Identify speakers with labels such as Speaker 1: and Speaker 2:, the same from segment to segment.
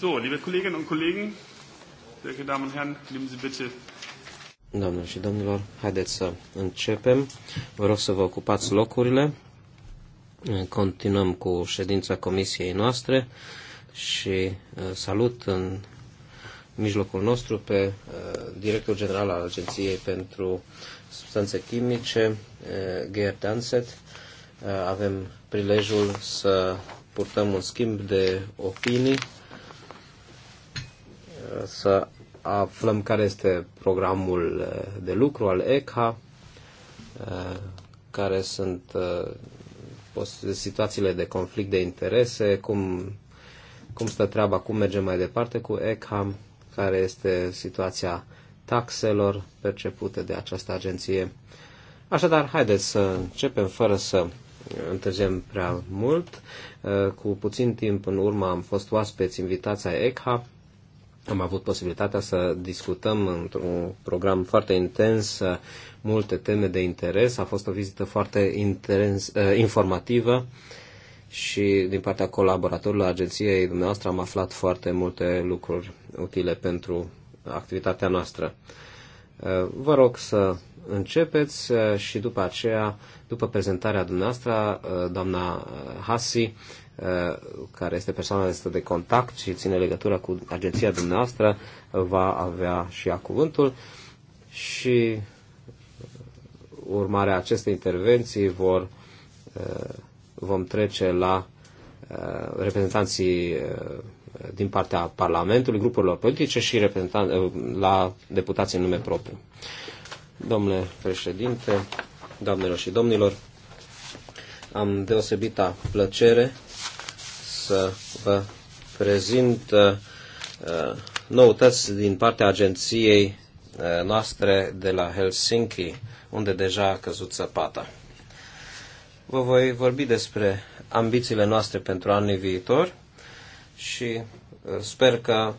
Speaker 1: So, liebe Kolleginnen und Kollegen, sehr geehrte Damen und Herren, nehmen Sie bitte
Speaker 2: Doamnelor și domnilor, haideți să începem. Vă rog să vă ocupați locurile. Continuăm cu ședința comisiei noastre și uh, salut în mijlocul nostru pe uh, directorul general al Agenției pentru Substanțe Chimice, uh, Gerd Anset. Avem prilejul să purtăm un schimb de opinii să aflăm care este programul eh, de lucru al ECHA, eh, care sunt eh, situațiile de conflict de interese, cum, cum stă treaba, cum mergem mai departe cu ECHA, care este situația taxelor percepute de această agenție. Așadar, haideți să începem fără să întârziem prea mult. Cu puțin timp în urmă am fost oaspeți ai ECHA am avut posibilitatea să discutăm într-un program foarte intens uh, multe teme de interes. A fost o vizită foarte intens, uh, informativă și din partea colaboratorilor agenției dumneavoastră am aflat foarte multe lucruri utile pentru activitatea noastră. Uh, vă rog să începeți și după aceea, după prezentarea dumneavoastră, doamna Hasi Uh, care este persoana destul de contact și ține legătura cu agenția dumneavoastră, va avea și ea cuvântul și uh, urmarea acestei intervenții vor, uh, vom trece la reprezentanții din partea Parlamentului, grupurilor politice și la deputații în nume propriu. Domnule președinte, doamnelor și domnilor, am deosebita plăcere să vă prezint uh, uh, noutăți din partea agenției uh, noastre de la Helsinki, unde deja a căzut săpata. Vă voi vorbi despre ambițiile noastre pentru anii viitor și sper că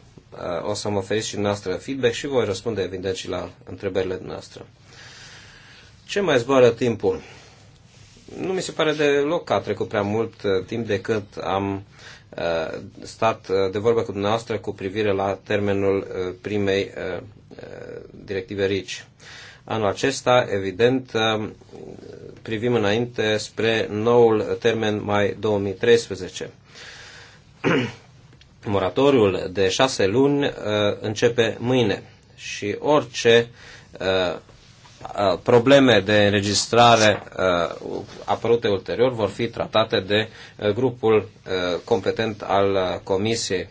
Speaker 2: o să mă oferiți și noastră feedback și voi răspunde evident și la întrebările noastre. Ce mai zboară timpul? nu mi se pare deloc că a trecut prea mult uh, timp de cât am uh, stat uh, de vorbă cu dumneavoastră cu privire la termenul primei directive RICI. Anul acesta, evident, privim înainte spre noul termen mai 2013. Moratoriul de șase luni începe mâine și orice probleme de înregistrare apărute ulterior vor fi tratate de grupul competent al Comisiei.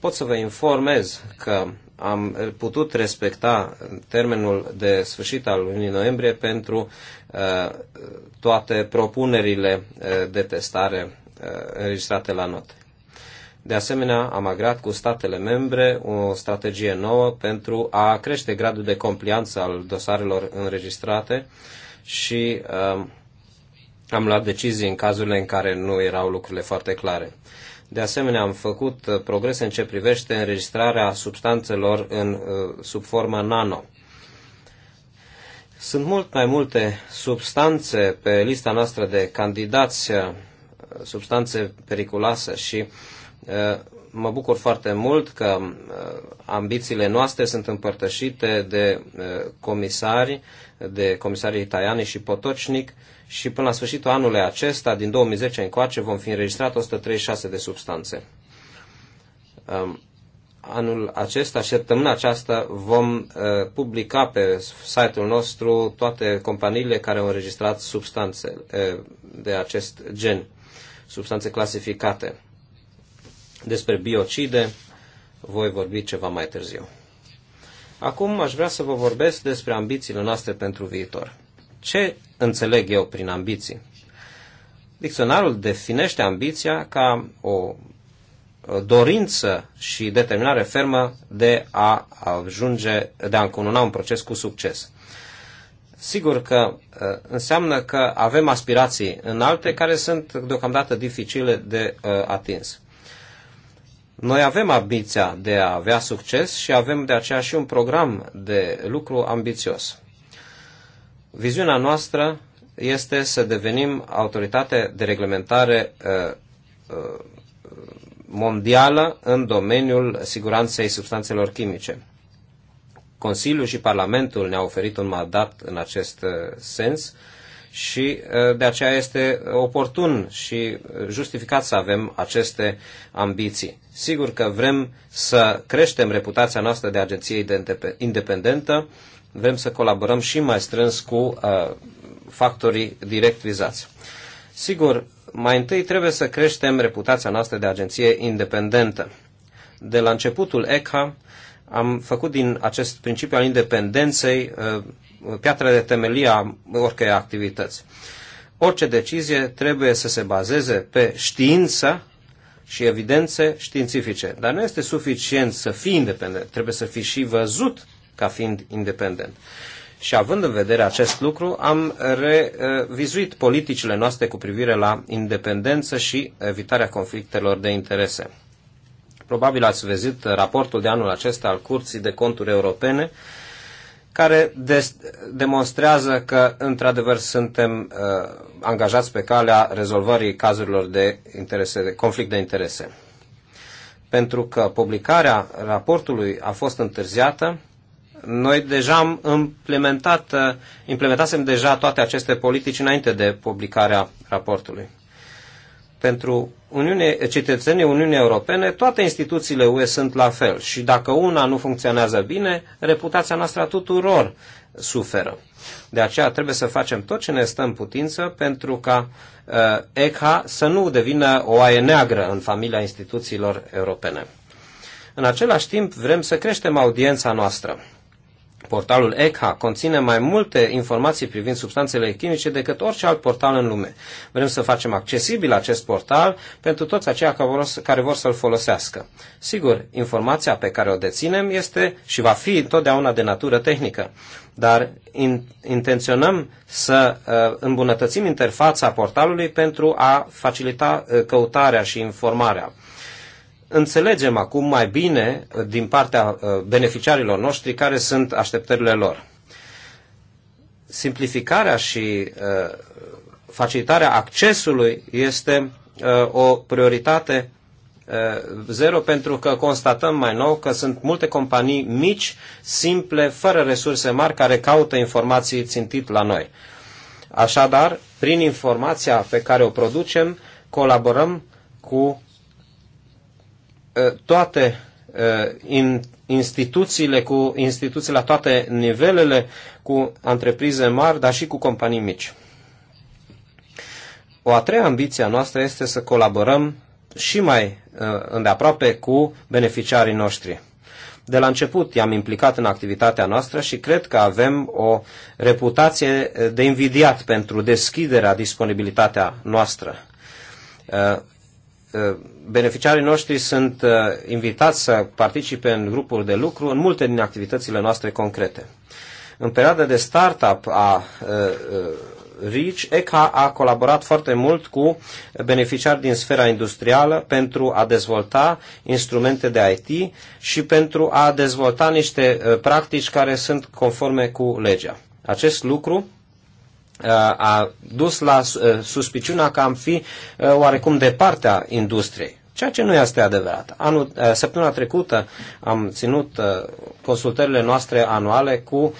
Speaker 2: Pot să vă informez că am putut respecta termenul de sfârșit al lunii noiembrie pentru toate propunerile de testare înregistrate la not. De asemenea, am agrat cu statele membre o strategie nouă pentru a crește gradul de complianță al dosarelor înregistrate și um, am luat decizii în cazurile în care nu erau lucrurile foarte clare. De asemenea, am făcut uh, progrese în ce privește înregistrarea substanțelor în, uh, sub formă nano. Sunt mult mai multe substanțe pe lista noastră de candidați, uh, substanțe periculoase și uh, Uh, mă bucur foarte mult că uh, ambițiile noastre sunt împărtășite de uh, comisari, de comisarii Taiani și Potocnic și până la sfârșitul anului acesta, din 2010 încoace, vom fi înregistrat 136 de substanțe. Um, anul acesta, săptămâna aceasta, vom publica pe site-ul nostru toate companiile care au înregistrat substanțe de acest gen, substanțe clasificate. Despre biocide voi vorbi ceva mai târziu. Acum aș vrea să vă vorbesc despre ambițiile noastre pentru viitor. Ce înțeleg eu prin ambiții? Dicționarul definește ambiția ca o dorință și determinare fermă de a ajunge, de a încununa un proces cu succes. Sigur că ă, înseamnă că avem aspirații înalte care sunt deocamdată dificile de ă, atins. Noi avem ambiția de a avea succes și avem de aceea și un program de lucru ambițios. Viziunea noastră este să devenim autoritate de reglementare uh, uh, mondială în domeniul siguranței substanțelor chimice. Consiliul și Parlamentul ne-au oferit un mandat în acest uh, sens și uh, de aceea este oportun și justificat să avem aceste ambiții. Sigur că vrem să creștem reputația noastră de agenție independentă, vrem să colaborăm și mai strâns cu uh, factorii direct vizați. Sigur, mai întâi trebuie să creștem reputația noastră de agenție independentă. De la începutul ECHA am făcut din acest principiu al independenței uh, piatra de temelie a oricărei activități. Orice decizie trebuie să se bazeze pe știință și evidențe științifice. Dar nu este suficient să fii independent, trebuie să fii și văzut ca fiind independent. Și având în vedere acest lucru, am revizuit politicile noastre cu privire la independență și evitarea conflictelor de interese. Probabil ați văzut raportul de anul acesta al Curții de Conturi Europene, care demonstrează că, într-adevăr, suntem uh, angajați pe calea rezolvării cazurilor de, interese, de conflict de interese. Pentru că publicarea raportului a fost întârziată, noi deja am implementat, uh, implementasem deja toate aceste politici înainte de publicarea raportului. Pentru Uniune, cetățenii Uniunii Europene, toate instituțiile UE sunt la fel și dacă una nu funcționează bine, reputația noastră a tuturor suferă. De aceea trebuie să facem tot ce ne stă în putință pentru ca uh, ECHA să nu devină o aie neagră în familia instituțiilor europene. În același timp vrem să creștem audiența noastră. Portalul ECHA conține mai multe informații privind substanțele chimice decât orice alt portal în lume. Vrem să facem accesibil acest portal pentru toți aceia care vor să-l folosească. Sigur, informația pe care o deținem este și va fi întotdeauna de natură tehnică, dar in, intenționăm să uh, îmbunătățim interfața portalului pentru a facilita uh, căutarea și informarea înțelegem acum mai bine uh, din partea uh, beneficiarilor noștri care sunt așteptările lor. Simplificarea și uh, facilitarea accesului este o prioritate zero pentru că constatăm mai nou că sunt multe companii mici, simple, fără resurse mari, care caută informații țintit la noi. Așadar, prin informația pe care o producem, colaborăm cu toate instituțiile, cu instituții la toate nivelele, cu întreprize mari, dar și cu companii mici. O a treia ambiție a noastră este să colaborăm și mai îndeaproape cu beneficiarii noștri. De la început i-am implicat în activitatea noastră și cred că avem o reputație de invidiat pentru deschiderea, disponibilitatea noastră. Uh, beneficiarii noștri sunt uh, invitați să participe în grupuri de lucru în multe din activitățile noastre concrete. În perioada de startup a uh, RICH, ECA a colaborat foarte mult cu beneficiari din sfera industrială pentru a dezvolta instrumente de IT și pentru a dezvolta niște practici care sunt conforme cu legea. Acest lucru Uh, a dus la uh, suspiciunea că am fi uh, oarecum de partea industriei. Ceea ce nu este adevărat. Anul, săptămâna trecută am ținut consultările noastre anuale cu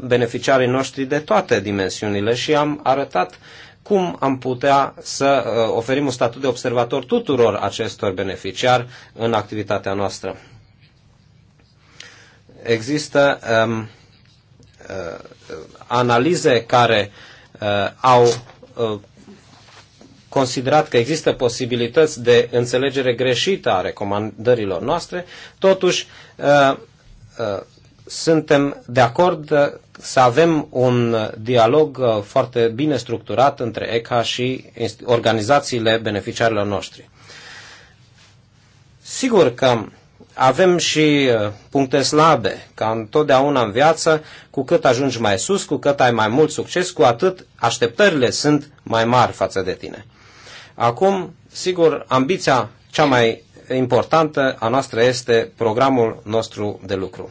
Speaker 2: beneficiarii noștri de toate dimensiunile și am arătat cum am putea să oferim un statut de observator tuturor acestor beneficiari în activitatea noastră. Există um, uh, analize care uh, Uh, au uh, considerat că există posibilități de înțelegere greșită a recomandărilor noastre, totuși uh, suntem de acord să avem un dialog foarte bine structurat între ECA și organizațiile beneficiarilor noștri. Sigur că avem și uh, puncte slabe, ca întotdeauna în viață, cu cât ajungi mai sus, cu cât ai mai mult succes, cu atât așteptările sunt mai mari față de tine. Acum, sigur, ambiția cea mai importantă a noastră este programul nostru de lucru.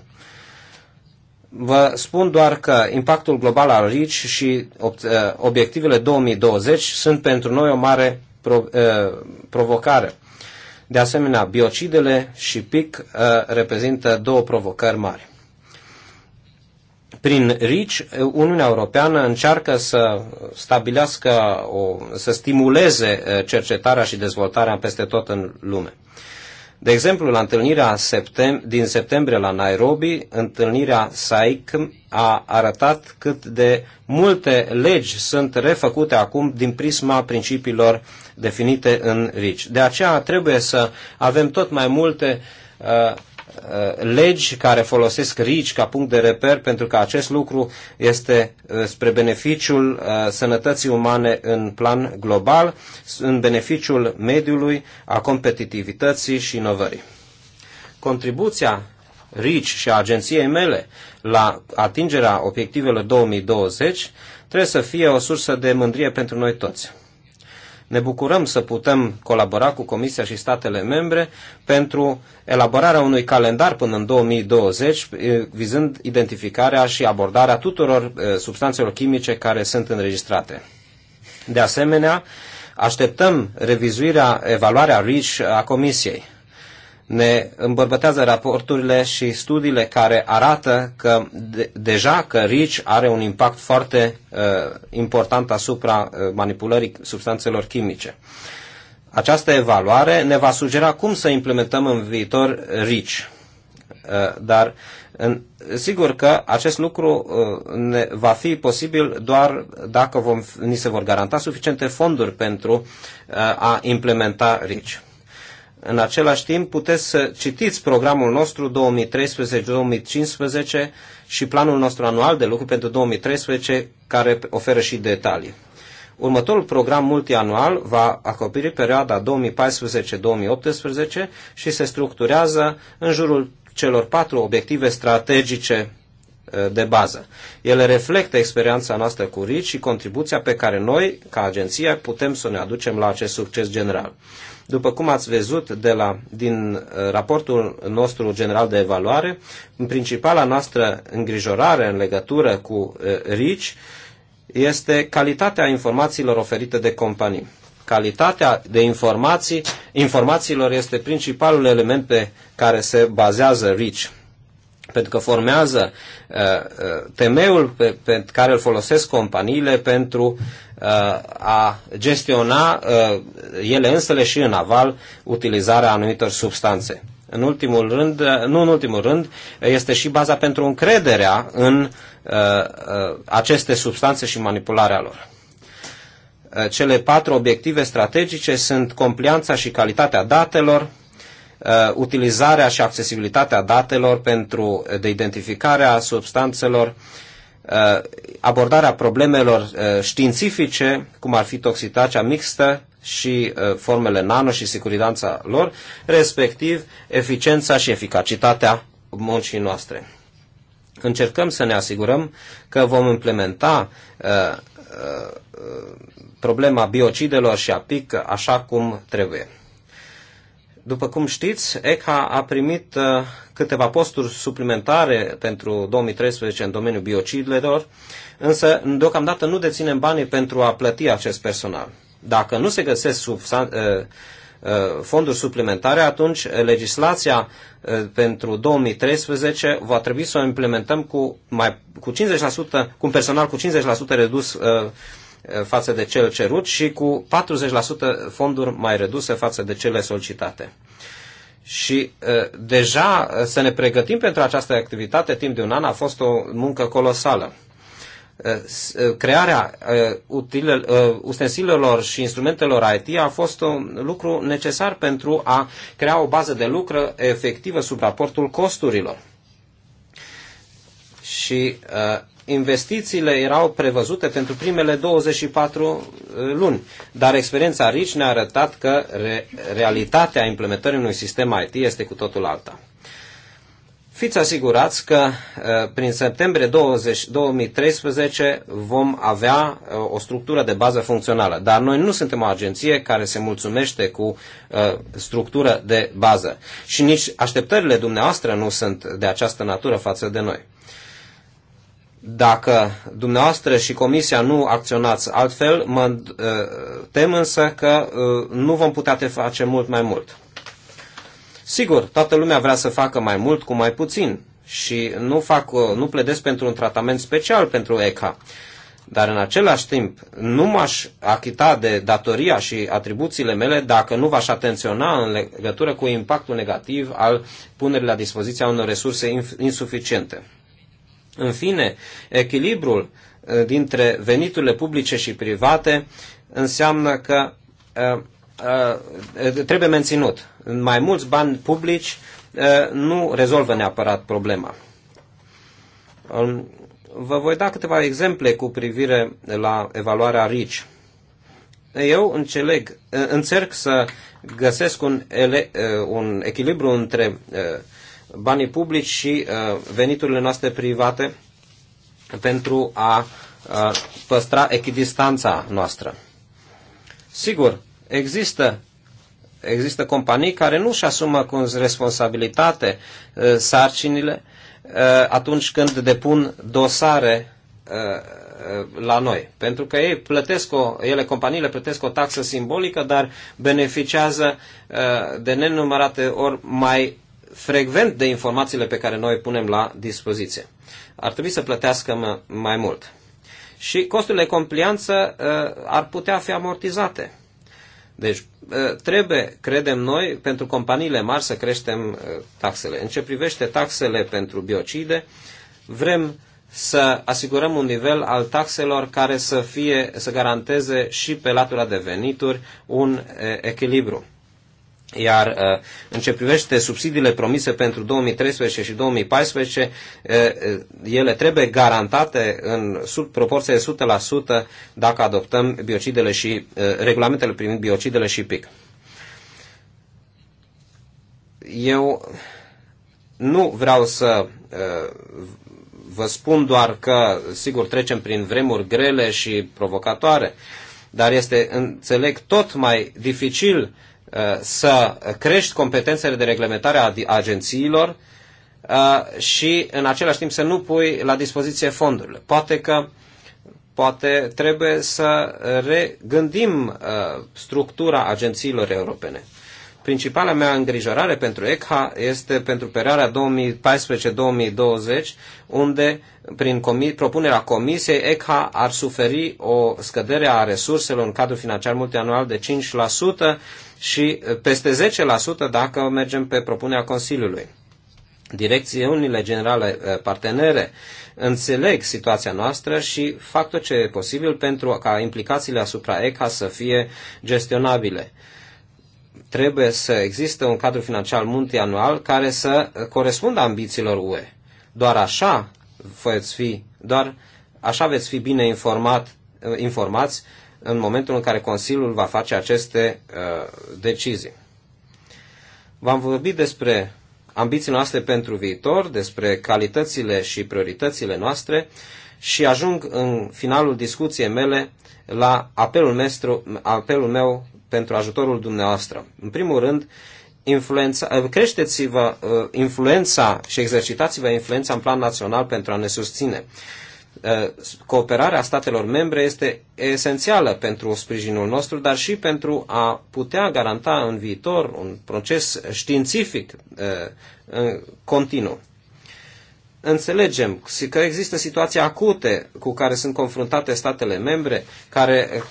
Speaker 2: Vă spun doar că impactul global al RICI și uh, obiectivele 2020 sunt pentru noi o mare uh, provocare. De asemenea, biocidele și PIC uh, reprezintă două provocări mari. Prin RICI, uh, Uniunea Europeană încearcă să stabilească, o, să stimuleze uh, cercetarea și dezvoltarea peste tot în lume. De exemplu, la întâlnirea septem- din septembrie la Nairobi, întâlnirea SAIC a arătat cât de multe legi sunt refăcute acum din prisma principiilor definite în RICI. De aceea trebuie să avem tot mai multe uh, uh, legi care folosesc RICI ca punct de reper pentru că acest lucru este uh, spre beneficiul sănătății umane în plan global, în beneficiul mediului, a competitivității și inovării. Contribuția RICI și a agenției mele la atingerea obiectivelor 2020 trebuie să fie o sursă de mândrie pentru noi toți. Ne bucurăm să putem colabora cu Comisia și statele membre pentru elaborarea unui calendar până în 2020, eh, vizând identificarea și abordarea tuturor eh, substanțelor chimice care sunt înregistrate. De asemenea, așteptăm revizuirea, evaluarea RICH a Comisiei ne îmbărbătează raporturile și studiile care arată că de, deja că RICI are un impact foarte uh, important asupra uh, manipulării substanțelor chimice. Această evaluare ne va sugera cum să implementăm în viitor RICI. Uh, dar în, sigur că acest lucru uh, ne, va fi posibil doar dacă vom, ni se vor garanta suficiente fonduri pentru uh, a implementa RICI. În același timp, puteți să citiți programul nostru 2013-2015 și planul nostru anual de lucru pentru 2013, care oferă și detalii. Următorul program multianual va acoperi perioada 2014-2018 și se structurează în jurul celor patru obiective strategice de bază. Ele reflectă experiența noastră cu RIC și contribuția pe care noi, ca agenție, putem să ne aducem la acest succes general. După cum ați văzut de la, din uh, raportul nostru general de evaluare, în principala noastră îngrijorare în legătură cu uh, RICI este calitatea informațiilor oferite de companii. Calitatea de informații, informațiilor este principalul element pe care se bazează RICI pentru că formează uh, uh temeiul pe, pe care îl folosesc companiile pentru uh, a gestiona uh, ele însele și în aval utilizarea anumitor substanțe. În ultimul rând, uh, nu în ultimul rând, este și baza pentru încrederea în uh, uh aceste substanțe și manipularea lor. Cele patru obiective strategice sunt complianța și calitatea datelor, Uh, utilizarea și accesibilitatea datelor pentru uh, de identificarea substanțelor, uh, abordarea problemelor științifice, cum ar fi toxitatea mixtă și formele nano și siguranța lor, respectiv eficiența și eficacitatea muncii noastre. Încercăm să ne asigurăm că vom implementa problema biocidelor și a PIC așa cum trebuie. După cum știți, ECHA a primit uh, câteva posturi suplimentare pentru 2013 în domeniul biocidelor, însă deocamdată nu deținem banii pentru a plăti acest personal. Dacă nu se găsesc substan- uh, uh, fonduri suplimentare, atunci legislația pentru 2013 va trebui să o implementăm cu, mai, cu 50%, cu un personal cu 50% redus Eh, față de cel cerut și cu 40% fonduri mai reduse față de cele solicitate. Și eh, deja eh, să ne pregătim pentru această activitate timp de un an a fost o muncă colosală crearea ustensilelor și instrumentelor IT a fost un lucru necesar pentru a crea o bază de lucru efectivă sub raportul costurilor. Și investițiile erau prevăzute pentru primele 24 eh, luni, dar experiența RICI ne-a arătat că re- realitatea implementării unui sistem IT este cu totul alta. Fiți asigurați că eh, prin septembrie 20, 2013 vom avea eh, o structură de bază funcțională, dar noi nu suntem o agenție care se mulțumește cu uh, structură de bază și nici așteptările dumneavoastră nu sunt de această natură față de noi. Dacă dumneavoastră și Comisia nu acționați altfel, mă uh, tem însă că uh, nu vom putea te face mult mai mult. Sigur, toată lumea vrea să facă mai mult cu mai puțin și nu, fac, uh, nu pledez pentru un tratament special pentru ECA, dar în același timp nu m-aș achita de datoria și atribuțiile mele dacă nu v-aș atenționa în legătură cu impactul negativ al punerii la dispoziția unor resurse insuficiente. În fine, echilibrul uh, dintre veniturile publice și private înseamnă că uh, uh, trebuie menținut. Mai mulți bani publici nu rezolvă neapărat problema. Um, vă voi da câteva exemple cu privire la evaluarea RICI. Eu înțeleg, încerc să găsesc un, ele, un echilibru între banii publici și uh, veniturile noastre private pentru a uh, păstra echidistanța noastră. Sigur, există există companii care nu își asumă cu responsabilitate uh, sarcinile atunci când depun dosare la noi. Pentru că ei plătesc o, ele, companiile plătesc o taxă simbolică, dar beneficiază de nenumărate ori mai frecvent de informațiile pe care noi punem la dispoziție. Ar trebui să plătească mai mult. Și costurile de complianță uh, ar putea fi amortizate. Deci uh, trebuie, credem noi, pentru companiile mari să creștem uh, taxele. În ce privește taxele pentru biocide, vrem să asigurăm un nivel al taxelor care să, fie, să garanteze și pe latura de venituri un echilibru. Iar uh, în ce privește subsidiile promise pentru 2013 și 2014, uh, uh, ele trebuie garantate în sub proporție de 100% dacă adoptăm biocidele și regulamentele privind biocidele și PIC. Eu nu vreau să vă spun doar că, sigur, trecem prin vremuri grele și provocatoare, dar este, înțeleg, tot mai dificil uh, să crești competențele de reglementare a agențiilor uh, și în același timp să nu pui la dispoziție fondurile. Poate că poate trebuie să regândim uh, structura agențiilor europene. Principala mea îngrijorare pentru ECHA este pentru perioada 2014-2020, unde, prin comi- propunerea Comisiei, ECHA ar suferi o scădere a resurselor în cadrul financiar multianual de 5% și eh, peste 10% dacă mergem pe propunerea Consiliului. Direcțiunile generale eh, partenere înțeleg situația noastră și fac tot ce e posibil pentru ca implicațiile asupra ECHA să fie gestionabile Trebuie să existe un cadru financiar multianual care să corespundă ambițiilor UE. Doar așa veți fi, doar așa veți fi bine informat, informați în momentul în care Consiliul va face aceste uh, decizii. V-am vorbit despre ambițiile noastre pentru viitor, despre calitățile și prioritățile noastre și ajung în finalul discuției mele la apelul, mestru, apelul meu pentru ajutorul dumneavoastră. În primul rând, influența, uh, creșteți-vă uh, influența și exercitați-vă influența în plan național pentru a ne susține. Uh, cooperarea statelor membre este esențială pentru sprijinul nostru, dar și pentru a putea garanta în viitor un proces științific continuu înțelegem că există situații acute cu care sunt confruntate statele membre care eh,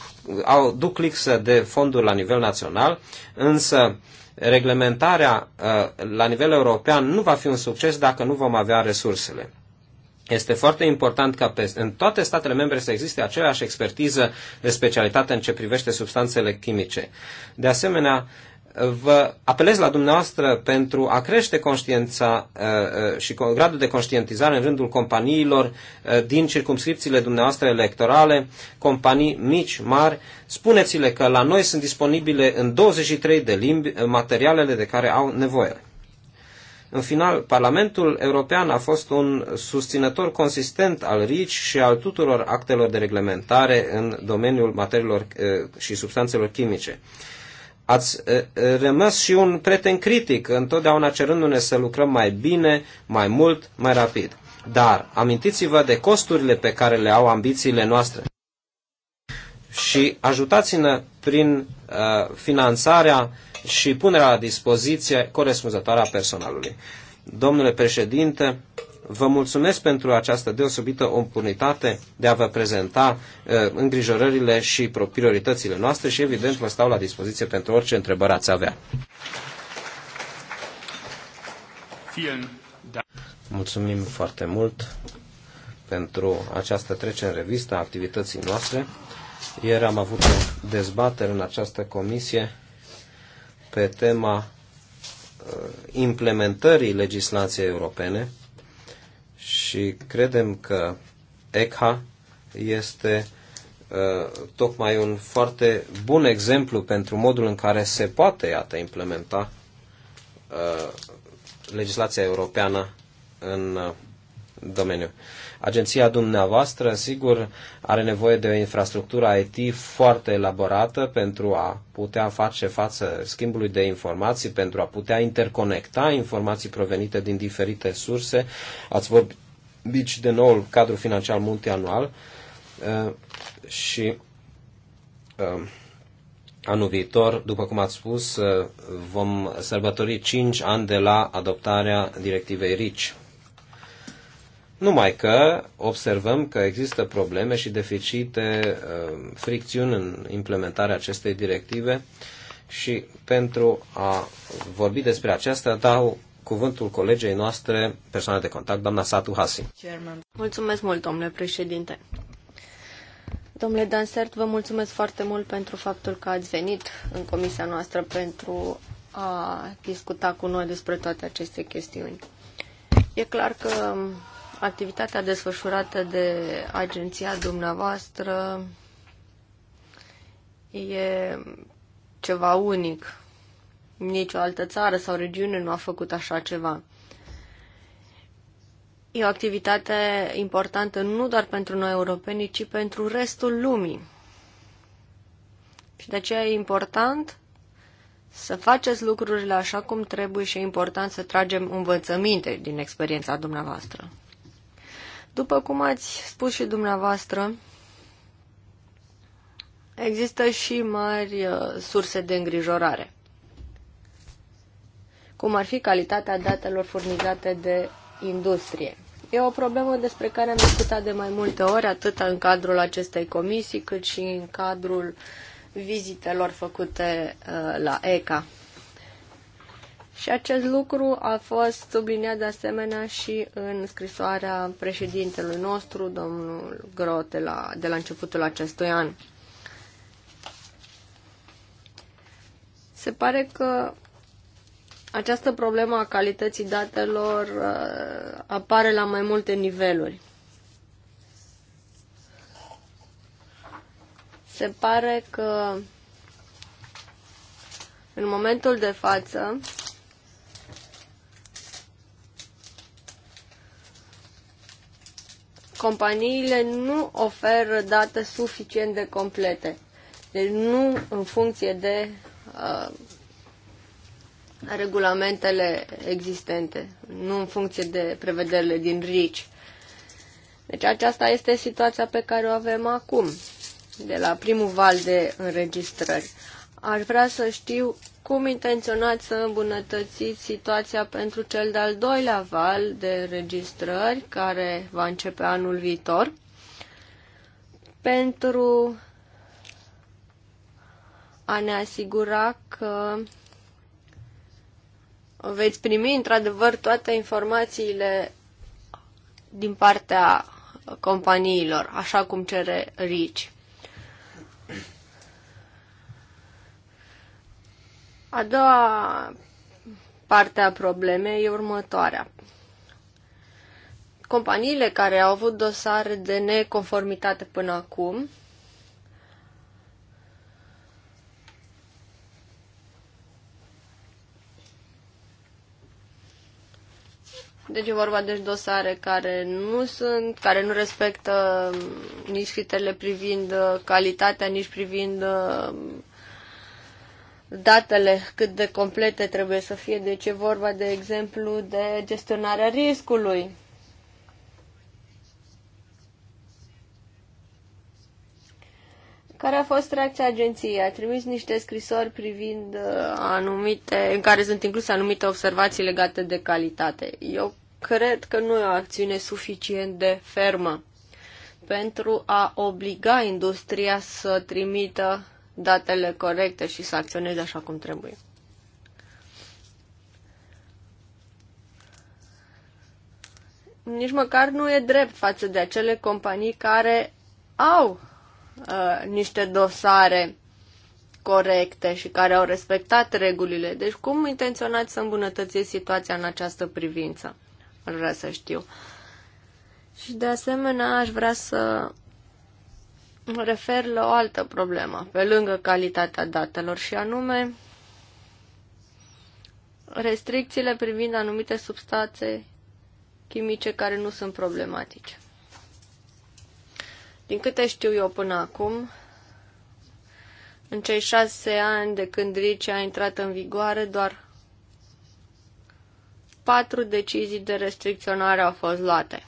Speaker 2: au, duc lipsă de fonduri la nivel național, însă reglementarea eh, la nivel european nu va fi un succes dacă nu vom avea resursele. Este foarte important ca pe, în toate statele membre să existe aceeași expertiză de specialitate în ce privește substanțele chimice. De asemenea, vă apelez la dumneavoastră pentru a crește conștiința uh, uh, și gradul de conștientizare în rândul companiilor uh, din circumscripțiile dumneavoastră electorale, companii mici, mari. Spuneți-le că la noi sunt disponibile în 23 de limbi materialele de care au nevoie. În final, Parlamentul European a fost un susținător consistent al RICI și al tuturor actelor de reglementare în domeniul materiilor și substanțelor chimice ați rămas și un prieten critic, întotdeauna cerându-ne să lucrăm mai bine, mai mult, mai rapid. Dar amintiți-vă de costurile pe care le au ambițiile noastre și ajutați-ne prin uh, finanțarea și punerea la dispoziție corespunzătoare a personalului. Domnule președinte, Vă mulțumesc pentru această deosebită oportunitate de a vă prezenta uh, îngrijorările și prioritățile noastre și, evident, vă stau la dispoziție pentru orice întrebări ați avea. Mulțumim foarte mult pentru această trecere în revistă a activității noastre. Ieri am avut o dezbatere în această comisie pe tema uh, implementării legislației europene și credem că ECHA este uh, tocmai un foarte bun exemplu pentru modul în care se poate, iată, implementa uh, legislația europeană în uh, domeniu. Agenția dumneavoastră, sigur, are nevoie de o infrastructură IT foarte elaborată pentru a putea face față schimbului de informații, pentru a putea interconecta informații provenite din diferite surse. Ați vorbit deci de noul cadru financiar multianual uh, și uh, anul viitor, după cum ați spus, uh, vom sărbători 5 ani de la adoptarea directivei RICI. Numai că observăm că există probleme și deficite, fricțiuni în implementarea acestei directive și pentru a vorbi despre aceasta dau cuvântul colegei noastre, persoane de contact, doamna Satu Hasi.
Speaker 1: Mulțumesc mult, domnule președinte. Domnule Dansert, vă mulțumesc foarte mult pentru faptul că ați venit în comisia noastră pentru a discuta cu noi despre toate aceste chestiuni. E clar că activitatea desfășurată de agenția dumneavoastră e ceva unic Nicio altă țară sau regiune nu a făcut așa ceva. E o activitate importantă nu doar pentru noi europeni, ci pentru restul lumii. Și de aceea e important să faceți lucrurile așa cum trebuie și e important să tragem învățăminte din experiența dumneavoastră. După cum ați spus și dumneavoastră, există și mari uh, surse de îngrijorare cum ar fi calitatea datelor furnizate de industrie. E o problemă despre care am discutat de mai multe ori, atât în cadrul acestei comisii, cât și în cadrul vizitelor făcute uh, la ECA. Și acest lucru a fost subliniat de asemenea și în scrisoarea președintelui nostru, domnul Grote, la, de la începutul acestui an. Se pare că această problemă a calității datelor uh, apare la mai multe niveluri. Se pare că în momentul de față companiile nu oferă date suficient de complete. Deci nu în funcție de uh, regulamentele existente, nu în funcție de prevederile din RICI. Deci aceasta este situația pe care o avem acum, de la primul val de înregistrări. Aș vrea să știu cum intenționați să îmbunătățiți situația pentru cel de-al doilea val de înregistrări, care va începe anul viitor, pentru a ne asigura că veți primi într-adevăr toate informațiile din partea companiilor, așa cum cere RICI. A doua parte a problemei e următoarea. Companiile care au avut dosare de neconformitate până acum Deci e vorba de dosare care nu sunt, care nu respectă nici criteriile privind uh, calitatea, nici privind uh, datele cât de complete trebuie să fie. Deci e vorba, de exemplu, de gestionarea riscului. Care a fost reacția agenției? A trimis niște scrisori privind uh, anumite, în care sunt incluse anumite observații legate de calitate. Eu cred că nu e o acțiune suficient de fermă pentru a obliga industria să trimită datele corecte și să acționeze așa cum trebuie. Nici măcar nu e drept față de acele companii care au uh, niște dosare corecte și care au respectat regulile. Deci cum intenționați să îmbunătățiți situația în această privință? ar vrea să știu. Și de asemenea aș vrea să mă refer la o altă problemă, pe lângă calitatea datelor și anume restricțiile privind anumite substanțe chimice care nu sunt problematice. Din câte știu eu până acum, în cei șase ani de când RICI a intrat în vigoare, doar patru decizii de restricționare au fost luate.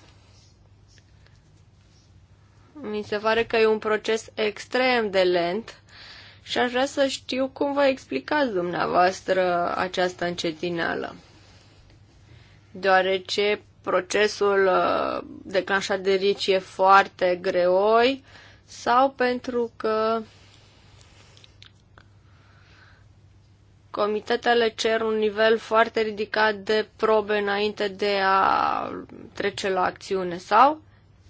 Speaker 1: Mi se pare că e un proces extrem de lent și aș vrea să știu cum vă explicați dumneavoastră această încetineală. Deoarece procesul uh, declanșat de RICI e foarte greoi sau pentru că Comitetele cer un nivel foarte ridicat de probe înainte de a trece la acțiune sau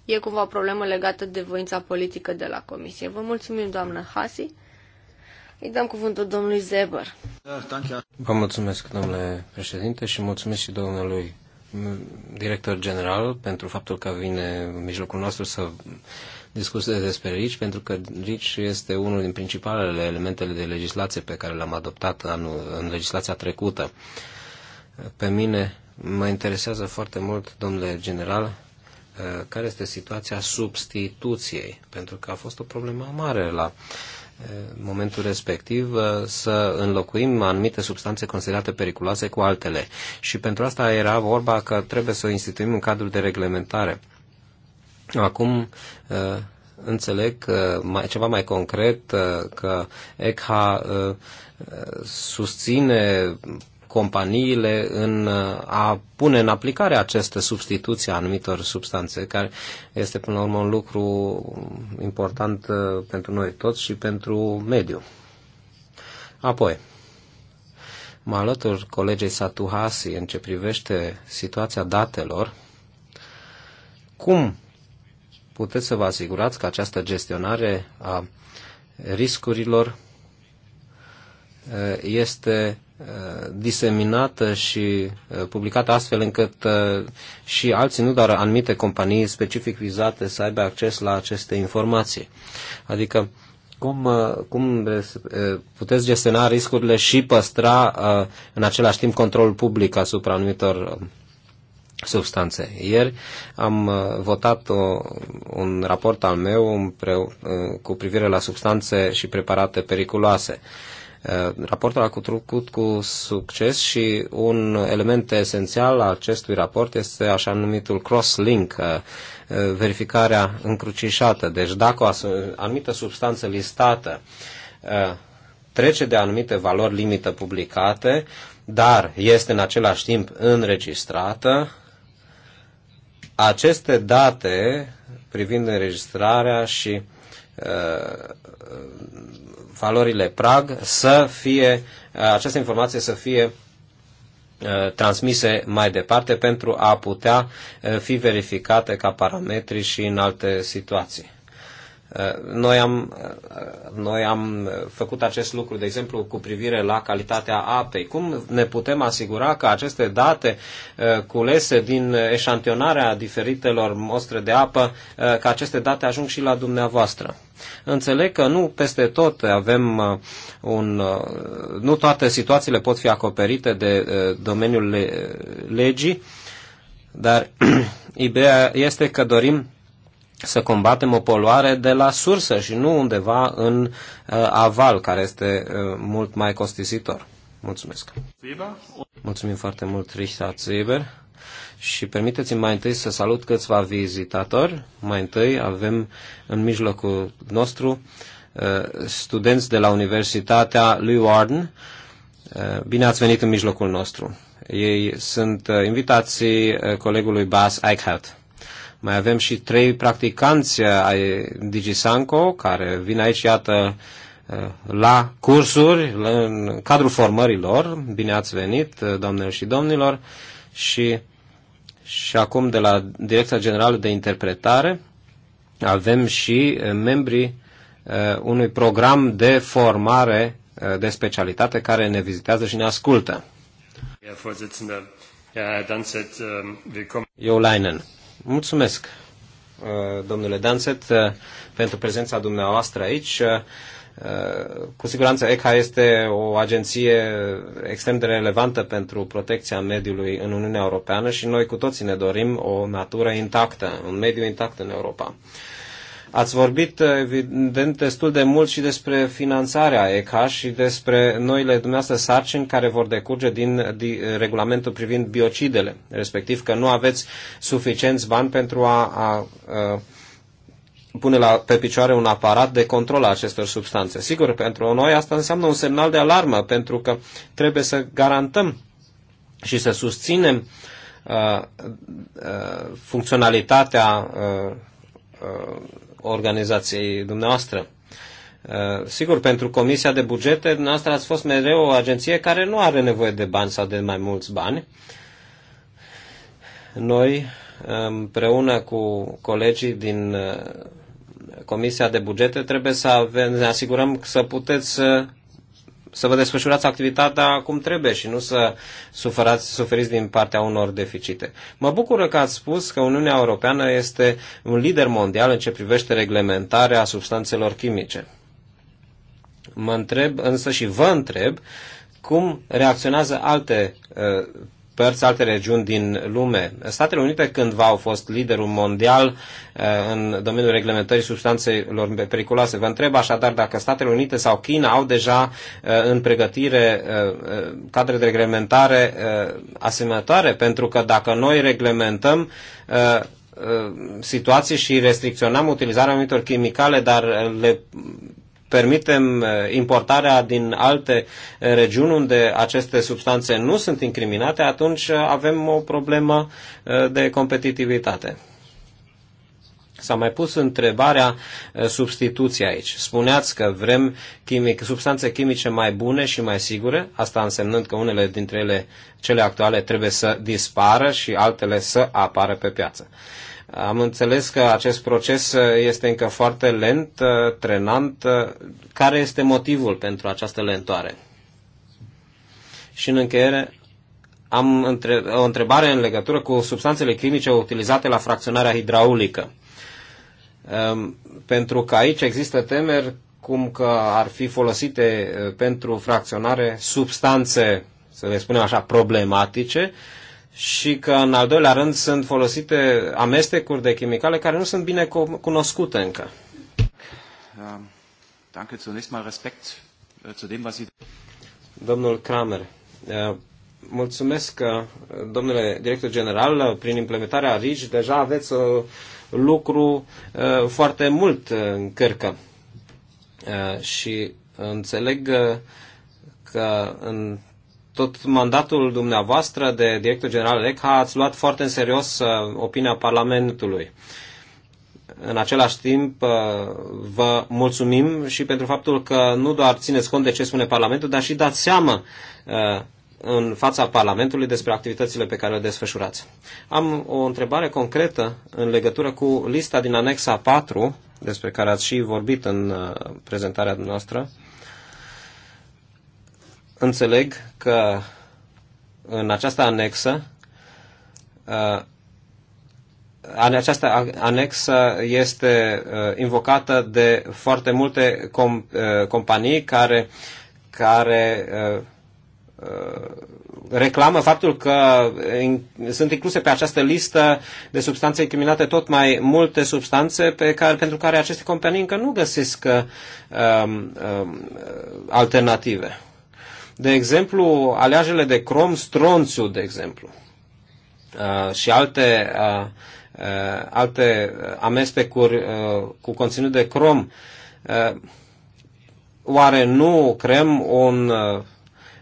Speaker 1: e cumva o problemă legată de voința politică de la Comisie. Vă mulțumim, doamnă Hasi. Îi dăm cuvântul domnului Zeber.
Speaker 2: Vă mulțumesc, domnule președinte, și mulțumesc și domnului director general pentru faptul că vine în mijlocul nostru să discuție despre RICI, pentru că RICI este unul din principalele elementele de legislație pe care le-am adoptat anul, în legislația trecută. Pe mine mă interesează foarte mult, domnule general, eh, care este situația substituției, pentru că a fost o problemă mare la eh, momentul respectiv eh, să înlocuim anumite substanțe considerate periculoase cu altele. Și pentru asta era vorba că trebuie să instituim un cadru de reglementare Acum uh, înțeleg că mai, ceva mai concret uh, că ECHA uh, susține companiile în a pune în aplicare această substituție a anumitor substanțe, care este până la urmă un lucru important pentru noi toți și pentru mediu. Apoi, mă alătur colegei Satuhasi în ce privește situația datelor, cum puteți să vă asigurați că această gestionare a riscurilor uh, este uh, diseminată și uh, publicată astfel încât și alții, nu doar anumite companii specific vizate, să aibă acces la aceste informații. Adică cum, cum puteți gestiona riscurile și păstra în același timp controlul public asupra anumitor substanțe. Ieri am uh, votat o, uh, un raport al meu împreu, uh, cu privire la substanțe și preparate periculoase. Raportul a trecut cu succes și un element esențial al acestui raport este așa numitul cross-link, verificarea încrucișată. Deci dacă o anumită substanță listată trece de anumite valori limită publicate, dar este în același timp înregistrată, aceste date privind înregistrarea și uh, valorile prag să fie, uh, această informație să fie uh, transmise mai departe pentru a putea uh, fi verificate ca parametri și în alte situații. Uh, noi am, uh, noi am uh, făcut acest lucru, de exemplu, cu privire la calitatea apei. Cum ne putem asigura că aceste date culese din eșantionarea diferitelor mostre de apă, că aceste date ajung și la dumneavoastră? Înțeleg că nu peste tot avem un. nu toate situațiile pot fi acoperite de domeniul legii, dar ideea este că dorim să combatem o poluare de la sursă și nu undeva în uh, aval, care este uh, mult mai costisitor. Mulțumesc. Mulțumim foarte mult, Richard Zieber Și permiteți-mi mai întâi să salut câțiva vizitatori. Mai întâi avem în mijlocul nostru uh, studenți de la Universitatea lui Warden. Uh, bine ați venit în mijlocul nostru. Ei sunt uh, invitații uh, colegului Bas Eichhardt. Mai avem și trei practicanți uh, ai DigiSanco care vin aici, iată, uh, la cursuri, în cadrul formărilor. Bine ați venit, uh, doamnelor și domnilor. Și, și acum de la Direcția Generală de Interpretare avem și membrii unui program de formare de specialitate care ne vizitează și ne ascultă. Jo ähm, Leinen. Mulțumesc, uh, domnule Danset, uh, pentru prezența dumneavoastră aici. Uh, cu siguranță ECHA este o agenție extrem de relevantă pentru protecția mediului în Uniunea Europeană și noi cu toții ne dorim o natură intactă, un mediu intact în Europa. Ați vorbit, evident, destul de mult și despre finanțarea ECA și despre noile dumneavoastră sarcini care vor decurge din, din regulamentul privind biocidele, respectiv că nu aveți suficienți bani pentru a, a, a pune la, pe picioare un aparat de control a acestor substanțe. Sigur, pentru noi asta înseamnă un semnal de alarmă, pentru că trebuie să garantăm și să susținem uh, uh, funcționalitatea uh, uh, organizației dumneavoastră. Uh, sigur, pentru Comisia de Bugete, dumneavoastră ați fost mereu o agenție care nu are nevoie de bani sau de mai mulți bani. Noi, împreună cu colegii din uh, Comisia de Bugete, trebuie să avem, ne asigurăm să puteți să vă desfășurați activitatea cum trebuie și nu să suferați, suferiți din partea unor deficite. Mă bucur că ați spus că Uniunea Europeană este un lider mondial în ce privește reglementarea substanțelor chimice. Mă întreb, însă și vă întreb, cum reacționează alte uh, părți, alte regiuni din lume. Statele Unite cândva au fost liderul mondial eh, în domeniul reglementării substanțelor periculoase. Vă întreb așadar dacă Statele Unite sau China au deja eh, în pregătire eh, cadre de reglementare asemănătoare, pentru că dacă noi reglementăm situații și restricționăm utilizarea anumitor chimicale, dar le permitem eh, importarea din alte eh, regiuni unde aceste substanțe nu sunt incriminate, atunci eh, avem o problemă de competitivitate. S-a mai pus întrebarea substituției aici. Spuneați că vrem chimic, substanțe chimice mai bune și mai sigure, asta însemnând că unele dintre ele, cele actuale, trebuie să dispară și altele să apară pe piață. Uh, am înțeles că acest proces uh, este încă foarte lent, uh, trenant. Uh, care este motivul pentru această lentoare? Și în încheiere, am între- o întrebare în legătură cu substanțele chimice utilizate la fracționarea hidraulică. Um, pentru că aici există temeri cum că ar fi folosite pentru fracționare substanțe, să le spunem așa, problematice, uh, și că, în al doilea rând, sunt folosite amestecuri de chimicale care nu sunt bine cunoscute încă. Um, danke, zunächst mal äh, was Sie... Domnul Kramer, uh, mulțumesc, domnule director general, prin implementarea RIGI deja aveți uh, lucru uh, foarte mult în cărcă și înțeleg că în tot mandatul dumneavoastră de director general ECHA ați luat foarte în serios uh, opinia Parlamentului. În același timp, uh, vă mulțumim și pentru faptul că nu doar țineți cont de ce spune Parlamentul, dar și dați seama uh, în fața Parlamentului despre activitățile pe care le desfășurați. Am o întrebare concretă în legătură cu lista din anexa 4, despre care ați și vorbit în prezentarea noastră înțeleg că în această anexă această anexă este invocată de foarte multe companii care, care reclamă faptul că sunt incluse pe această listă de substanțe incriminate tot mai multe substanțe pe care, pentru care aceste companii încă nu găsesc alternative de exemplu, aleajele de crom, stronțiu, de exemplu, uh, și alte, uh, uh, alte amestecuri cu conținut de crom, oare nu creăm un,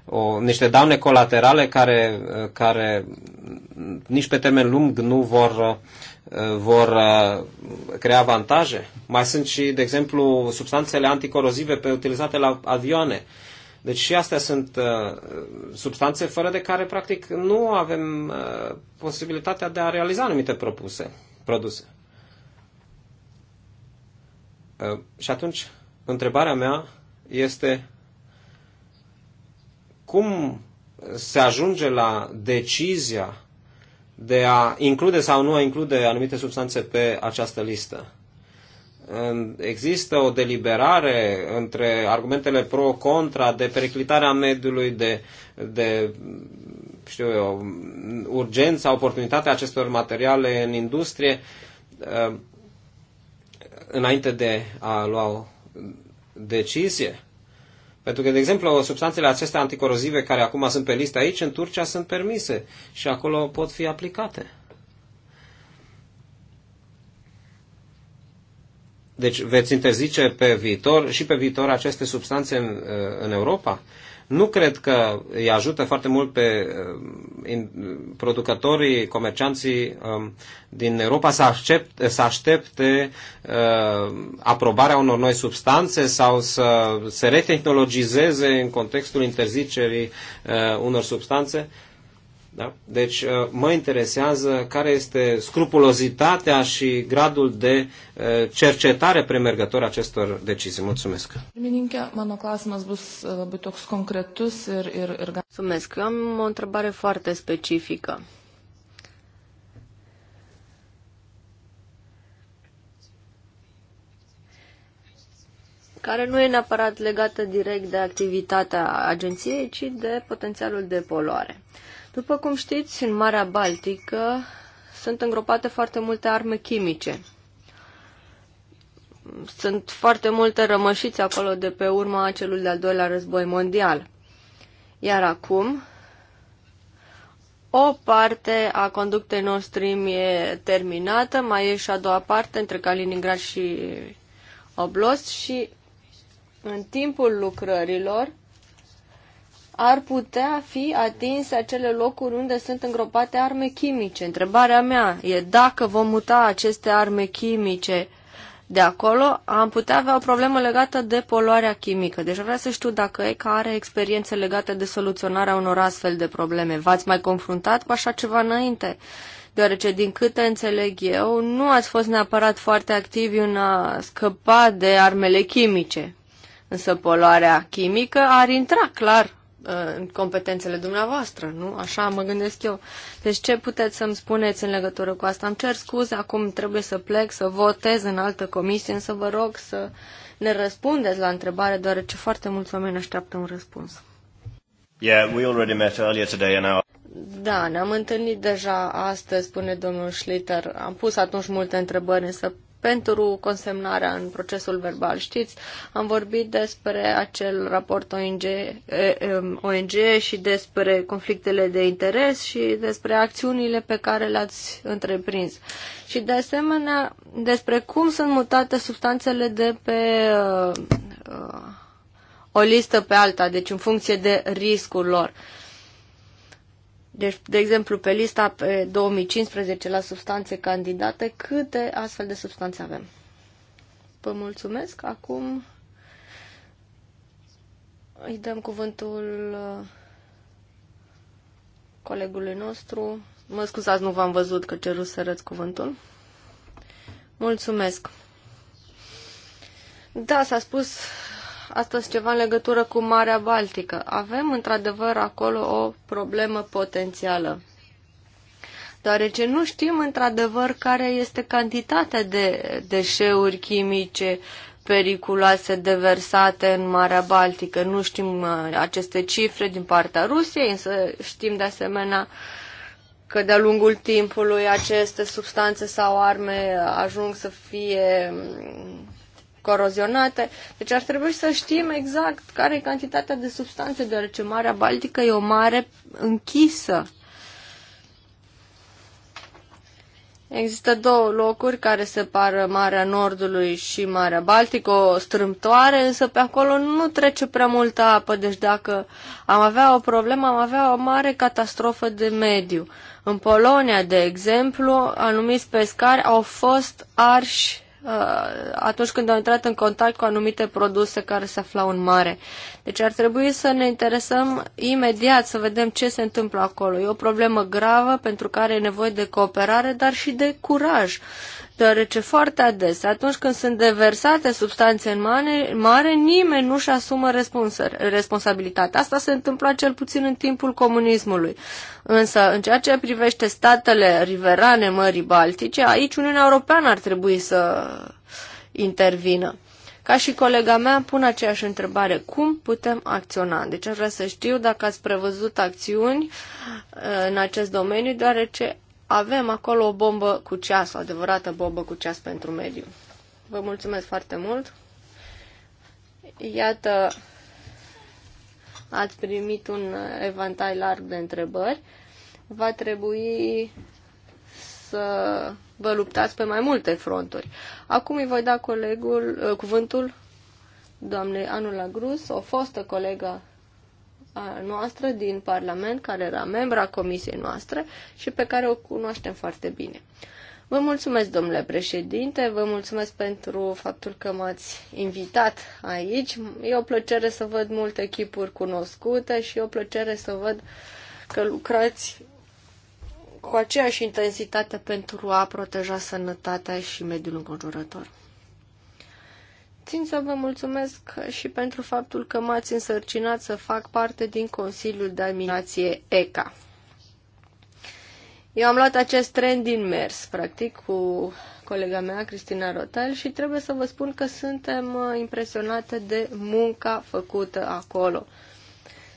Speaker 2: o, niște daune colaterale care, care nici pe termen lung nu vor, vor crea avantaje? Mai sunt și, de exemplu, substanțele anticorozive pe utilizate la avioane. Uh, deci și astea sunt uh, substanțe fără de care, practic, nu avem uh, posibilitatea de a realiza anumite propuse, produse. Uh, și atunci, întrebarea mea este cum se ajunge la decizia de a include sau nu a include anumite substanțe pe această listă există o deliberare între argumentele pro-contra de periclitarea mediului, de, de știu eu, urgența, oportunitatea acestor materiale în industrie, uh, înainte de a lua o decizie. Pentru că, de exemplu, substanțele acestea anticorozive care acum sunt pe listă aici, în Turcia sunt permise și acolo pot fi aplicate. Deci veți interzice pe viitor și pe viitor aceste substanțe în, în Europa? Nu cred că îi ajută foarte mult pe uh, in, producătorii, comercianții um, din Europa să, accept, să aștepte uh, aprobarea unor noi substanțe sau să se retehnologizeze în contextul interzicerii uh, unor substanțe. Uh, da? Deci uh, mă interesează care este scrupulozitatea și gradul de uh, cercetare premergător acestor decizii. Mulțumesc. Uh,
Speaker 3: Mulțumesc. Eu am o întrebare foarte specifică.
Speaker 1: care nu e neapărat legată direct de activitatea agenției, ci de potențialul de poluare. Uh, după cum știți, în Marea Baltică sunt îngropate foarte multe arme chimice. Sunt foarte multe rămășiți acolo de pe urma celul de-al doilea război mondial. Iar acum, o parte a conductei Nord Stream e terminată, mai e și a doua parte între Kaliningrad și Oblost și în timpul lucrărilor ar putea fi atinse acele locuri unde sunt îngropate arme chimice. Întrebarea mea e dacă vom muta aceste arme chimice de acolo, am putea avea o problemă legată de poluarea chimică. Deci vreau să știu dacă ECA are experiențe legate de soluționarea unor astfel de probleme. V-ați mai confruntat cu așa ceva înainte? Deoarece, din câte înțeleg eu, nu ați fost neapărat foarte activi în a scăpa de armele chimice. Însă poluarea chimică ar intra clar Uh, în competențele dumneavoastră, nu? Așa mă gândesc eu. Deci ce puteți să-mi spuneți în legătură cu asta? Îmi cer scuze, acum trebuie să plec, să votez în altă comisie, însă vă rog să ne răspundeți la întrebare, deoarece foarte mulți oameni așteaptă un răspuns. Yeah,
Speaker 2: we already met earlier today in our...
Speaker 1: Da, ne-am întâlnit deja astăzi, spune domnul Schlitter. Am pus atunci multe întrebări, însă pentru consemnarea în procesul verbal. Știți, am vorbit despre acel raport ONG, ONG și despre conflictele de interes și despre acțiunile pe care le-ați întreprins. Și de asemenea, despre cum sunt mutate substanțele de pe uh, uh, o listă pe alta, deci în funcție de riscul lor. Uh, deci, de exemplu, pe lista pe 2015 la substanțe candidate, câte astfel de substanțe avem? Vă mulțumesc. Acum îi dăm cuvântul uh, colegului nostru. Mă scuzați, nu v-am văzut că ceru să răți cuvântul. Mulțumesc. Da, s-a spus astăzi ceva în legătură cu Marea Baltică. Avem într-adevăr acolo o problemă potențială, deoarece nu știm într-adevăr care este cantitatea de deșeuri chimice periculoase deversate în Marea Baltică. Nu știm uh, aceste cifre din partea Rusiei, însă știm de asemenea că de-a lungul timpului aceste substanțe sau arme ajung să fie corozionate. Deci ar trebui să știm exact care e cantitatea de substanțe, deoarece Marea Baltică e o mare închisă. Există două locuri care separă Marea Nordului și Marea Baltică, o strâmtoare, însă pe acolo nu trece prea multă apă, deci dacă am avea o problemă, am avea o mare catastrofă de mediu. În Polonia, de exemplu, anumiți pescari au fost arși Uh, atunci când au intrat în contact cu anumite produse care se aflau în mare. Deci ar trebui să ne interesăm imediat să vedem ce se întâmplă acolo. E o problemă gravă pentru care e nevoie de cooperare, dar și de curaj deoarece foarte adesea, atunci când sunt deversate substanțe în mare, mare nimeni nu-și asumă responsabilitatea. Asta se întâmpla cel puțin în timpul comunismului. Însă, în ceea ce privește statele riverane Mării Baltice, aici Uniunea Europeană ar trebui să intervină. Ca și colega mea, pun aceeași întrebare. Cum putem acționa? Deci aș vrea să știu dacă ați prevăzut acțiuni uh, în acest domeniu, deoarece avem acolo o bombă cu ceas, o adevărată bombă cu ceas pentru mediu. Vă mulțumesc foarte mult. Iată, ați primit un evantai larg de întrebări. Va trebui să vă luptați pe mai multe fronturi. Acum îi voi da colegul, cuvântul doamnei Anula Grus, o fostă colegă noastră din Parlament, care era membra comisiei noastre și pe care o cunoaștem foarte bine. Vă mulțumesc, domnule președinte, vă mulțumesc pentru faptul că m-ați invitat aici. E o plăcere să văd multe chipuri cunoscute și e o plăcere să văd că lucrați cu aceeași intensitate pentru a proteja sănătatea și mediul înconjurător. Țin să vă mulțumesc și pentru faptul că m-ați însărcinat să fac parte din Consiliul de Administrație ECA. Eu am luat acest tren din mers, practic, cu colega mea, Cristina Rotel, și trebuie să vă spun că suntem uh, impresionate de munca făcută acolo,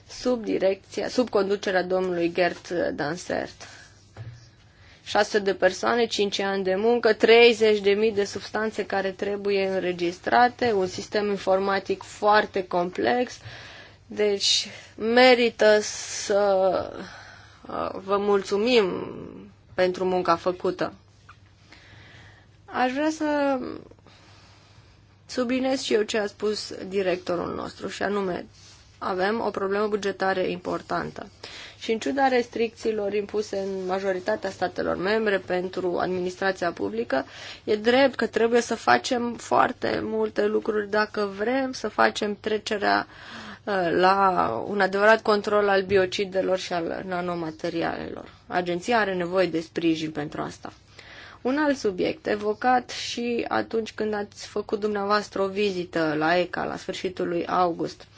Speaker 1: sub direcția, sub conducerea domnului Gert Dansert. 6 de persoane, 5 ani de muncă, 30.000 de substanțe care trebuie înregistrate, un sistem informatic foarte complex. Deci merită să uh, vă mulțumim pentru munca făcută. Aș vrea să subliniez și eu ce a spus directorul nostru și anume avem o problemă bugetară importantă și deci, în ciuda restricțiilor impuse în majoritatea statelor membre pentru administrația publică, e drept că trebuie să facem foarte multe lucruri dacă vrem să facem trecerea uh, la un adevărat control al biocidelor și al nanomaterialelor. Agenția are nevoie de sprijin pentru asta. Un alt subiect evocat și atunci când ați făcut dumneavoastră o vizită la ECA la sfârșitul lui august –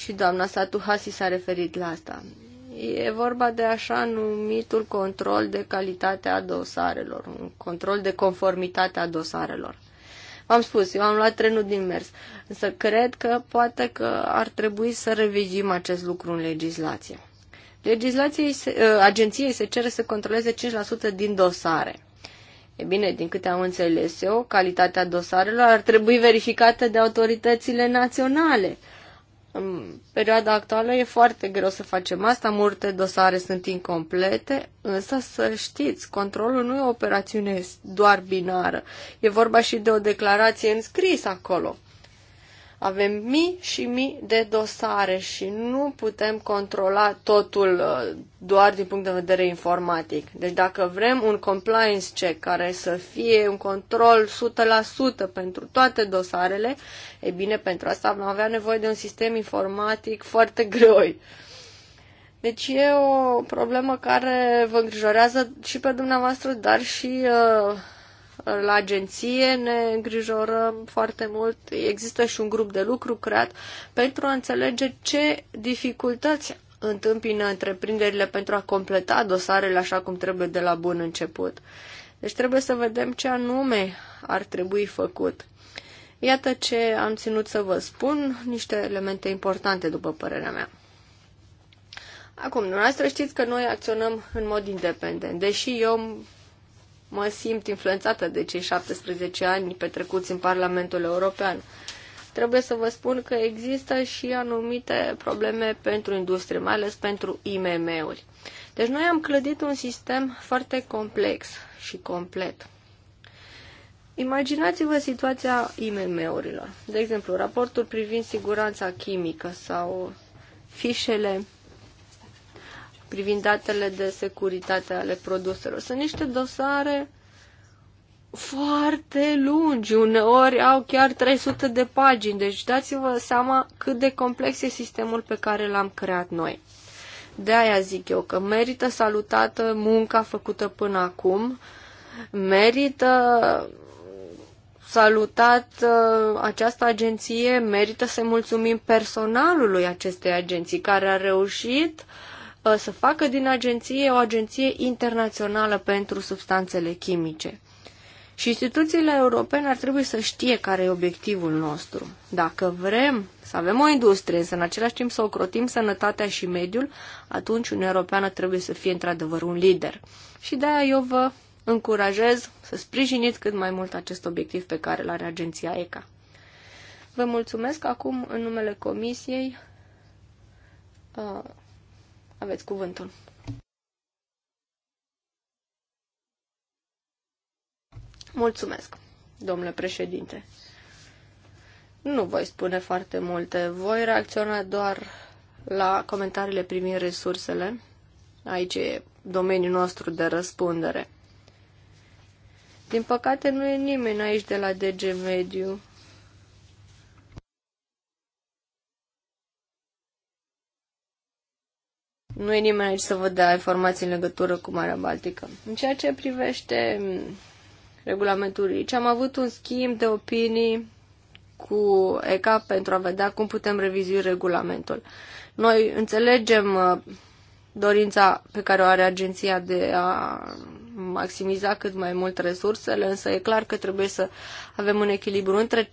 Speaker 1: și doamna Satuhasi s-a referit la asta. E vorba de așa numitul control de calitate a dosarelor, un control de conformitate a dosarelor. V-am spus, eu am luat trenul din mers, însă cred că poate că ar trebui să revizim acest lucru în legislație. Legislației ă, agenției se cere să controleze 5% din dosare. E bine, din câte am înțeles eu, calitatea dosarelor ar trebui verificată de autoritățile naționale. În perioada actuală e foarte greu să facem asta, multe dosare sunt incomplete, însă să știți, controlul nu e o operațiune doar binară, e vorba și de o declarație înscrisă acolo. Avem mii și mii de dosare și nu putem controla totul uh, doar din punct de vedere informatic. Deci dacă vrem un compliance check care să fie un control 100% pentru toate dosarele, e bine, pentru asta vom avea nevoie de un sistem informatic foarte greoi. Deci e o problemă care vă îngrijorează și pe dumneavoastră, dar și uh, la agenție, ne îngrijorăm foarte mult. Există și un grup de lucru creat pentru a înțelege ce dificultăți întâmpină întreprinderile pentru a completa dosarele așa cum trebuie de la bun început. Deci trebuie să vedem ce anume ar trebui făcut. Iată ce am ținut să vă spun, niște elemente importante după părerea mea. Acum, dumneavoastră știți că noi acționăm în mod independent, deși eu mă simt influențată de cei 17 ani petrecuți în Parlamentul European. Trebuie să vă spun că există și anumite probleme pentru industrie, mai ales pentru IMM-uri. Deci noi am clădit un sistem foarte complex și complet. Imaginați-vă situația IMM-urilor. De exemplu, raportul privind siguranța chimică sau fișele privind datele de securitate ale produselor. Sunt niște dosare foarte lungi, uneori au chiar 300 de pagini, deci dați-vă seama cât de complex e sistemul pe care l-am creat noi. De aia zic eu că merită salutată munca făcută până acum, merită salutat uh, această agenție, merită să mulțumim personalului acestei agenții care a reușit uh, Uh, să facă din agenție o agenție internațională pentru substanțele chimice. Și instituțiile europene ar trebui să știe care e obiectivul nostru. Dacă vrem să avem o industrie, însă în același timp să ocrotim sănătatea și mediul, atunci Uniunea Europeană trebuie să fie într-adevăr un lider. Și de-aia eu vă încurajez să sprijiniți cât mai mult acest obiectiv pe care îl are agenția ECA. Vă mulțumesc acum în numele Comisiei. Uh, aveți cuvântul.
Speaker 3: Mulțumesc,
Speaker 1: domnule președinte. Nu voi spune foarte multe. Voi reacționa doar la comentariile privind resursele. Aici e domeniul nostru de răspundere. Din păcate nu e nimeni aici de la DG Mediu Nu e nimeni aici să vă dea informații în legătură cu Marea Baltică. În ceea ce privește mm, regulamentul RICI, am avut un schimb de opinii cu ECA pentru a vedea cum putem revizui regulamentul. Noi înțelegem uh, dorința pe care o are agenția de a maximiza cât mai mult resursele, însă e clar că trebuie să avem un echilibru între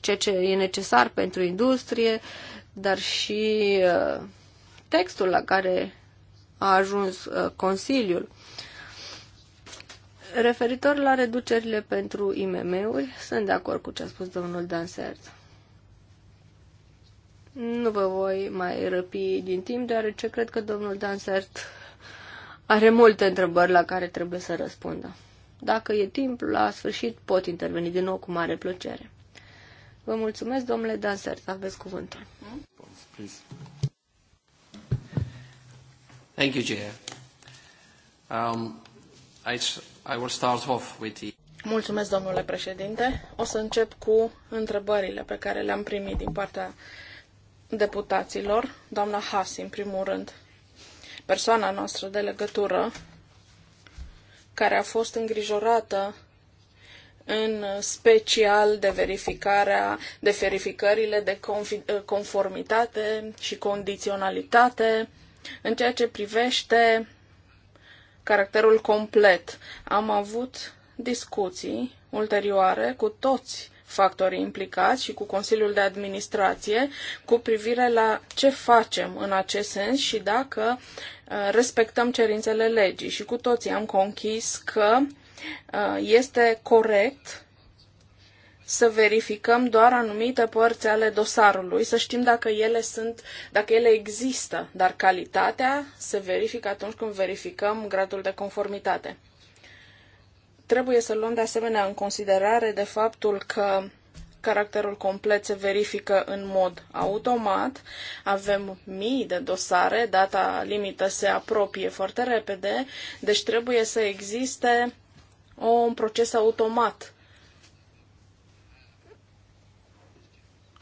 Speaker 1: ceea ce e necesar pentru industrie, dar și uh, textul la care a ajuns uh, Consiliul. Referitor la reducerile pentru IMM-uri, sunt de acord cu ce a spus domnul Dansert. Nu vă voi mai răpi din timp, deoarece cred că domnul Dansert are multe întrebări la care trebuie să răspundă. Dacă e timp, la sfârșit pot interveni din nou cu mare plăcere. Vă mulțumesc, domnule Dansert, aveți cuvântul.
Speaker 2: Hmm? Thank you, Chair. Um, I, I will start off with the...
Speaker 3: Mulțumesc, domnule președinte. O să încep cu întrebările pe care le-am primit din partea deputaților. Doamna Hasi, în primul rând, persoana noastră de legătură, care a fost îngrijorată în special de verificarea, de verificările de conformitate și condiționalitate, în ceea ce privește caracterul complet, am avut discuții ulterioare cu toți factorii implicați și cu Consiliul de Administrație cu privire la ce facem în acest sens și dacă uh, respectăm cerințele legii. Și cu toții am conchis că uh, este corect să verificăm doar anumite părți ale dosarului, să știm dacă ele sunt, dacă ele există, dar calitatea se verifică atunci când verificăm gradul de conformitate. Trebuie să luăm de asemenea în considerare de faptul că caracterul complet se verifică în mod automat. Avem mii de dosare, data limită se apropie foarte repede, deci trebuie să existe un proces automat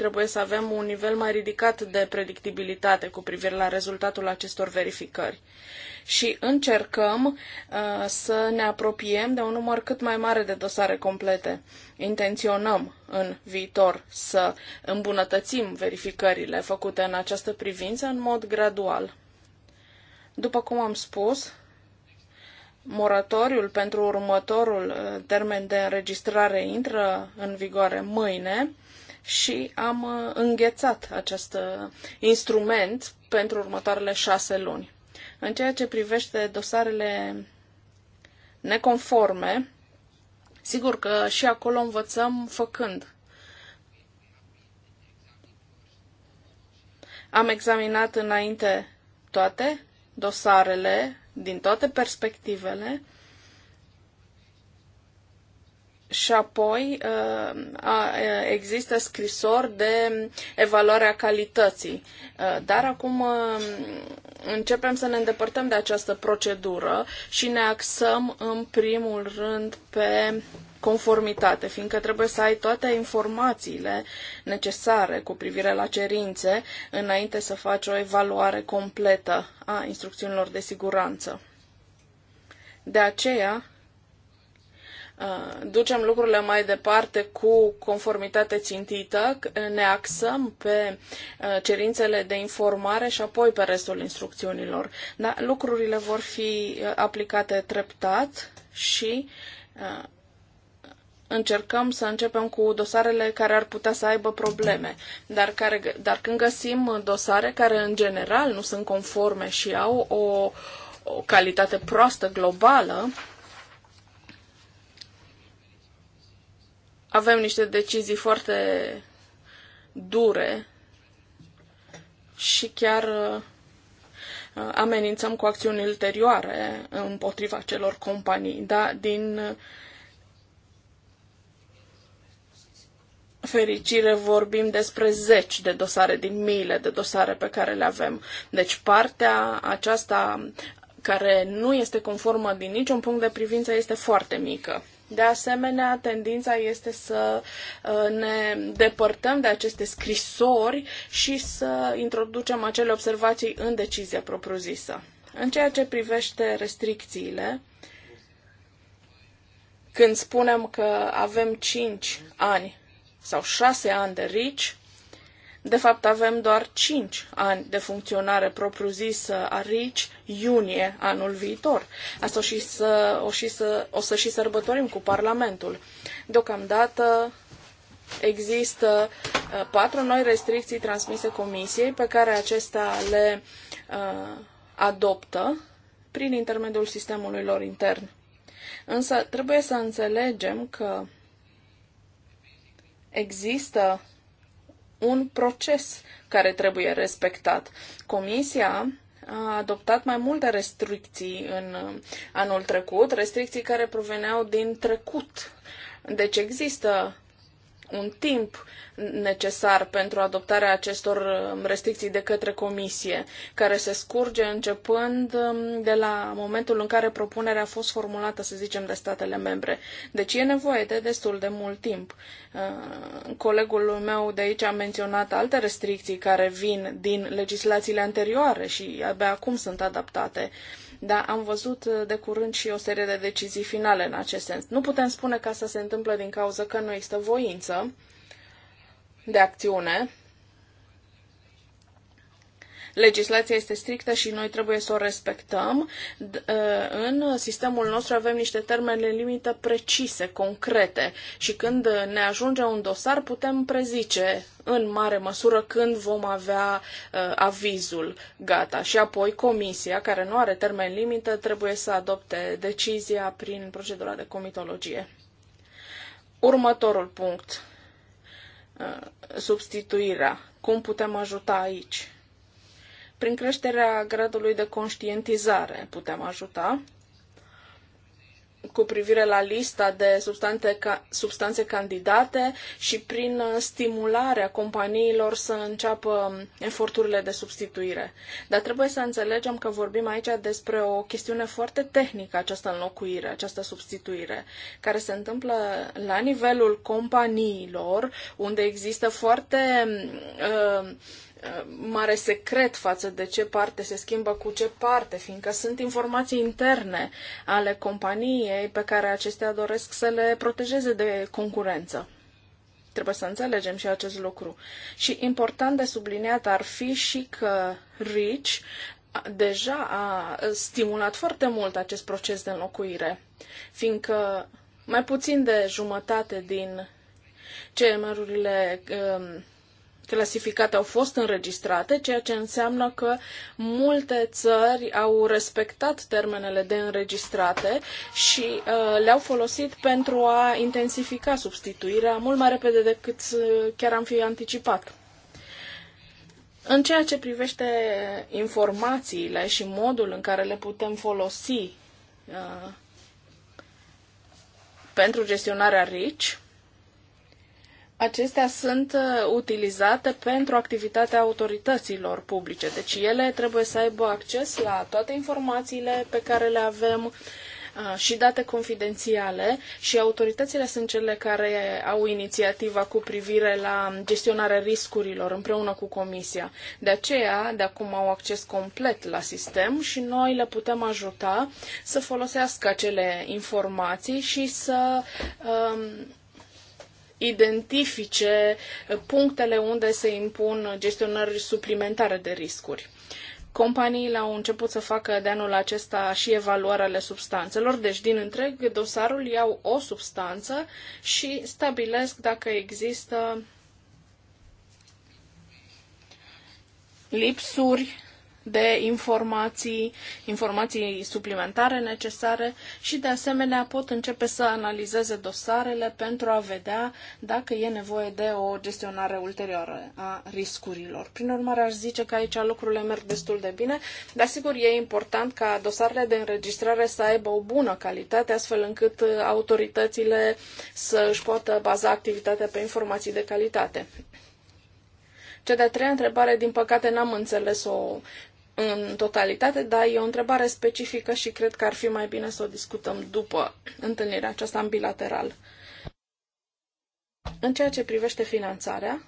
Speaker 3: trebuie să avem un nivel mai ridicat de predictibilitate cu privire la rezultatul acestor verificări. Și încercăm uh, să ne apropiem de un număr cât mai mare de dosare complete. Intenționăm în viitor să îmbunătățim verificările făcute în această privință în mod gradual. După cum am spus, moratoriul pentru următorul uh, termen de înregistrare intră în vigoare mâine și am uh, înghețat acest uh, instrument pentru următoarele șase luni. În ceea ce privește dosarele neconforme, sigur că și acolo învățăm făcând. Am examinat înainte toate dosarele din toate perspectivele și apoi uh, există scrisori de evaluare a calității. Uh, dar acum uh, începem să ne îndepărtăm de această procedură și ne axăm în primul rând pe conformitate, fiindcă trebuie să ai toate informațiile necesare cu privire la cerințe înainte să faci o evaluare completă a instrucțiunilor de siguranță. De aceea, Uh, ducem lucrurile mai departe cu conformitate țintită, ne axăm pe uh, cerințele de informare și apoi pe restul instrucțiunilor. Da, lucrurile vor fi uh, aplicate treptat și încercăm să începem cu dosarele care ar putea să aibă probleme, dar, care, dar când găsim dosare care în general nu sunt conforme și au o, o calitate proastă globală, avem niște decizii foarte dure și chiar uh, amenințăm cu acțiuni ulterioare împotriva celor companii. Da, din fericire vorbim despre zeci de dosare din miile de dosare pe care le avem. Deci partea aceasta care nu este conformă din niciun punct de privință este foarte mică. De asemenea, tendința este să uh, ne depărtăm de aceste scrisori și să introducem acele observații în decizia propriu-zisă. În ceea ce privește restricțiile, când spunem că avem 5 ani sau 6 ani de RICI, de fapt, avem doar 5 ani de funcționare propriu-zisă a RICI, iunie anul viitor. Asta o, și să, o, și să, o să și sărbătorim cu Parlamentul. Deocamdată există uh, patru noi restricții transmise Comisiei pe care acesta le uh, adoptă prin intermediul sistemului lor intern. Însă trebuie să înțelegem că există un proces care trebuie respectat. Comisia a adoptat mai multe restricții în anul trecut, restricții care proveneau din trecut. Deci există un timp necesar pentru adoptarea acestor um, restricții de către comisie, care se scurge începând um, de la momentul în care propunerea a fost formulată, să zicem, de statele membre. Deci e nevoie de destul de mult timp. Uh, colegul meu de aici a menționat alte restricții care vin din legislațiile anterioare și abia acum sunt adaptate dar am văzut uh, de curând și o serie de decizii finale în acest sens. Nu putem spune că asta se întâmplă din cauza că nu există voință de acțiune, legislația este strictă și noi trebuie să o respectăm. Ă, în sistemul nostru avem niște termene limită precise, concrete și când ne ajunge un dosar putem prezice în mare măsură când vom avea uh, avizul gata. Și apoi comisia, care nu are termen limită, trebuie să adopte decizia prin procedura de comitologie. Următorul punct. Uh, substituirea. Cum putem ajuta aici? Prin creșterea gradului de conștientizare putem ajuta cu privire la lista de substanțe, ca, substanțe candidate și prin stimularea companiilor să înceapă eforturile de substituire. Dar trebuie să înțelegem că vorbim aici despre o chestiune foarte tehnică, această înlocuire, această substituire, care se întâmplă la nivelul companiilor, unde există foarte. Uh, mare secret față de ce parte se schimbă cu ce parte, fiindcă sunt informații interne ale companiei pe care acestea doresc să le protejeze de concurență. Trebuie să înțelegem și acest lucru. Și important de subliniat ar fi și că Rich deja a stimulat foarte mult acest proces de înlocuire, fiindcă mai puțin de jumătate din CMR-urile uh, um, clasificate au fost înregistrate, ceea ce înseamnă că multe țări au respectat termenele de înregistrate și uh, le-au folosit pentru a intensifica substituirea mult mai repede decât uh, chiar am fi anticipat. În ceea ce privește informațiile și modul în care le putem folosi uh, pentru gestionarea RICI, acestea sunt uh, utilizate pentru activitatea autorităților publice. Deci ele trebuie să aibă acces la toate informațiile pe care le avem uh, și date confidențiale și autoritățile sunt cele care au inițiativa cu privire la gestionarea riscurilor împreună cu Comisia. De aceea, de acum au acces complet la sistem și noi le putem ajuta să folosească acele informații și să um, identifice punctele unde se impun gestionări suplimentare de riscuri. Companiile au început să facă de anul acesta și evaluarea ale substanțelor, deci din întreg dosarul iau o substanță și stabilesc dacă există lipsuri de informații, informații suplimentare necesare și de asemenea pot începe să analizeze dosarele pentru a vedea dacă e nevoie de o gestionare ulterioară a riscurilor. Prin urmare, aș zice că aici lucrurile merg destul de bine, dar sigur e important ca dosarele de înregistrare să aibă o bună calitate, astfel încât uh, autoritățile să își poată baza activitatea pe informații de calitate. Cea de-a treia întrebare, din păcate, n-am înțeles-o în totalitate, dar e o întrebare specifică și cred că ar fi mai bine să o discutăm după întâlnirea aceasta în bilateral. În ceea ce privește finanțarea,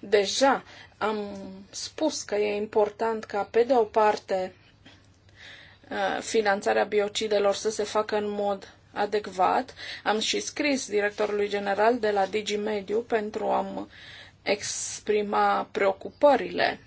Speaker 3: deja am spus că e important ca, pe de o parte, uh, finanțarea biocidelor să se facă în mod adecvat. Am și scris directorului general de la DigiMediu pentru a exprima preocupările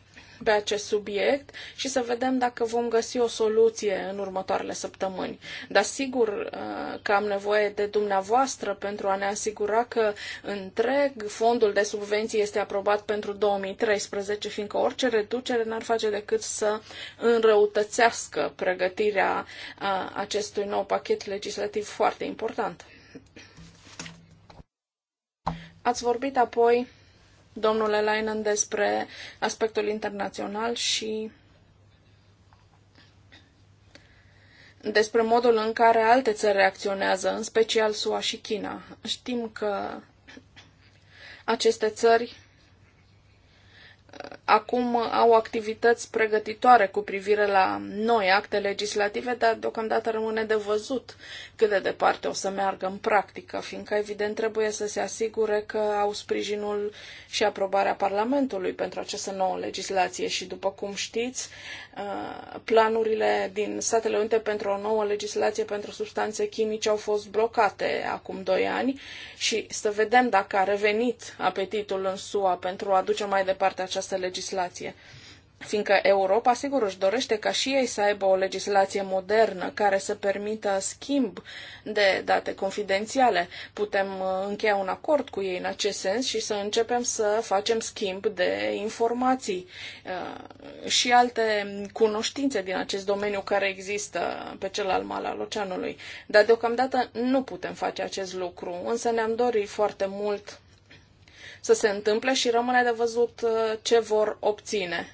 Speaker 3: pe acest subiect și să vedem dacă vom găsi o soluție în următoarele săptămâni. Dar sigur uh, că am nevoie de dumneavoastră pentru a ne asigura că întreg fondul de subvenții este aprobat pentru 2013, fiindcă orice reducere n-ar face decât să înrăutățească pregătirea uh, acestui nou pachet legislativ foarte important. Ați vorbit apoi domnule Leinen despre aspectul internațional și despre modul în care alte țări reacționează, în special SUA și China. Știm că aceste țări acum au activități pregătitoare cu privire la noi acte legislative, dar deocamdată rămâne de văzut cât de departe o să meargă în practică, fiindcă evident trebuie să se asigure că au sprijinul și aprobarea Parlamentului pentru această nouă legislație și, după cum știți, uh, planurile din Statele Unite pentru o nouă legislație pentru substanțe chimice au fost blocate acum doi ani și să vedem dacă a revenit apetitul în SUA pentru a duce mai departe această această legislație. Fiindcă Europa, sigur, își dorește ca și ei să aibă o legislație modernă care să permită schimb de date confidențiale. Putem uh, încheia un acord cu ei în acest sens și să începem să facem schimb de informații uh, și alte cunoștințe din acest domeniu care există pe celălalt mal al oceanului. Dar deocamdată nu putem face acest lucru, însă ne-am dorit foarte mult să se întâmple și rămâne de văzut uh, ce vor obține.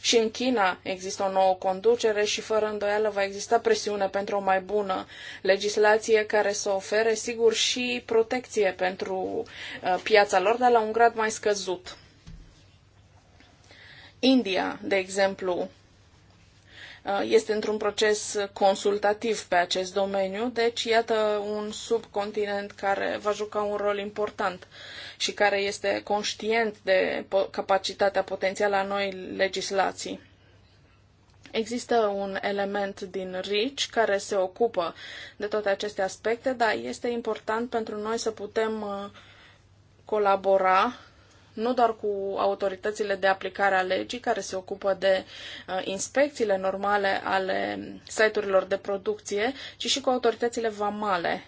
Speaker 3: Și în China există o nouă conducere și fără îndoială va exista presiune pentru o mai bună legislație care să ofere, sigur, și protecție pentru uh, piața lor, dar la un grad mai scăzut. India, de exemplu, Uh, este într-un proces consultativ pe acest domeniu, deci iată un subcontinent care va juca un rol important și care este conștient de capacitatea potențială a noi legislații. Există un element din RICI care se ocupă de toate aceste aspecte, dar este important pentru noi să putem uh, colabora nu doar cu autoritățile de aplicare a legii care se ocupă de uh, inspecțiile normale ale site-urilor de producție, ci și cu autoritățile vamale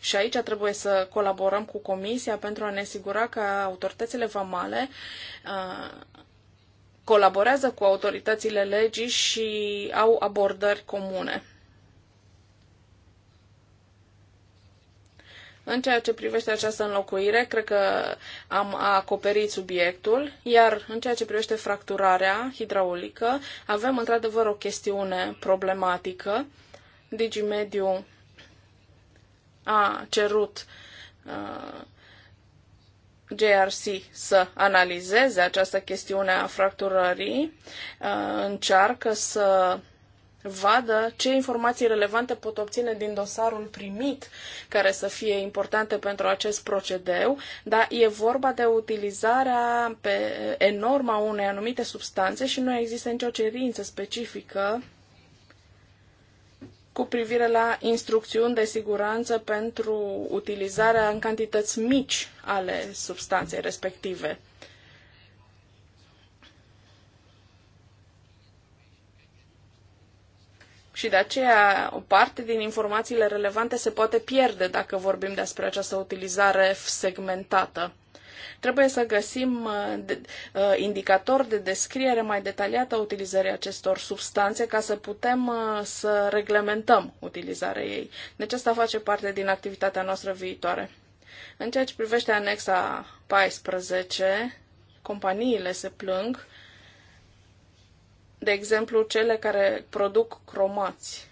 Speaker 3: și aici trebuie să colaborăm cu Comisia pentru a ne asigura că autoritățile vamale uh, colaborează cu autoritățile legii și au abordări comune. În ceea ce privește această înlocuire, cred că am acoperit subiectul, iar în ceea ce privește fracturarea hidraulică, avem într-adevăr o chestiune problematică. Digimediu a cerut uh, JRC să analizeze această chestiune a fracturării, uh, încearcă să vadă ce informații relevante pot obține din dosarul primit, care să fie importante pentru acest procedeu, dar e vorba de utilizarea pe enorma unei anumite substanțe și nu există nicio cerință specifică cu privire la instrucțiuni de siguranță pentru utilizarea în cantități mici ale substanței respective. Și de aceea o parte din informațiile relevante se poate pierde dacă vorbim despre această utilizare segmentată. Trebuie să găsim uh, uh, indicatori de descriere mai detaliată a utilizării acestor substanțe ca să putem uh, să reglementăm utilizarea ei. Deci asta face parte din activitatea noastră viitoare. În ceea ce privește anexa 14, companiile se plâng de exemplu, cele care produc cromați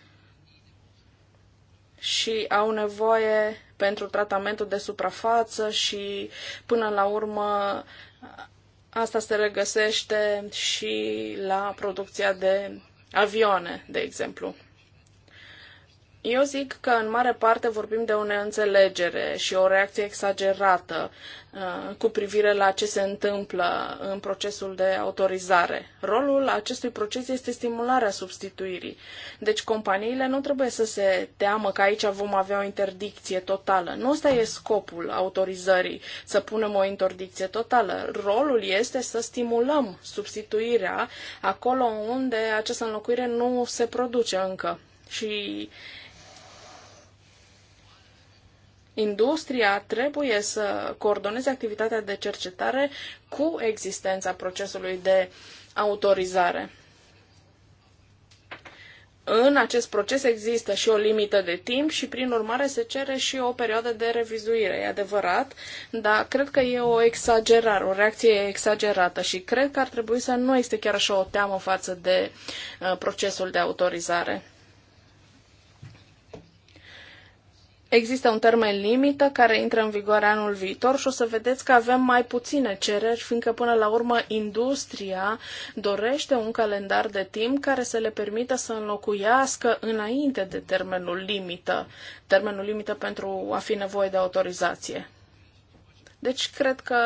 Speaker 3: și au nevoie pentru tratamentul de suprafață și până la urmă asta se regăsește și la producția de avioane, de exemplu. Eu zic că în mare parte vorbim de o neînțelegere și o reacție exagerată uh, cu privire la ce se întâmplă în procesul de autorizare. Rolul acestui proces este stimularea substituirii. Deci companiile nu trebuie să se teamă că aici vom avea o interdicție totală. Nu ăsta e scopul autorizării, să punem o interdicție totală. Rolul este să stimulăm substituirea acolo unde această înlocuire nu se produce încă. Și uh, Industria trebuie să coordoneze activitatea de cercetare cu existența procesului de autorizare. În acest proces există și o limită de timp și, prin urmare, se cere și o perioadă de revizuire. E adevărat, dar cred că e o exagerare, o reacție exagerată și cred că ar trebui să nu existe chiar așa o teamă față de uh, procesul de autorizare. Există un termen limită care intră în vigoare anul viitor și o să vedeți că avem mai puține cereri, fiindcă până la urmă industria dorește un calendar de timp care să le permită să înlocuiască înainte de termenul limită, termenul limită pentru a fi nevoie de autorizație. Deci cred că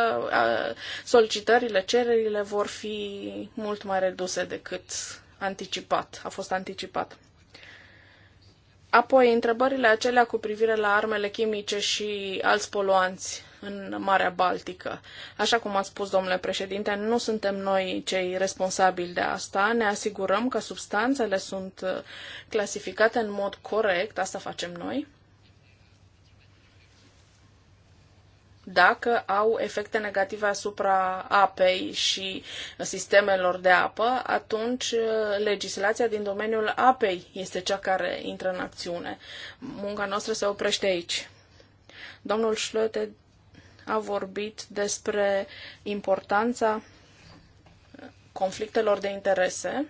Speaker 3: solicitările, cererile vor fi mult mai reduse decât anticipat, a fost anticipat. Apoi, întrebările acelea cu privire la armele chimice și alți poluanți în Marea Baltică. Așa cum a spus domnule președinte, nu suntem noi cei responsabili de asta. Ne asigurăm că substanțele sunt uh, clasificate în mod corect, asta facem noi. dacă au efecte negative asupra apei și sistemelor de apă, atunci uh, legislația din domeniul apei este cea care intră în acțiune. Munca noastră se oprește aici. Domnul Schlöte a vorbit despre importanța conflictelor de interese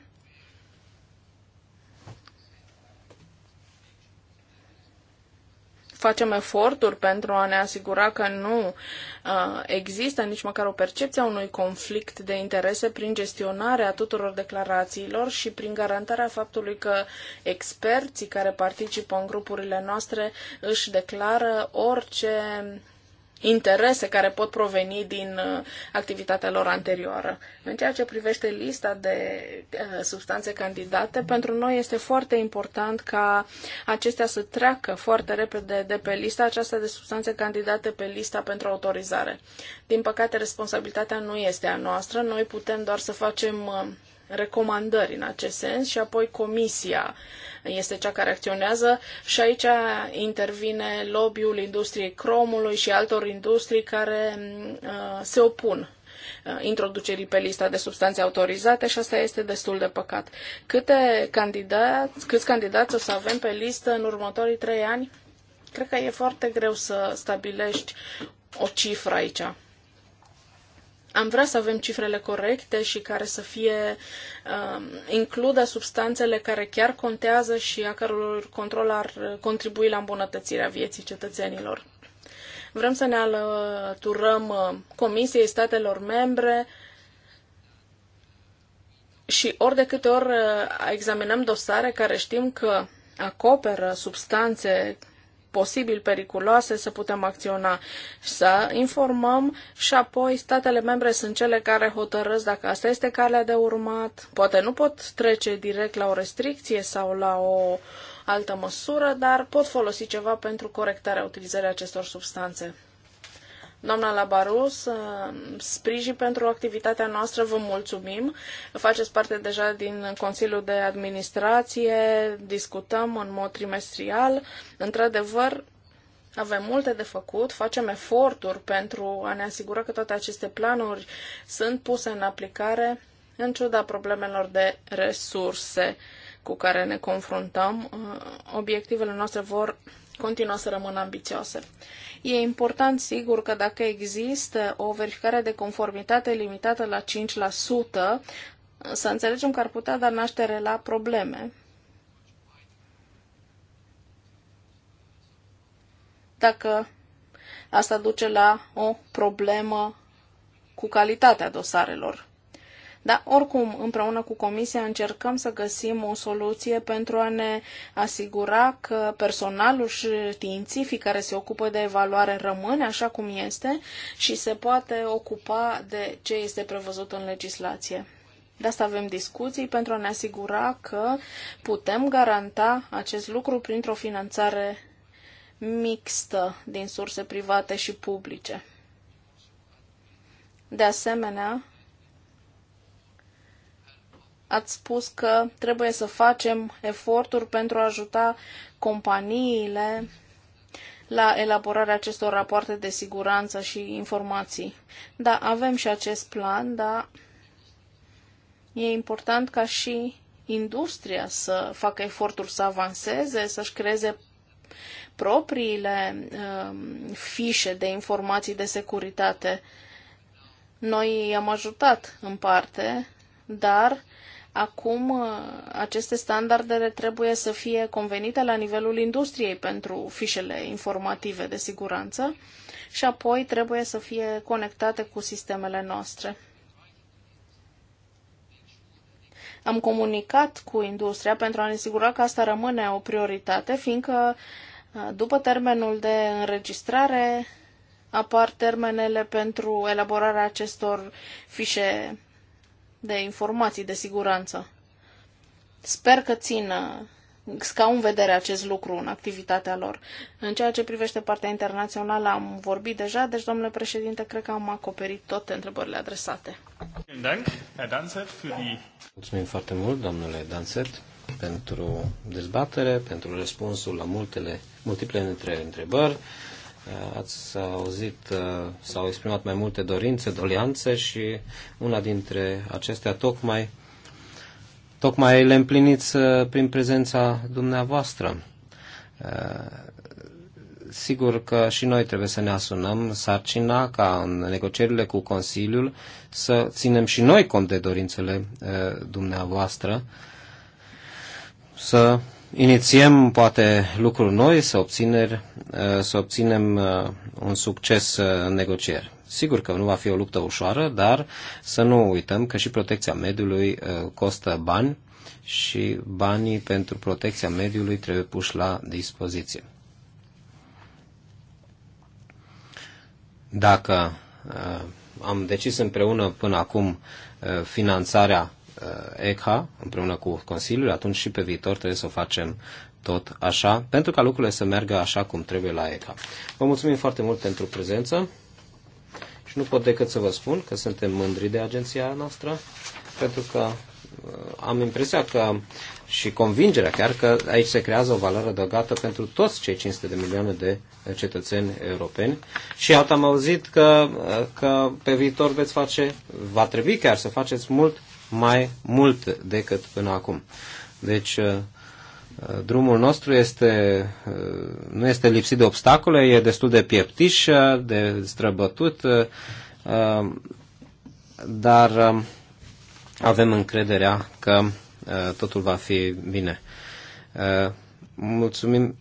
Speaker 3: facem eforturi pentru a ne asigura că nu uh, există nici măcar o percepție a unui conflict de interese prin gestionarea tuturor declarațiilor și prin garantarea faptului că experții care participă în grupurile noastre își declară orice interese care pot proveni din uh, activitatea lor anterioară. În ceea ce privește lista de uh, substanțe candidate, pentru noi este foarte important ca acestea să treacă foarte repede de pe lista aceasta de substanțe candidate pe lista pentru autorizare. Din păcate, responsabilitatea nu este a noastră, noi putem doar să facem uh, recomandări în acest sens și apoi comisia este cea care acționează și aici intervine lobby-ul industriei cromului și altor industrii care uh, se opun uh, introducerii pe lista de substanțe autorizate și asta este destul de păcat. Câte candidați, câți candidați o să avem pe listă în următorii trei ani? Cred că e foarte greu să stabilești o cifră aici am vrea să avem cifrele corecte și care să fie uh, includă substanțele care chiar contează și a căror control ar contribui la îmbunătățirea vieții cetățenilor. Vrem să ne alăturăm uh, Comisiei statelor membre și ori de câte ori uh, examinăm dosare care știm că acoperă substanțe posibil periculoase să putem acționa, să informăm și apoi statele membre sunt cele care hotărăsc dacă asta este calea de urmat. Poate nu pot trece direct la o restricție sau la o altă măsură, dar pot folosi ceva pentru corectarea utilizării acestor substanțe. Doamna Labarus, uh, sprijin pentru activitatea noastră, vă mulțumim. Faceți parte deja din Consiliul de Administrație, discutăm în mod trimestrial. Într-adevăr, avem multe de făcut, facem eforturi pentru a ne asigura că toate aceste planuri sunt puse în aplicare în ciuda problemelor de resurse cu care ne confruntăm. Uh, obiectivele noastre vor continuă să rămână ambițioase. E important, sigur, că dacă există o verificare de conformitate limitată la 5%, să înțelegem că ar putea da naștere la probleme. Dacă asta duce la o problemă cu calitatea dosarelor. Dar oricum, împreună cu Comisia încercăm să găsim o soluție pentru a ne asigura că personalul științific care se ocupă de evaluare rămâne așa cum este și se poate ocupa de ce este prevăzut în legislație. De asta avem discuții pentru a ne asigura că putem garanta acest lucru printr-o finanțare mixtă din surse private și publice. De asemenea, ați spus că trebuie să facem eforturi pentru a ajuta companiile la elaborarea acestor rapoarte de siguranță și informații. Da, avem și acest plan, dar e important ca și industria să facă eforturi să avanseze, să-și creeze propriile uh, fișe de informații de securitate. Noi i-am ajutat în parte, dar Acum, uh, aceste standarde trebuie să fie convenite la nivelul industriei pentru fișele informative de siguranță și apoi trebuie să fie conectate cu sistemele noastre. Am comunicat cu industria pentru a ne asigura că asta rămâne o prioritate, fiindcă uh, după termenul de înregistrare apar termenele pentru elaborarea acestor fișe de informații de siguranță. Sper că țin uh, ca în vedere acest lucru în activitatea lor. În ceea ce privește partea internațională am vorbit deja, deci, domnule președinte, cred că am acoperit toate întrebările adresate.
Speaker 2: Mulțumim foarte mult, domnule Danset, pentru dezbatere, pentru răspunsul la multele, multiple întrebări. Ați auzit, uh, s-au exprimat mai multe dorințe, dolianțe și una dintre acestea tocmai, tocmai le împliniți uh, prin prezența dumneavoastră. Uh, sigur că și noi trebuie să ne asumăm sarcina ca în negocierile cu Consiliul să ținem și noi cont de dorințele dumneavoastră, să inițiem poate lucruri noi, să, obținem uh, să obținem uh, un succes uh, în negocieri. Sigur că nu va fi o luptă ușoară, dar să nu uităm că și protecția mediului costă bani și banii pentru protecția mediului trebuie puși la dispoziție. Dacă am decis împreună până acum finanțarea Uh, ECHA împreună cu Consiliul, atunci și pe viitor trebuie să o facem tot așa, pentru ca lucrurile să meargă așa cum trebuie la ECHA. Vă mulțumim foarte mult pentru prezență și nu pot decât să vă spun că suntem mândri de agenția noastră, pentru că uh, am impresia că și convingerea chiar că aici se creează o valoare adăugată pentru toți cei 500 de milioane de cetățeni europeni și am auzit că, uh, că pe viitor veți face, va trebui chiar să faceți mult mai mult decât până acum. Deci, uh, drumul nostru este, uh, nu este lipsit de obstacole, e destul de pieptiș, uh, de străbătut, dar um, avem încrederea că totul va fi bine. Mulțumim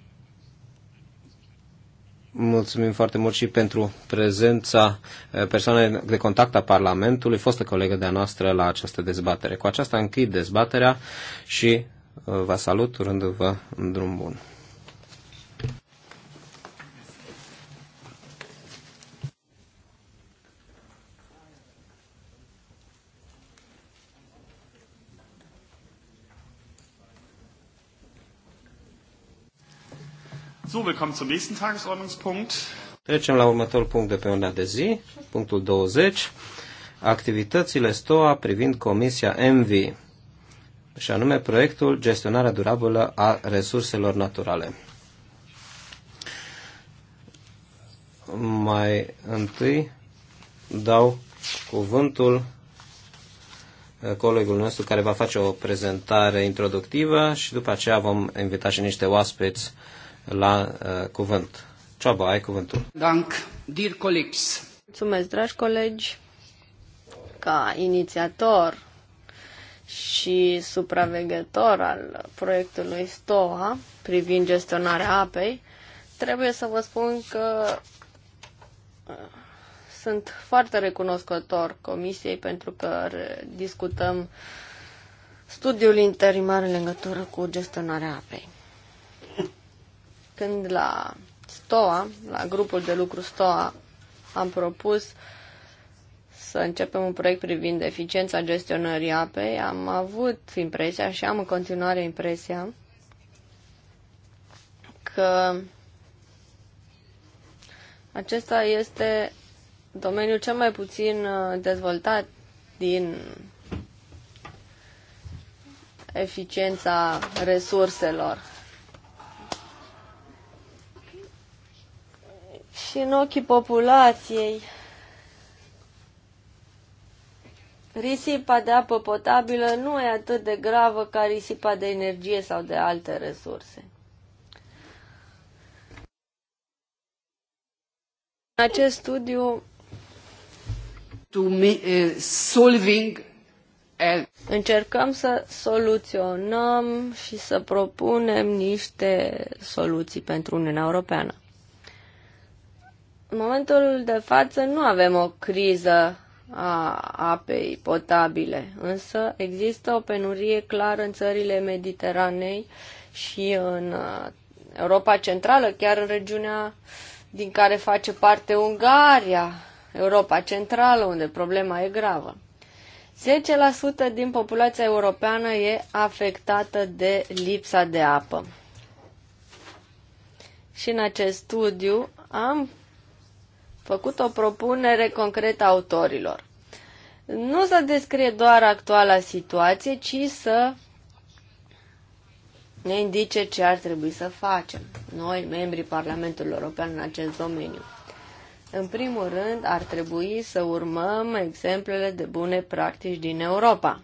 Speaker 2: Mulțumim foarte mult și pentru prezența eh, persoanei de contact a Parlamentului, fostă colegă de-a noastră la această dezbatere. Cu aceasta închid dezbaterea și eh, vă salut, urându-vă în drum bun.
Speaker 3: So, willkommen zum nächsten Tagesordnungspunkt.
Speaker 2: Trecem la următorul punct de pe ordinea de zi, punctul 20, activitățile STOA privind Comisia MV, și anume proiectul Gestionarea durabilă a resurselor naturale. Mai întâi dau cuvântul eh, colegul nostru care va face o prezentare introductivă și după aceea vom invita și niște oaspeți uh, la uh, cuvânt. Cioaba, ai cuvântul. Dank,
Speaker 1: dear colleagues. Mulțumesc, dragi colegi, ca inițiator și supraveghetor al proiectului STOA privind gestionarea apei, trebuie să vă spun că uh, sunt foarte recunoscător Comisiei pentru că discutăm studiul interimar în legătură cu gestionarea apei. Când la STOA, la grupul de lucru STOA, am propus să începem un proiect privind eficiența gestionării apei, am avut impresia și am în continuare impresia că acesta este domeniul cel mai puțin uh, dezvoltat din eficiența resurselor și în ochii populației. Risipa de apă potabilă nu e atât de gravă ca risipa de energie sau de alte resurse. În acest studiu
Speaker 3: to me, uh,
Speaker 1: solving Încercăm să soluționăm și să propunem niște soluții pentru Uniunea Europeană. În momentul de față nu avem o criză a apei potabile, însă există o penurie clară în țările Mediteranei și în uh, Europa Centrală, chiar în regiunea din care face parte Ungaria, Europa Centrală, unde problema e gravă. 10% din populația europeană e afectată de lipsa de apă. Și în acest studiu am făcut o propunere concretă autorilor. Nu să descrie doar actuala situație, ci să ne indice ce ar trebui să facem, noi, membrii Parlamentului European, în acest domeniu. În primul rând, ar trebui să urmăm exemplele de bune practici din Europa.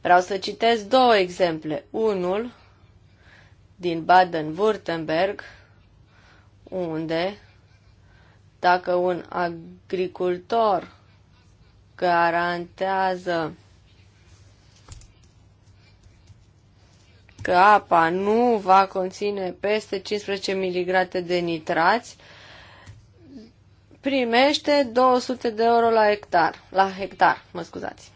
Speaker 1: Vreau să citesc două exemple. Unul din Baden-Württemberg, unde dacă un agricultor garantează că apa nu va conține peste 15 mg de nitrați, primește 200 de euro la hectar, la hectar, mă scuzați.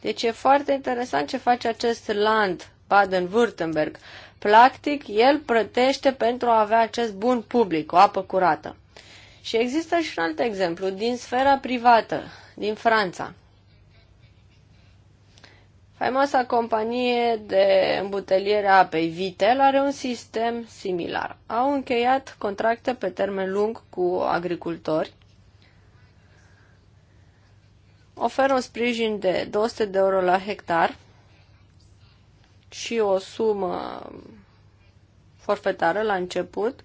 Speaker 1: Deci e foarte interesant ce face acest land Baden-Württemberg. Practic, el plătește pentru a avea acest bun public, o apă curată. Și există și un alt exemplu din sfera privată, din Franța. Faimoasa companie de îmbuteliere a apei Vitel are un sistem similar. Au încheiat contracte pe termen lung cu agricultori, oferă un sprijin de 200 de euro la hectar și o sumă forfetară la început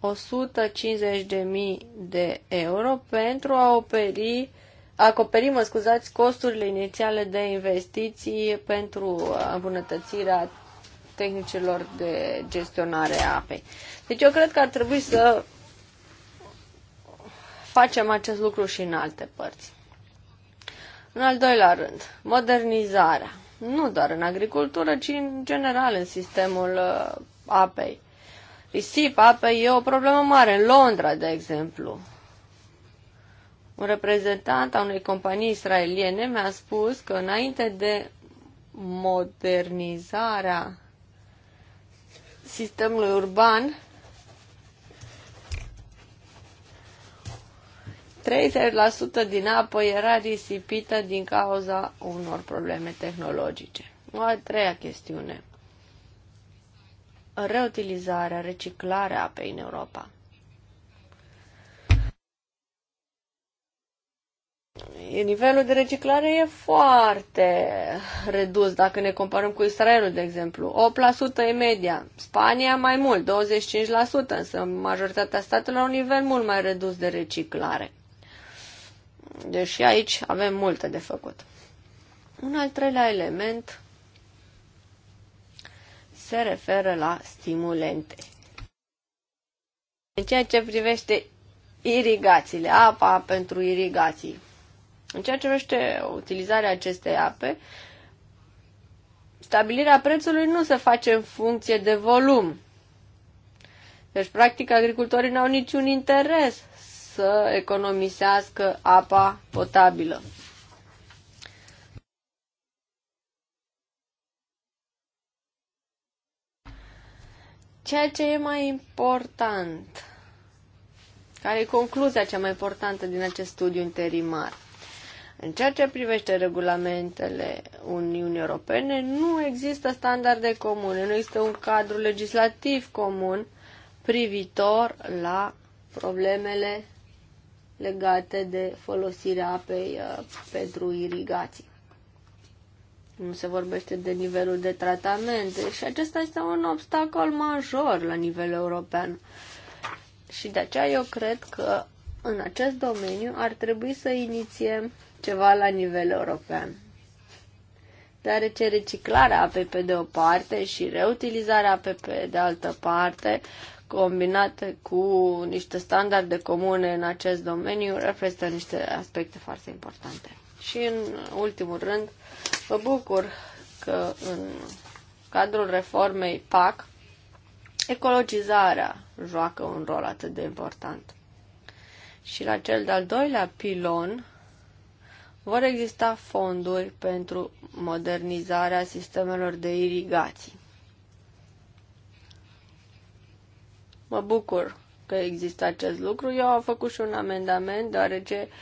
Speaker 1: 150.000 de euro pentru a operi, acoperi, mă scuzați, costurile inițiale de investiții pentru îmbunătățirea tehnicilor de gestionare a apei. Deci eu cred că ar trebui să facem acest lucru și în alte părți. În al doilea rând, modernizarea. Nu doar în agricultură, ci în general în sistemul uh, apei risipa apei e o problemă mare. În Londra, de exemplu, un reprezentant a unei companii israeliene mi-a spus că înainte de modernizarea sistemului urban, 30% din apă era risipită din cauza unor probleme tehnologice. O a treia chestiune reutilizarea, reciclarea apei în Europa. Nivelul de reciclare e foarte redus dacă ne comparăm cu Israelul, de exemplu. 8% e media, Spania mai mult, 25%, însă majoritatea statelor au un nivel mult mai redus de reciclare. Deși aici avem multe de făcut. Un al treilea element se referă la stimulente. În ceea ce privește irigațiile, apa pentru irigații, în ceea ce privește utilizarea acestei ape, stabilirea prețului nu se face în funcție de volum. Deci, practic, agricultorii n-au niciun interes să economisească apa potabilă. Ceea ce e mai important, care e concluzia cea mai importantă din acest studiu interimar? În ceea ce privește regulamentele Uniunii Europene, nu există standarde comune, nu există un cadru legislativ comun privitor la problemele legate de folosirea apei uh, pentru irigații nu se vorbește de nivelul de tratamente și acesta este un obstacol major la nivel european. Și de aceea eu cred că în acest domeniu ar trebui să inițiem ceva la nivel european. Deoarece reciclarea pe de o parte și reutilizarea pe de altă parte, combinate cu niște standarde comune în acest domeniu, reprezintă niște aspecte foarte importante. Și în ultimul rând, mă bucur că în cadrul reformei PAC, ecologizarea joacă un rol atât de important. Și la cel de-al doilea pilon vor exista fonduri pentru modernizarea sistemelor de irigații. Mă bucur că există acest lucru. Eu am făcut și un amendament, deoarece uh,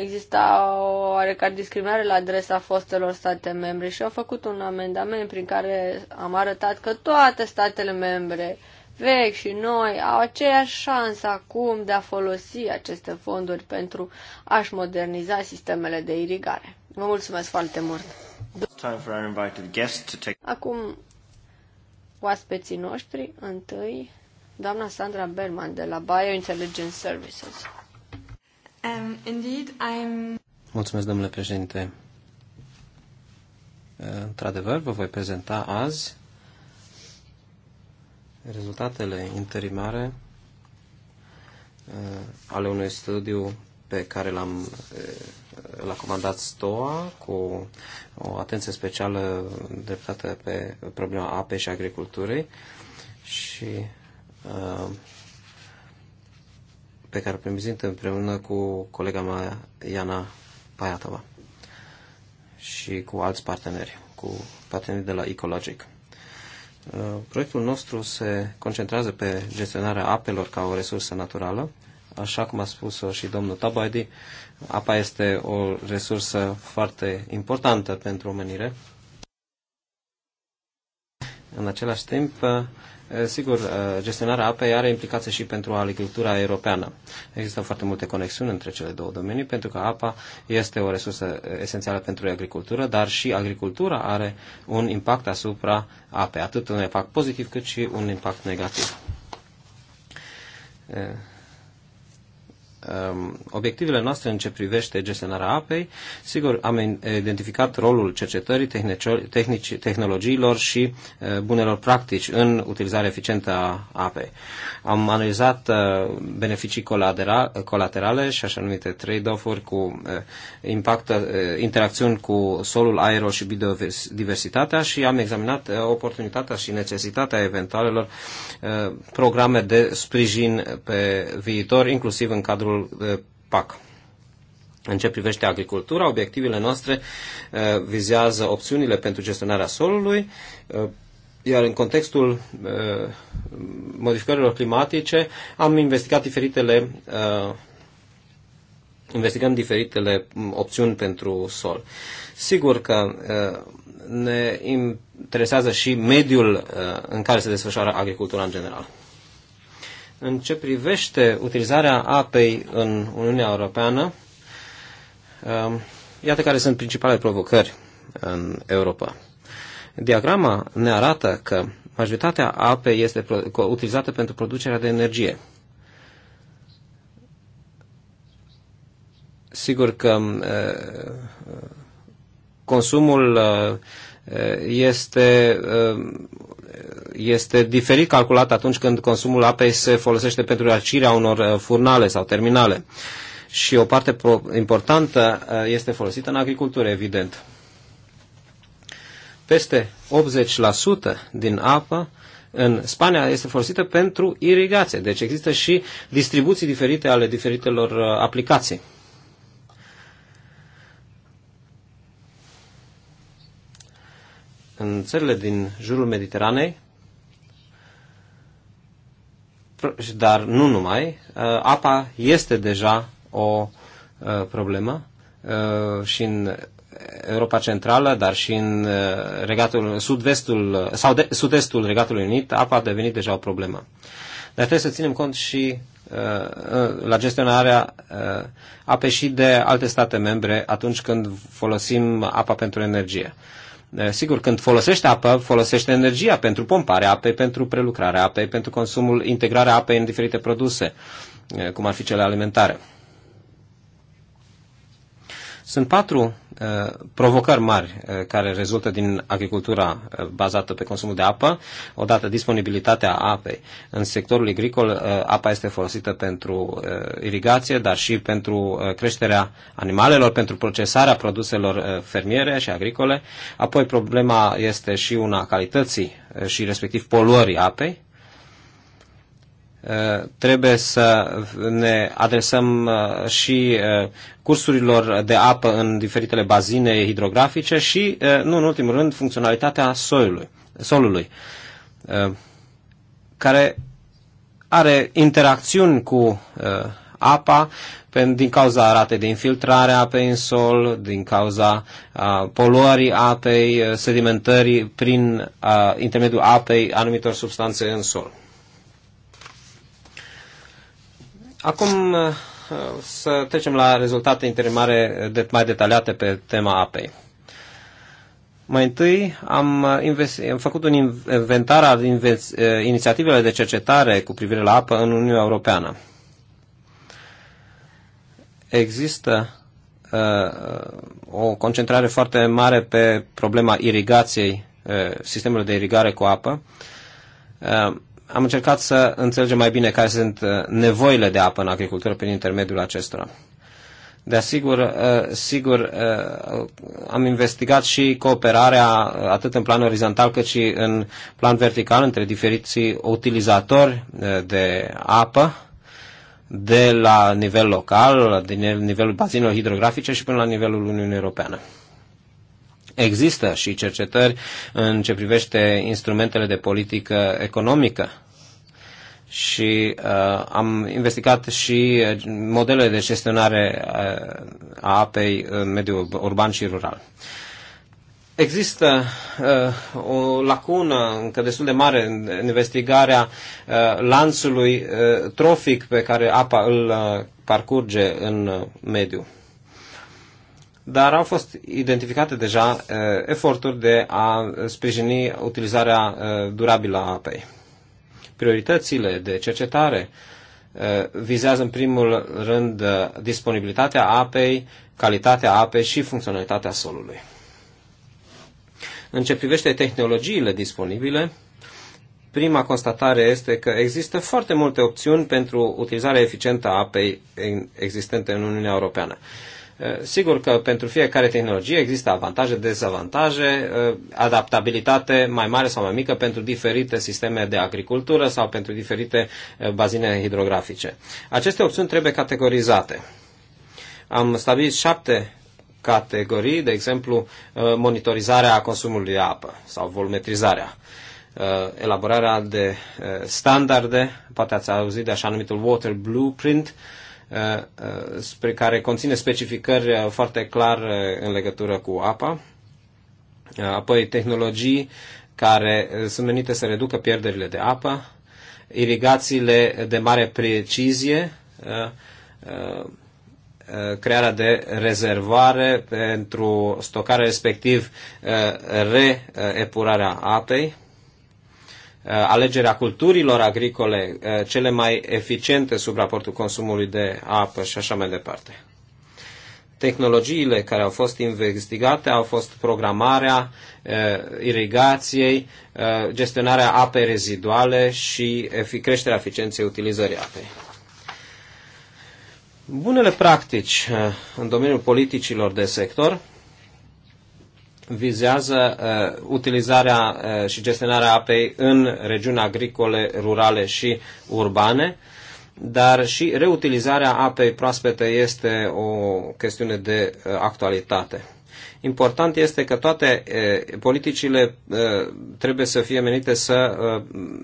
Speaker 1: exista o oarecare discriminare la adresa fostelor state membre și au făcut un amendament prin care am arătat că toate statele membre vechi și noi au aceeași șansă acum de a folosi aceste fonduri pentru a-și moderniza sistemele de irigare. Vă mulțumesc foarte mult! Acum, oaspeții noștri, întâi, doamna Sandra Berman de la Biointelligence Services.
Speaker 3: Um, indeed, I'm...
Speaker 2: Mulțumesc, domnule președinte. Uh, într-adevăr, vă voi prezenta azi rezultatele interimare uh, ale unui studiu pe care l-am uh, l-a comandat STOA cu o atenție specială dreptată pe problema apei și agriculturii și pe care o prezintă împreună cu colega mea, Iana Paiatova, și cu alți parteneri, cu partenerii de la Ecologic. Uh, proiectul nostru se concentrează pe gestionarea apelor ca o resursă naturală. Așa cum a spus-o și domnul Tabaidi, apa este o resursă foarte importantă pentru omenire. În același timp, uh, Eh, sigur, eh, gestionarea apei are implicații și pentru agricultura europeană. Există foarte multe conexiuni între cele două domenii, pentru că apa este o resursă eh, esențială pentru agricultură, dar și agricultura are un impact asupra apei, atât un impact pozitiv cât și un impact negativ. Ehm, obiectivele noastre în ce privește gestionarea apei. Sigur, am identificat rolul cercetării, tehnici, tehnologiilor și eh, bunelor practici în utilizarea eficientă a apei. Am analizat eh, beneficii colaterale și așa numite trade-off-uri cu eh, impact, interacțiuni cu solul, aerul și biodiversitatea și am examinat oportunitatea și necesitatea eventualelor programe de sprijin pe viitor, inclusiv în cadrul cadrul eh, PAC. În ce privește agricultura, obiectivele noastre eh, vizează opțiunile pentru gestionarea solului, eh, iar în contextul modificărilor climatice am investigat diferitele investigăm diferitele mm, opțiuni pentru sol. Sigur că ne interesează și mediul în care se desfășoară agricultura în general. În ce privește utilizarea apei în Uniunea Europeană, um, iată care sunt principalele provocări în Europa. Diagrama ne arată că majoritatea apei este utilizată pentru producerea de energie. Sigur că um, uh, consumul uh, uh, este um, este diferit calculat atunci când consumul apei se folosește pentru răcirea unor uh, furnale sau terminale. Și o parte importantă uh, este folosită în agricultură, evident. Peste 80% din apă în Spania este folosită pentru irigație. Deci există și distribuții diferite ale diferitelor uh, aplicații. în țările din jurul Mediteranei, dar nu numai, uh, apa este deja o uh, problemă uh, și în Europa Centrală, dar și în regatul, sud-vestul, sau de, sud-estul Regatului Unit, apa a devenit deja o problemă. Dar trebuie să ținem cont și la gestionarea apei și de alte state membre atunci când folosim apa pentru energie. Eh, sigur, când folosește apă, folosește energia pentru pomparea apei, pentru prelucrarea apei, pentru consumul, integrarea apei în diferite produse, eh, cum ar fi cele alimentare. Sunt patru uh, provocări mari uh, care rezultă din agricultura uh, bazată pe consumul de apă. Odată, disponibilitatea apei. În sectorul agricol, uh, apa este folosită pentru uh, irigație, dar și pentru uh, creșterea animalelor, pentru procesarea produselor uh, fermiere și agricole. Apoi, problema este și una calității uh, și respectiv poluării apei trebuie să ne adresăm uh, și uh, cursurilor de apă în diferitele bazine hidrografice și, uh, nu în ultimul rând, funcționalitatea solului, solului care are interacțiuni cu apa din cauza ratei de infiltrare a apei în sol, din cauza poluării apei, sedimentării prin intermediul apei anumitor substanțe în sol. Acum uh, să trecem la rezultate interimare mai detaliate pe tema apei. Mai întâi am, uh, am făcut un inventar al uh, inițiativele de cercetare cu privire la apă în Uniunea Europeană. Există uh, o concentrare foarte mare pe problema irigației, uh, sistemului de irigare cu apă. Uh, am încercat să înțelegem mai bine care sunt uh, nevoile de apă în agricultură prin intermediul acestora. De asigur, uh, sigur, uh, am investigat și cooperarea atât în plan orizontal cât și în plan vertical între diferiții utilizatori de apă de la nivel local, din nivelul bazinelor hidrografice și până la nivelul Uniunii Europene. Există și cercetări în ce privește instrumentele de politică economică și uh, am investigat și uh, modelele de gestionare uh, a apei în mediul urban și rural. Există uh, o lacună încă destul de mare în investigarea uh, lanțului uh, trofic pe care apa îl uh, parcurge în uh, mediu dar au fost identificate deja uh, eforturi de a sprijini utilizarea uh, durabilă a apei. Prioritățile de cercetare uh, vizează în primul rând disponibilitatea apei, calitatea apei și funcționalitatea solului. În ce privește tehnologiile disponibile, prima constatare este că există foarte multe opțiuni pentru utilizarea eficientă a apei existente în Uniunea Europeană. Eh, sigur că pentru fiecare tehnologie există avantaje, dezavantaje, eh, adaptabilitate mai mare sau mai mică pentru diferite sisteme de agricultură sau pentru diferite eh, bazine hidrografice. Aceste opțiuni trebuie categorizate. Am stabilit șapte categorii, de exemplu, monitorizarea consumului de apă sau volumetrizarea, elaborarea de standarde, poate ați auzit de așa numitul Water Blueprint, Uh, uh, spre care conține specificări uh, foarte clar în legătură cu apa, apoi tehnologii care sunt menite să reducă pierderile de apă, irigațiile de mare precizie, crearea de rezervoare pentru stocare, respectiv reepurarea apei, Uh, alegerea culturilor agricole uh, cele mai eficiente sub raportul consumului de apă și așa mai departe. Tehnologiile care au fost investigate au fost programarea uh, irigației, gestionarea apei reziduale și creșterea eficienței utilizării apei. Bunele practici în domeniul politicilor de sector vizează uh, utilizarea uh, și gestionarea apei în regiuni agricole, rurale și urbane, dar și reutilizarea apei proaspete este o chestiune de uh, actualitate. Important este că toate politicile trebuie să fie menite să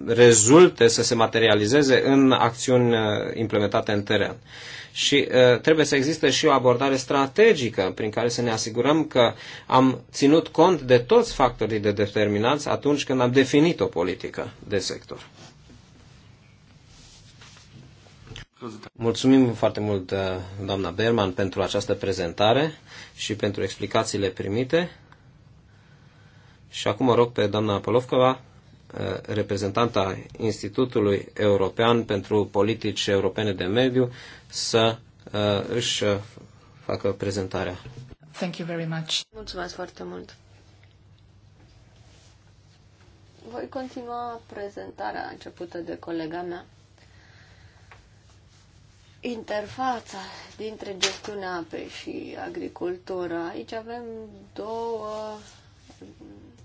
Speaker 2: rezulte, să se materializeze în acțiuni implementate în teren. Și trebuie să existe și o abordare strategică prin care să ne asigurăm că am ținut cont de toți factorii de determinanți atunci când am definit o politică de sector. Mulțumim foarte mult, uh, doamna Berman, pentru această prezentare și pentru explicațiile primite. Și acum mă rog pe doamna Polovcova, uh, reprezentanta Institutului European pentru Politici Europene de Mediu, să uh, își facă prezentarea.
Speaker 3: Thank you very much. Mulțumesc foarte mult.
Speaker 1: Voi continua prezentarea începută de colega mea interfața dintre gestiunea apei și agricultură. Aici avem două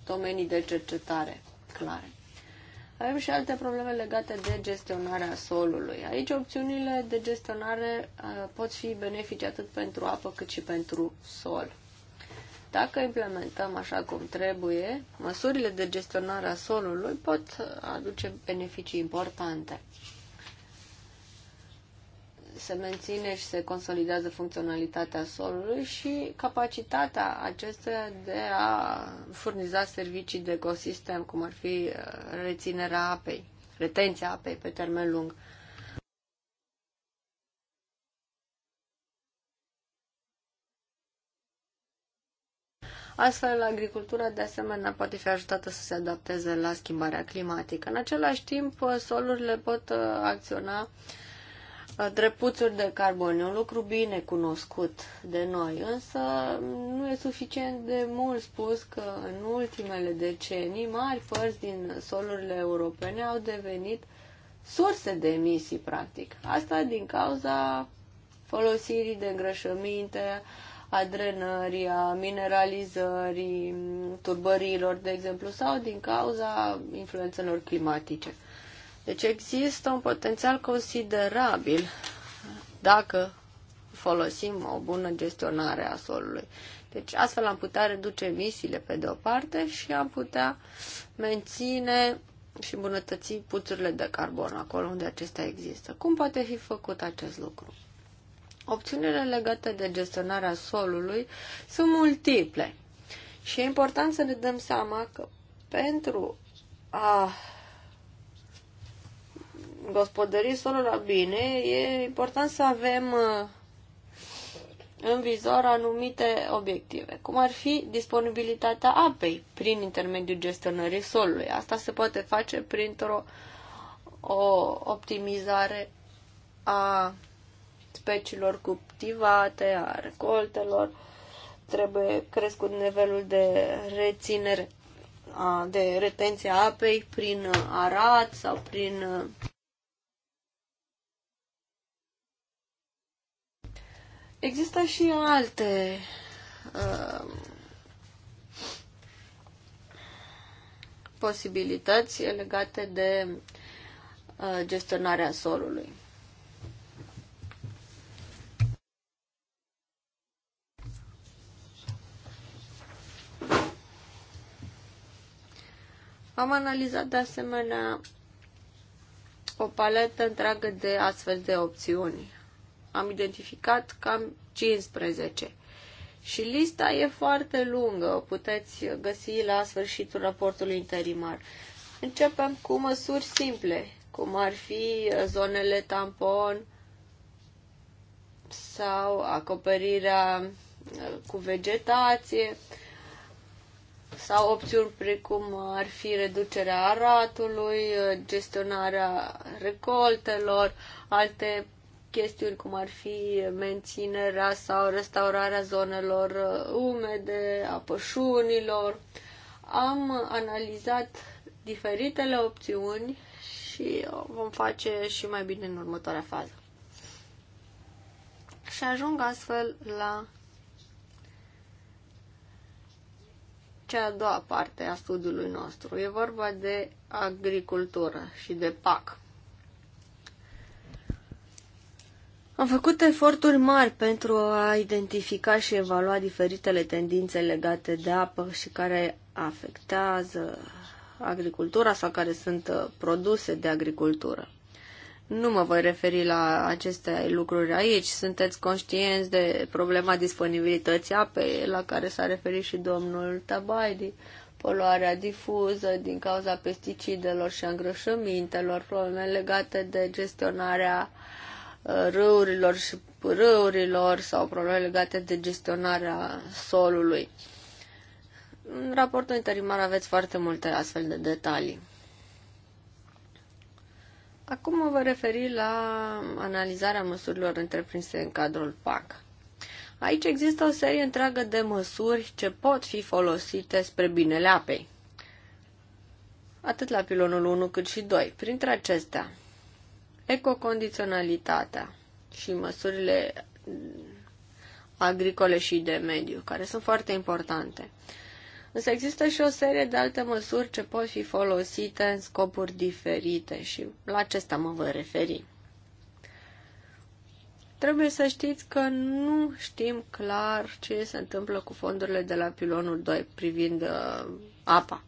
Speaker 1: domenii de cercetare clare. Avem și alte probleme legate de gestionarea solului. Aici opțiunile de gestionare uh, pot fi benefice atât pentru apă cât și pentru sol. Dacă implementăm așa cum trebuie, măsurile de gestionare a solului pot uh, aduce beneficii importante se menține și se consolidează funcționalitatea solului și capacitatea acestea de a furniza servicii de ecosistem, cum ar fi uh, reținerea apei, retenția apei pe termen lung. Astfel, agricultura, de asemenea, poate fi ajutată să se adapteze la schimbarea climatică. În același timp, uh, solurile pot uh, acționa uh, drepuțuri de carbon. E un lucru bine cunoscut de noi, însă nu e suficient de mult spus că în ultimele decenii mari părți din solurile europene au devenit surse de emisii, practic. Asta din cauza folosirii de îngrășăminte, a drenării, a mineralizării, turbărilor, de exemplu, sau din cauza influențelor climatice. Deci există un potențial considerabil dacă folosim o bună gestionare a solului. Deci astfel am putea reduce emisiile pe de o parte și am putea menține și îmbunătăți puțurile de carbon acolo unde acestea există. Cum poate fi făcut acest lucru? Opțiunile legate de gestionarea solului sunt multiple și e important să ne dăm seama că pentru a gospodării solul la bine, e important să avem uh, în vizor anumite obiective, cum ar fi disponibilitatea apei prin intermediul gestionării solului. Asta se poate face printr-o o optimizare a speciilor cultivate, a recoltelor, trebuie crescut nivelul de reținere, de retenție a apei prin arat sau prin uh, Există și alte uh, posibilități legate de uh, gestionarea solului. Am analizat de asemenea o paletă întreagă de astfel de opțiuni am identificat cam 15. Și lista e foarte lungă, o puteți găsi la sfârșitul raportului interimar. Începem cu măsuri simple, cum ar fi zonele tampon sau acoperirea uh, cu vegetație sau opțiuni precum ar fi reducerea aratului, uh, gestionarea recoltelor, alte chestiuni cum ar fi menținerea sau restaurarea zonelor uh, umede, a pășunilor. Am analizat diferitele opțiuni și o vom face și mai bine în următoarea fază. Și ajung astfel la cea a doua parte a studiului nostru. E vorba de agricultură și de PAC. Am făcut eforturi mari pentru a identifica și evalua diferitele tendințe legate de apă și care afectează agricultura sau care sunt uh, produse de agricultură. Nu mă voi referi la aceste lucruri aici. Sunteți conștienți de problema disponibilității apei la care s-a referit și domnul Tabaidi, poluarea difuză din cauza pesticidelor și îngrășămintelor, probleme legate de gestionarea uh, Uh, râurilor și râurilor sau probleme legate de gestionarea solului. În raportul interimar aveți foarte multe astfel de detalii. Acum mă voi referi la analizarea măsurilor întreprinse în cadrul PAC. Aici există o serie întreagă de măsuri ce pot fi folosite spre binele apei, atât la pilonul 1 cât și 2. Printre acestea, ecocondiționalitatea și măsurile agricole și de mediu, care sunt foarte importante. Însă există și o serie de alte măsuri ce pot fi folosite în scopuri diferite și la acesta mă voi referi. Trebuie să știți că nu știm clar ce se întâmplă cu fondurile de la pilonul 2 privind uh, apa.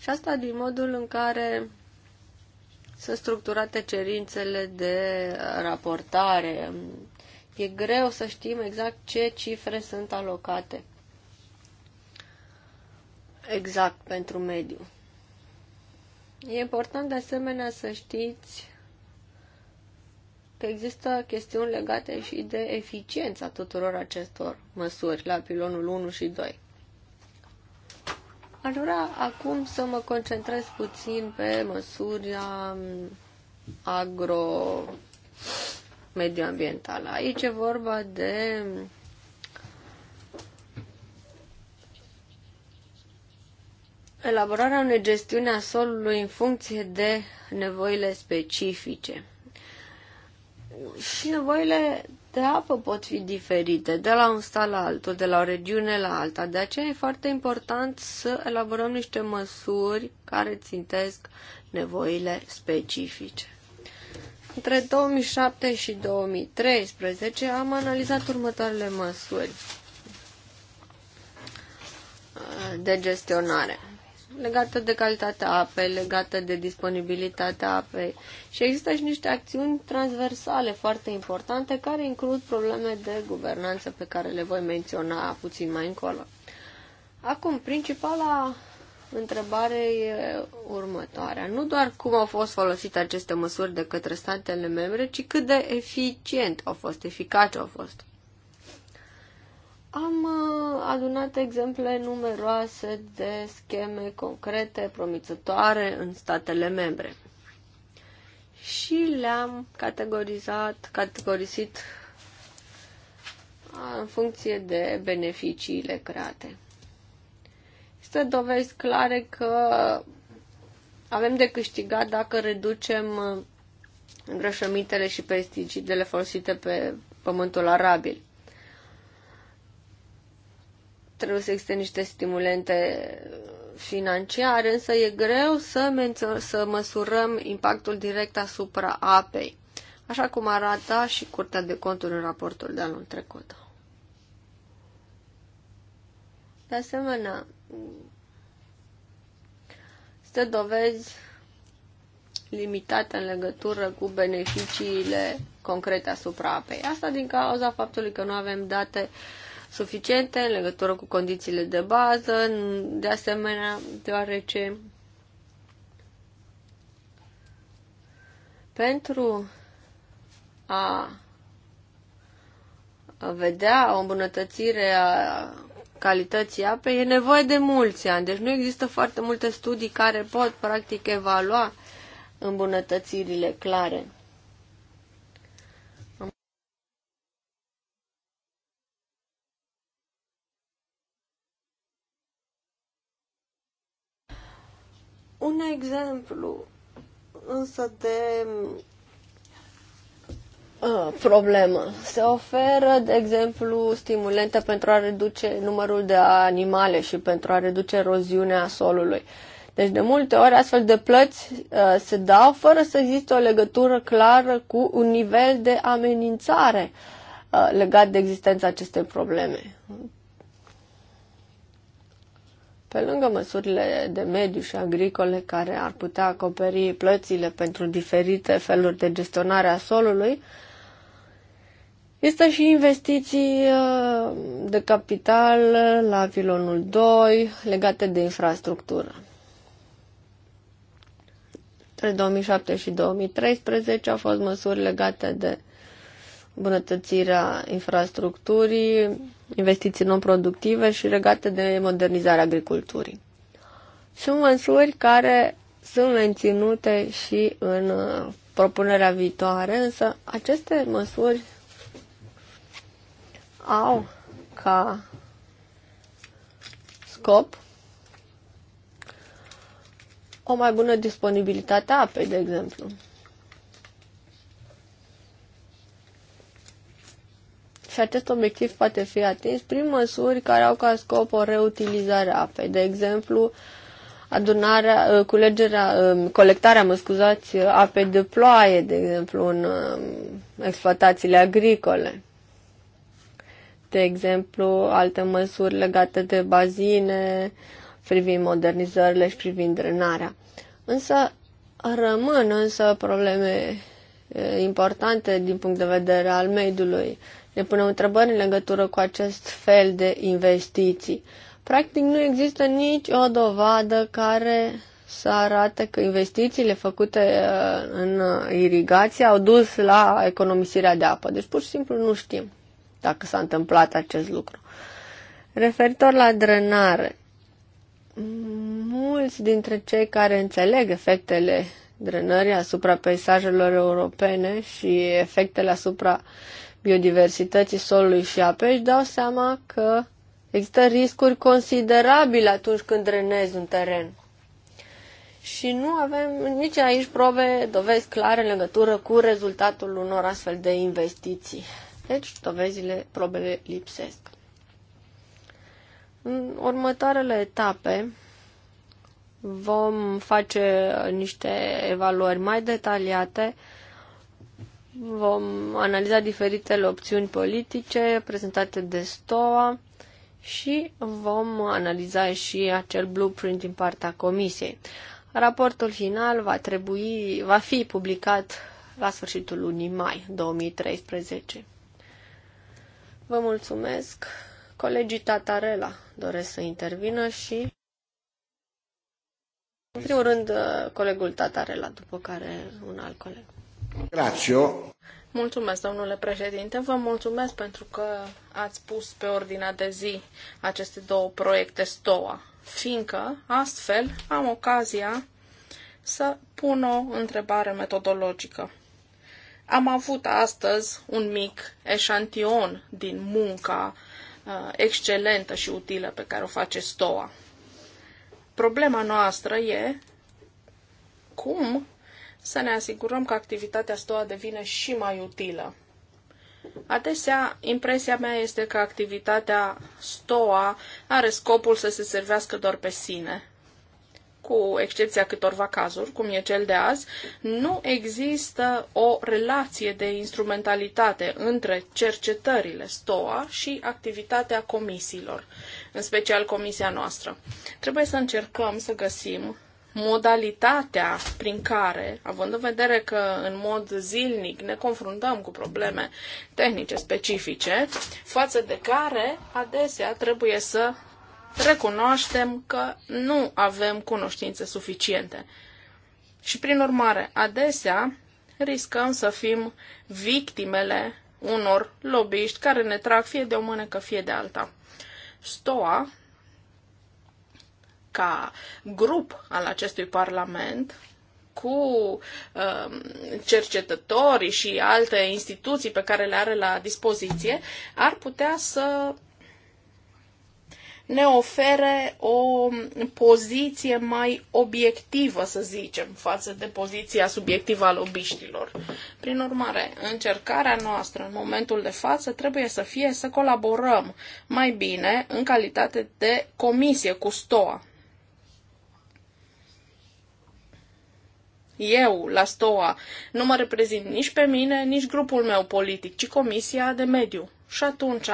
Speaker 1: Și asta din modul în care sunt structurate cerințele de raportare. E greu să știm exact ce cifre sunt alocate. Exact pentru mediu. E important de asemenea să știți că există chestiuni legate și de eficiența tuturor acestor măsuri la pilonul 1 și 2. Aș vrea acum să mă concentrez puțin pe măsuri agro medioambientală. Aici e vorba de elaborarea unei gestiuni a solului în funcție de nevoile specifice. Și nevoile de apă pot fi diferite de la un stat la altul, de la o regiune la alta. De aceea e foarte important să elaborăm niște măsuri care țintesc nevoile specifice. Între 2007 și 2013 am analizat următoarele măsuri de gestionare legată de calitatea apei, legată de disponibilitatea apei. Și există și niște acțiuni transversale foarte importante care includ probleme de guvernanță pe care le voi menționa puțin mai încolo. Acum, principala întrebare e următoarea. Nu doar cum au fost folosite aceste măsuri de către statele membre, ci cât de eficient au fost, eficace au fost. Am uh, adunat exemple numeroase de scheme concrete, promițătoare în statele membre. Și le-am categorizat, categorisit uh, în funcție de beneficiile create. Este dovezi clare că avem de câștigat dacă reducem uh, îngrășămintele și pesticidele folosite pe pământul arabil trebuie să existe niște stimulente financiare, însă e greu să, să măsurăm impactul direct asupra apei, așa cum arată și Curtea de Conturi în raportul de anul trecut. De asemenea, este dovezi limitate în legătură cu beneficiile concrete asupra apei. Asta din cauza faptului că nu avem date uh, suficiente în legătură cu condițiile de bază, de asemenea, deoarece pentru a vedea o îmbunătățire a calității apei, e nevoie de mulți ani. Deci nu există foarte multe studii care pot, practic, evalua îmbunătățirile clare. Un exemplu însă de uh, problemă. Se oferă, de exemplu, stimulente pentru a reduce numărul de animale și pentru a reduce eroziunea solului. Deci, de multe ori, astfel de plăți uh, se dau fără să existe o legătură clară cu un nivel de amenințare uh, legat de existența acestei probleme. Pe lângă măsurile de mediu și agricole care ar putea acoperi plățile pentru diferite feluri de gestionare a solului, Există și investiții uh, de capital la pilonul 2 legate de infrastructură. Între 2007 și 2013 au fost măsuri legate de îmbunătățirea infrastructurii, investiții non-productive și legate de modernizarea agriculturii. Sunt măsuri care sunt menținute și în uh, propunerea viitoare, însă aceste măsuri au ca scop o mai bună disponibilitate a apei, de exemplu. și acest obiectiv poate fi atins prin măsuri care au ca scop o reutilizare a apei. De exemplu, adunarea, uh, culegerea, um, colectarea, mă scuzați, uh, apei de ploaie, de exemplu, în um, exploatațiile agricole. De exemplu, alte măsuri legate de bazine, privind modernizările și privind drenarea. Însă rămân însă probleme uh, importante din punct de vedere al mediului ne punem întrebări în legătură cu acest fel de investiții. Practic nu există nici o dovadă care să arate că investițiile făcute uh, în irigație au dus la economisirea de apă. Deci pur și simplu nu știm dacă s-a întâmplat acest lucru. Referitor la drenare, mulți dintre cei care înțeleg efectele drenării asupra peisajelor europene și efectele asupra biodiversității solului și apei, își dau seama că există riscuri considerabile atunci când drenezi un teren. Și nu avem nici aici probe, dovezi clare în legătură cu rezultatul unor astfel de investiții. Deci, dovezile, probele lipsesc. În următoarele etape vom face niște evaluări mai detaliate Vom analiza diferitele opțiuni politice prezentate de STOA și vom analiza și acel blueprint din partea comisiei. Raportul final va, trebui, va fi publicat la sfârșitul lunii mai 2013. Vă mulțumesc. Colegii Tatarela doresc să intervină și... În primul rând, colegul
Speaker 3: Tatarela, după care un alt coleg.
Speaker 1: Grazie.
Speaker 3: Mulțumesc, domnule președinte. Vă mulțumesc pentru că ați pus pe ordinea de zi aceste două proiecte STOA, fiindcă astfel am ocazia să pun o întrebare metodologică. Am avut astăzi un mic eșantion din munca uh, excelentă și utilă pe care o face STOA. Problema noastră e cum să ne asigurăm că activitatea STOA devine și mai utilă. Adesea, impresia mea este că activitatea STOA are scopul să se servească doar pe sine. Cu excepția câtorva cazuri, cum e cel de azi, nu există o relație de instrumentalitate între cercetările STOA și activitatea comisiilor, în special comisia noastră. Trebuie să încercăm să găsim modalitatea prin care, având în vedere că în mod zilnic ne confruntăm cu probleme tehnice specifice, față de care adesea trebuie să recunoaștem că nu avem cunoștințe suficiente. Și prin urmare, adesea riscăm să fim victimele unor lobiști care ne trag fie de o mânecă, fie de alta. Stoa ca grup al acestui Parlament cu um, cercetătorii și alte instituții pe care le are la dispoziție, ar putea să ne ofere o poziție mai obiectivă, să zicem, față de poziția subiectivă a lobiștilor. Prin urmare, încercarea noastră în momentul de față trebuie să fie să colaborăm mai bine în calitate de comisie cu STOA, eu, la STOA, nu mă reprezint nici pe mine, nici grupul meu politic, ci Comisia de Mediu. Și atunci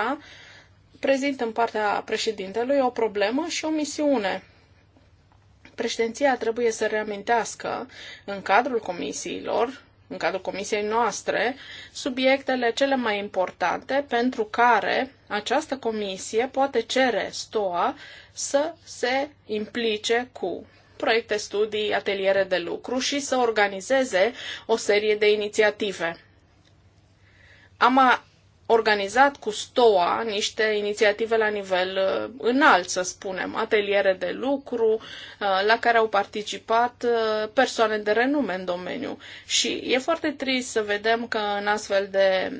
Speaker 3: prezint în partea președintelui o problemă și o misiune. Președinția trebuie să reamintească în cadrul comisiilor, în cadrul comisiei noastre, subiectele cele mai importante pentru care această comisie poate cere STOA să se implice cu proiecte, studii, ateliere de lucru și să organizeze o serie de inițiative. Am organizat cu STOA niște inițiative la nivel uh, înalt, să spunem, ateliere de lucru uh, la care au participat uh, persoane de renume în domeniu. Și e foarte trist să vedem că în astfel de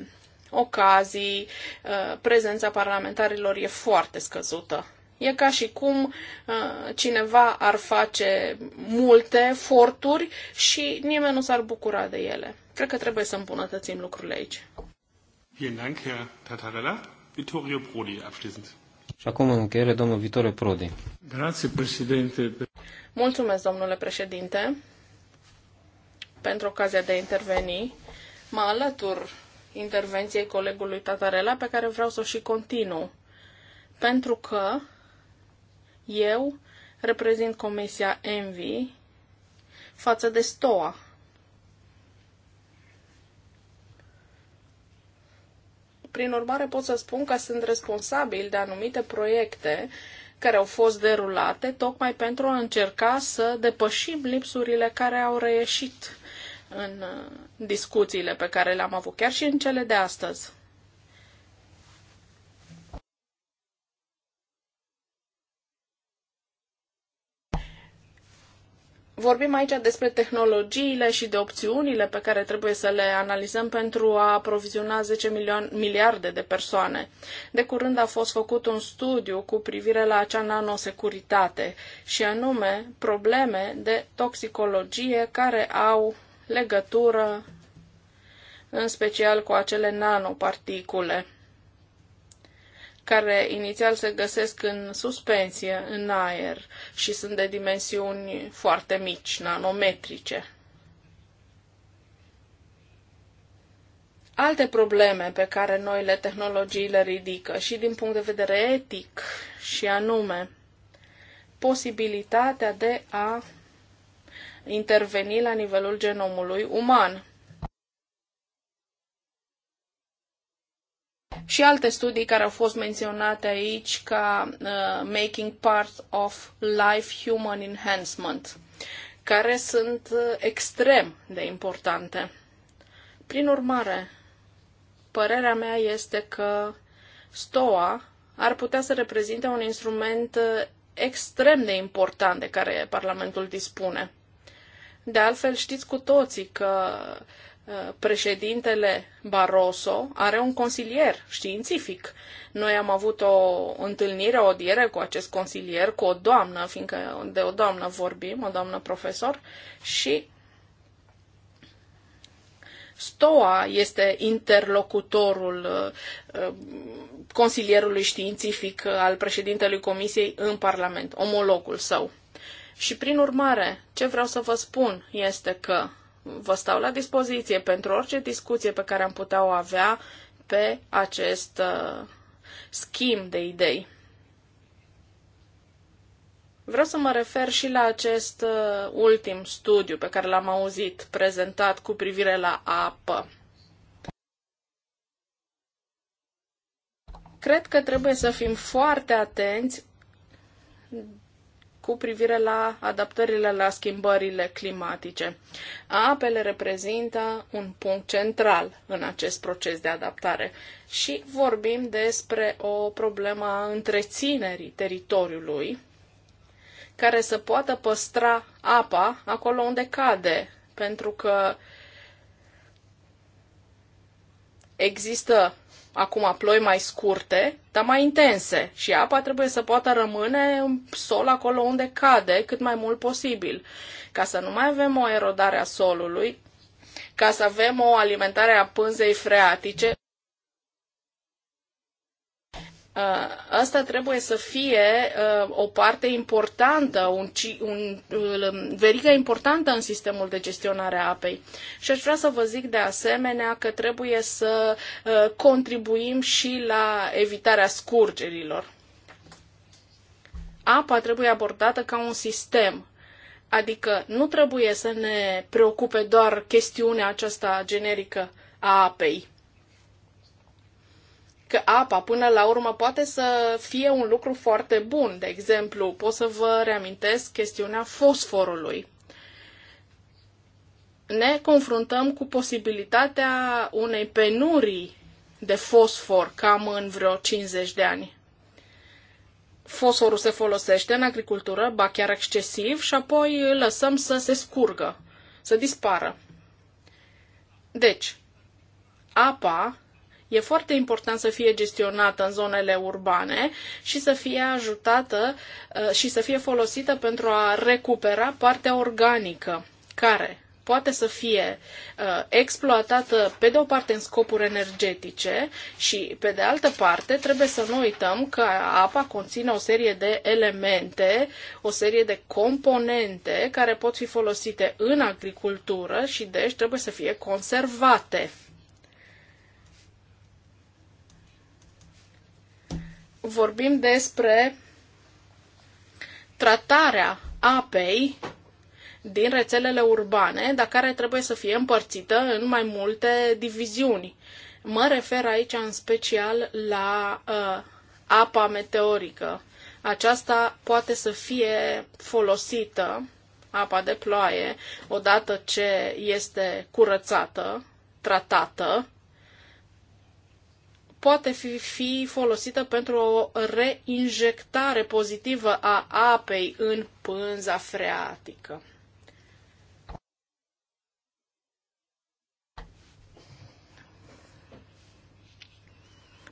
Speaker 3: ocazii prezența parlamentarilor e foarte scăzută. E ca și cum uh, cineva ar face multe eforturi și nimeni nu s-ar bucura de ele. Cred că trebuie să îmbunătățim lucrurile aici.
Speaker 1: Vielen Dank, Herr Tatarella. Vittorio Prodi, abschließend.
Speaker 2: Și acum în încheiere, domnul Vittorio Prodi. Grazie, președinte.
Speaker 3: Mulțumesc, domnule președinte, pentru ocazia de a interveni. Mă alătur intervenției colegului Tatarela, pe care vreau să o și continu. Pentru că eu reprezint Comisia Envy față de STOA. Prin urmare, pot să spun că sunt responsabil de anumite proiecte care au fost derulate tocmai pentru a încerca să depășim lipsurile care au reieșit în uh, discuțiile pe care le-am avut, chiar și în cele de astăzi. Vorbim aici despre tehnologiile și de opțiunile pe care trebuie să le analizăm pentru a aproviziona 10 milioane, miliarde de persoane. De curând a fost făcut un studiu cu privire la acea nanosecuritate și anume probleme de toxicologie care au legătură în special cu acele nanoparticule care inițial se găsesc în suspensie, în aer și sunt de dimensiuni foarte mici, nanometrice. Alte probleme pe care noile tehnologii le ridică și din punct de vedere etic și anume posibilitatea de a interveni la nivelul genomului uman. și alte studii care au fost menționate aici ca uh, Making Part of Life Human Enhancement, care sunt uh, extrem de importante. Prin urmare, părerea mea este că STOA ar putea să reprezinte un instrument uh, extrem de important de care Parlamentul dispune. De altfel, știți cu toții că președintele Barroso are un consilier științific. Noi am avut o întâlnire, o odiere cu acest consilier, cu o doamnă, fiindcă de o doamnă vorbim, o doamnă profesor, și STOA este interlocutorul uh, uh, consilierului științific al președintelui Comisiei în Parlament, omologul său. Și prin urmare, ce vreau să vă spun este că Vă stau la dispoziție pentru orice discuție pe care am putea o avea pe acest uh, schimb de idei. Vreau să mă refer și la acest uh, ultim studiu pe care l-am auzit prezentat cu privire la apă. Cred că trebuie să fim foarte atenți cu privire la adaptările la schimbările climatice. Apele reprezintă un punct central în acest proces de adaptare și vorbim despre o problemă a întreținerii teritoriului care să poată păstra apa acolo unde cade, pentru că există acum ploi mai scurte, dar mai intense și apa trebuie să poată rămâne în sol acolo unde cade cât mai mult posibil, ca să nu mai avem o erodare a solului, ca să avem o alimentare a pânzei freatice Uh, asta trebuie să fie uh, o parte importantă, un, un, um, veriga importantă în sistemul de gestionare a apei. Și aș vrea să vă zic de asemenea că trebuie să uh, contribuim și la evitarea scurgerilor. Apa trebuie abordată ca un sistem, adică nu trebuie să ne preocupe doar chestiunea aceasta generică a apei că apa până la urmă poate să fie un lucru foarte bun. De exemplu, pot să vă reamintesc chestiunea fosforului. Ne confruntăm cu posibilitatea unei penurii de fosfor cam în vreo 50 de ani. Fosforul se folosește în agricultură, ba chiar excesiv, și apoi îl lăsăm să se scurgă, să dispară. Deci, apa E foarte important să fie gestionată în zonele urbane și să fie ajutată uh, și să fie folosită pentru a recupera partea organică care poate să fie uh, exploatată pe de o parte în scopuri energetice și pe de altă parte trebuie să nu uităm că apa conține o serie de elemente, o serie de componente care pot fi folosite în agricultură și deci trebuie să fie conservate vorbim despre tratarea apei din rețelele urbane, dar care trebuie să fie împărțită în mai multe diviziuni. Mă refer aici în special la uh, apa meteorică. Aceasta poate să fie folosită, apa de ploaie, odată ce este curățată, tratată, poate fi, fi folosită pentru o reinjectare pozitivă a apei în pânza freatică.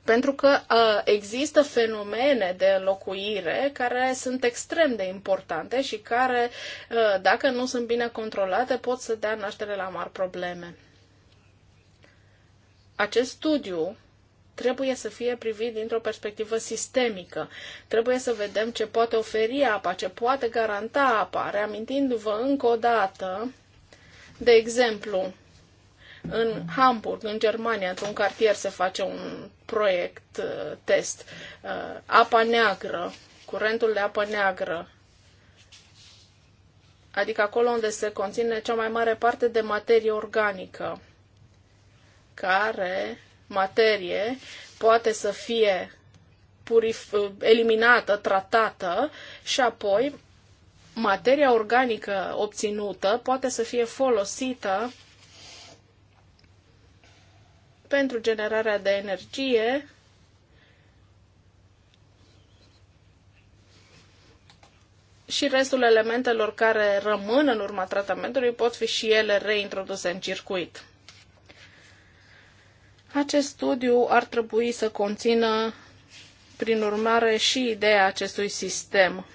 Speaker 3: pentru că uh, există fenomene de locuire care sunt extrem de importante și care, uh, dacă nu sunt bine controlate, pot să dea naștere la mari probleme. Acest studiu trebuie să fie privit dintr-o perspectivă sistemică. Trebuie să vedem ce poate oferi apa, ce poate garanta apa, reamintindu-vă încă o dată, de exemplu, în Hamburg, în Germania, într-un cartier se face un proiect uh, test. Uh, apa neagră, curentul de apă neagră, adică acolo unde se conține cea mai mare parte de materie organică, care materie poate să fie purif- eliminată, tratată și apoi materia organică obținută poate să fie folosită pentru generarea de energie și restul elementelor care rămân în urma tratamentului pot fi și ele reintroduse în circuit. Acest studiu ar trebui să conțină, prin urmare, și ideea acestui sistem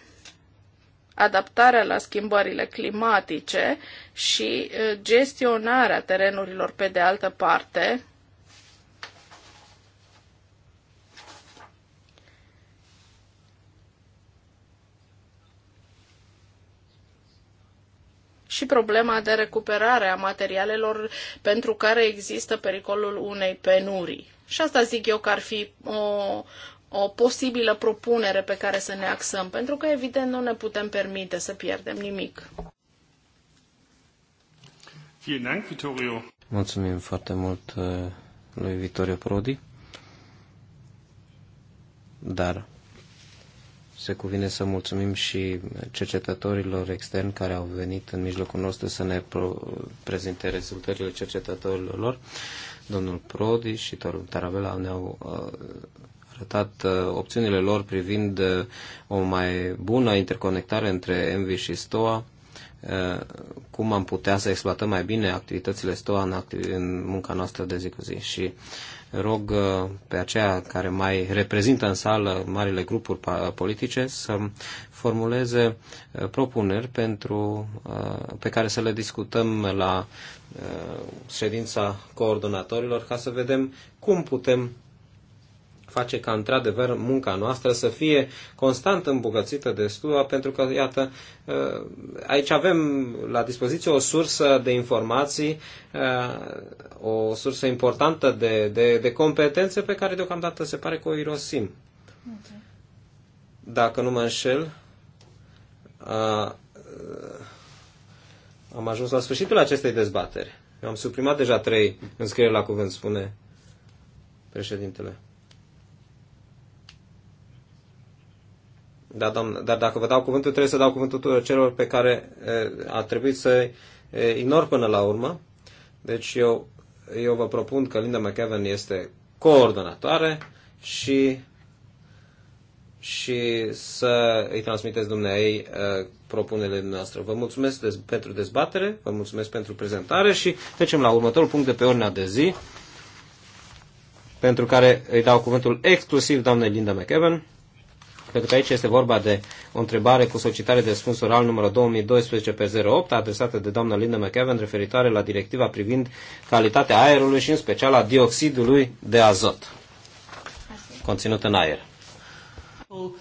Speaker 3: adaptarea la schimbările climatice și uh, gestionarea terenurilor pe de altă parte, și problema de recuperare a materialelor pentru care există pericolul unei penurii. Și asta zic eu că ar fi o, o posibilă propunere pe care să ne axăm, pentru că evident nu ne putem permite să pierdem nimic.
Speaker 2: Mulțumim foarte mult uh, lui Vittorio Prodi. Dar se cuvine să mulțumim și cercetătorilor externi care au venit în mijlocul nostru să ne prezinte rezultatele cercetătorilor lor. Domnul Prodi și Tarabela ne-au uh, arătat uh, opțiunile lor privind uh, o mai bună interconectare între Envi și STOA, cum am putea să exploatăm mai bine activitățile STOA în, activ- în munca noastră de zi cu zi. Și rog uh, pe aceia care mai reprezintă în sală marile grupuri politice să formuleze uh, propuneri pentru, uh, pe care să le discutăm la ședința coordonatorilor ca să vedem cum putem face ca într-adevăr munca noastră să fie constant îmbogățită de STUA, pentru că, iată, uh, aici avem la dispoziție o sursă de informații, uh, o sursă importantă de, de, de competențe pe care deocamdată se pare că o irosim. Okay. Dacă nu mă înșel, uh, am ajuns la sfârșitul acestei dezbateri. Eu am suprimat deja trei înscrieri la cuvânt, spune președintele. Da, doamnă, dar dacă vă dau cuvântul, trebuie să dau cuvântul celor pe care a trebuit să ignor până la urmă. Deci eu, eu vă propun că Linda McEwen este coordonatoare și, și să îi transmiteți dumneai propunerile noastre. Vă mulțumesc dez, pentru dezbatere, vă mulțumesc pentru prezentare și trecem la următorul punct de pe ordinea de zi pentru care îi dau cuvântul exclusiv doamnei Linda McEwen pentru că aici este vorba de o întrebare cu solicitare de răspuns oral numărul 2012 pe 08, adresată de doamna Linda McEwen, referitoare la directiva privind calitatea aerului și în special a dioxidului de azot conținut în aer. Um,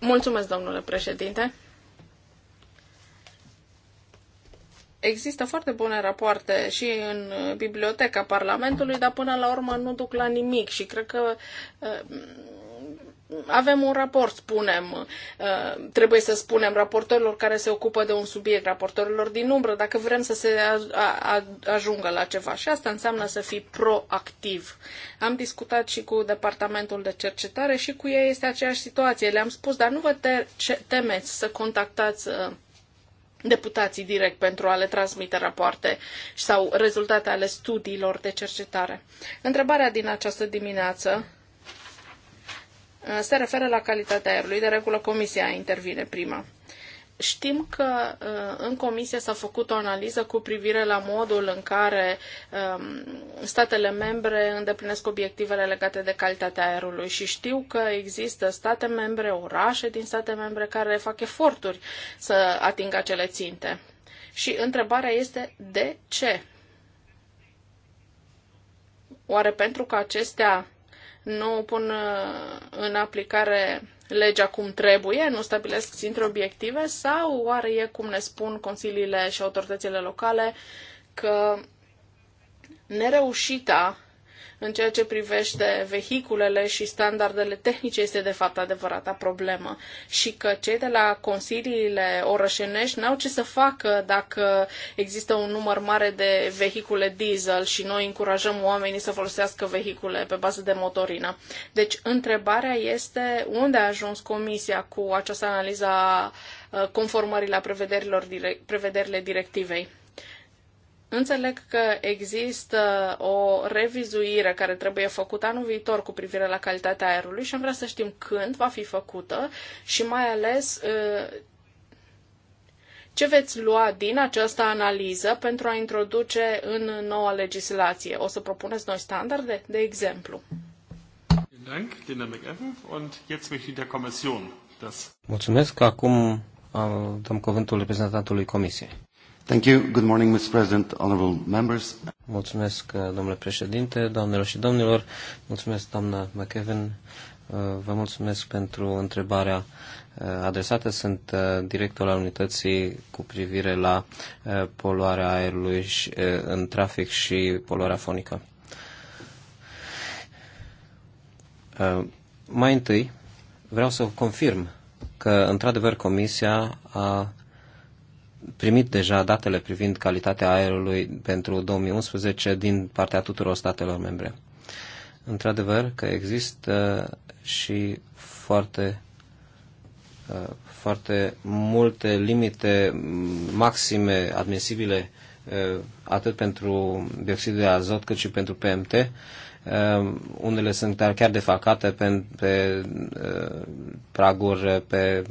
Speaker 3: Mulțumesc, domnule președinte. Există foarte bune rapoarte și în uh, biblioteca Parlamentului, dar până la urmă nu duc la nimic și cred că uh, avem un raport, spunem, uh, trebuie să spunem raportorilor care se ocupă de un subiect, raportorilor din umbră, dacă vrem să se ajungă la ceva. Și asta înseamnă să fii proactiv. Am discutat și cu departamentul de cercetare și cu ei este aceeași situație. Le-am spus, dar nu vă temeți să contactați deputații direct pentru a le transmite rapoarte sau rezultate ale studiilor de cercetare. Întrebarea din această dimineață uh, se referă la calitatea aerului. De regulă, comisia intervine prima. Știm că uh, în comisie s-a făcut o analiză cu privire la modul în care um, statele membre îndeplinesc obiectivele legate de calitatea aerului și știu că există state membre, orașe din state membre care fac eforturi să atingă acele ținte. Și întrebarea este de ce? Oare pentru că acestea nu pun uh, în aplicare legea cum trebuie, nu stabilesc ținte obiective sau oare e cum ne spun consiliile și autoritățile locale că nereușita în ceea ce privește vehiculele și standardele tehnice este de fapt adevărata problemă și că cei de la consiliile orășenești n-au ce să facă dacă există un număr mare de vehicule diesel și noi încurajăm oamenii să folosească vehicule pe bază de motorină. Deci, întrebarea este unde a ajuns Comisia cu această analiză a conformării la prevederilor, prevederile directivei. Înțeleg că există o revizuire care trebuie făcută anul viitor cu privire la calitatea aerului și am vrea să știm când va fi făcută și mai ales ă, ce veți lua din această analiză pentru a introduce în noua legislație. O să propuneți noi standarde, de exemplu?
Speaker 2: Mulțumesc. Acum dăm cuvântul reprezentantului Comisiei. Thank you. Good morning, Mr.
Speaker 3: President, honorable
Speaker 2: members. Mulțumesc, uh, domnule președinte, doamnelor și domnilor. Mulțumesc, doamna McEwen. Uh, vă mulțumesc pentru întrebarea uh, adresată. Sunt director al unității cu privire la poluarea aerului în trafic și poluarea fonică. Mai întâi, vreau să confirm că, într-adevăr, Comisia a primit deja datele privind calitatea aerului pentru 2011 din partea tuturor statelor membre. Într-adevăr că există și foarte, uh, foarte multe limite maxime admisibile uh, atât pentru dioxid de azot cât și pentru PMT. Uh, unele sunt chiar defalcate pe, pe praguri, pe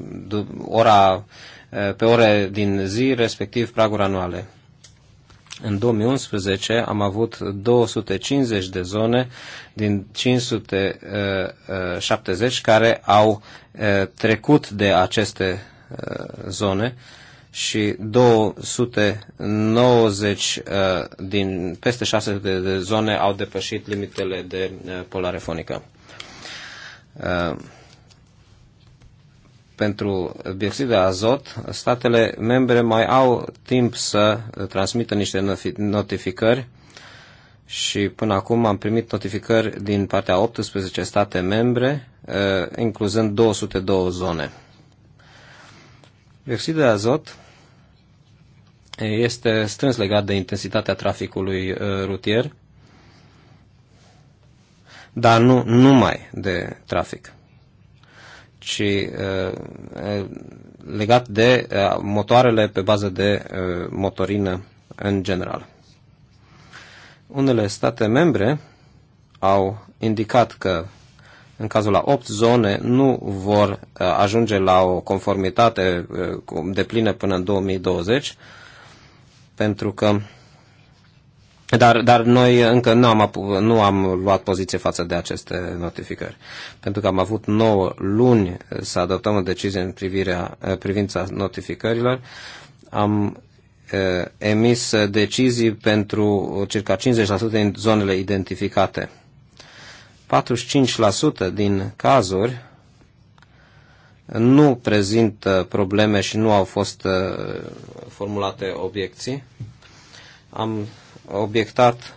Speaker 2: ora Eh, pe ore din zi, respectiv praguri anuale. În 2011 am avut 250 de zone din 570 eh, eh, care au trecut de aceste zone și 290 din peste 600 de zone au depășit limitele de polare fonică pentru dioxid de azot, statele membre mai au timp să transmită niște notificări și până acum am primit notificări din partea 18 state membre, eh, incluzând 202 zone. Dioxid de azot este strâns legat de intensitatea traficului eh, rutier, dar nu numai de trafic ci legat de motoarele pe bază de motorină în general. Unele state membre au indicat că în cazul la 8 zone nu vor ajunge la o conformitate de plină până în 2020 pentru că dar, dar noi încă nu am, nu am luat poziție față de aceste notificări, pentru că am avut 9 luni să adoptăm o decizie în privirea, eh, privința notificărilor. Am eh, emis eh, decizii pentru circa 50% din zonele identificate. 45% din cazuri nu prezintă probleme și nu au fost formulate obiecții. Am obiectat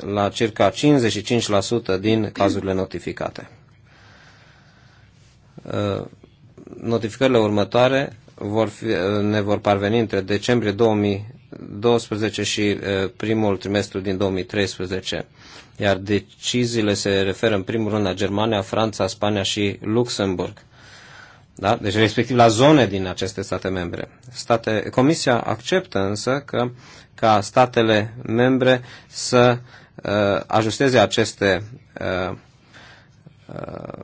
Speaker 2: la circa 55% din cazurile notificate. Notificările următoare vor fi, ne vor parveni între decembrie 2012 și primul trimestru din 2013, iar deciziile se referă în primul rând la Germania, Franța, Spania și Luxemburg da? deci respectiv la zone din aceste state membre. State, Comisia acceptă însă că, ca statele membre să uh, ajusteze aceste uh, uh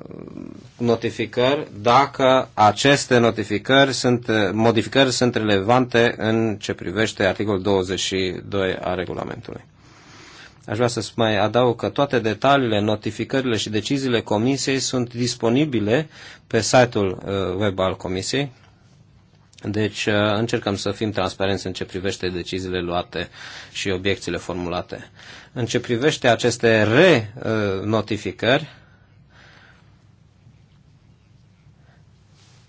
Speaker 2: notificări dacă aceste notificări sunt, modificări sunt relevante în ce privește articolul 22 a regulamentului. Aș vrea să mai adaug că toate detaliile, notificările și deciziile Comisiei sunt disponibile pe site-ul uh, web al Comisiei. Deci uh, încercăm să fim transparenți în ce privește deciziile luate și obiecțiile formulate. În ce privește aceste re re-notificări, uh,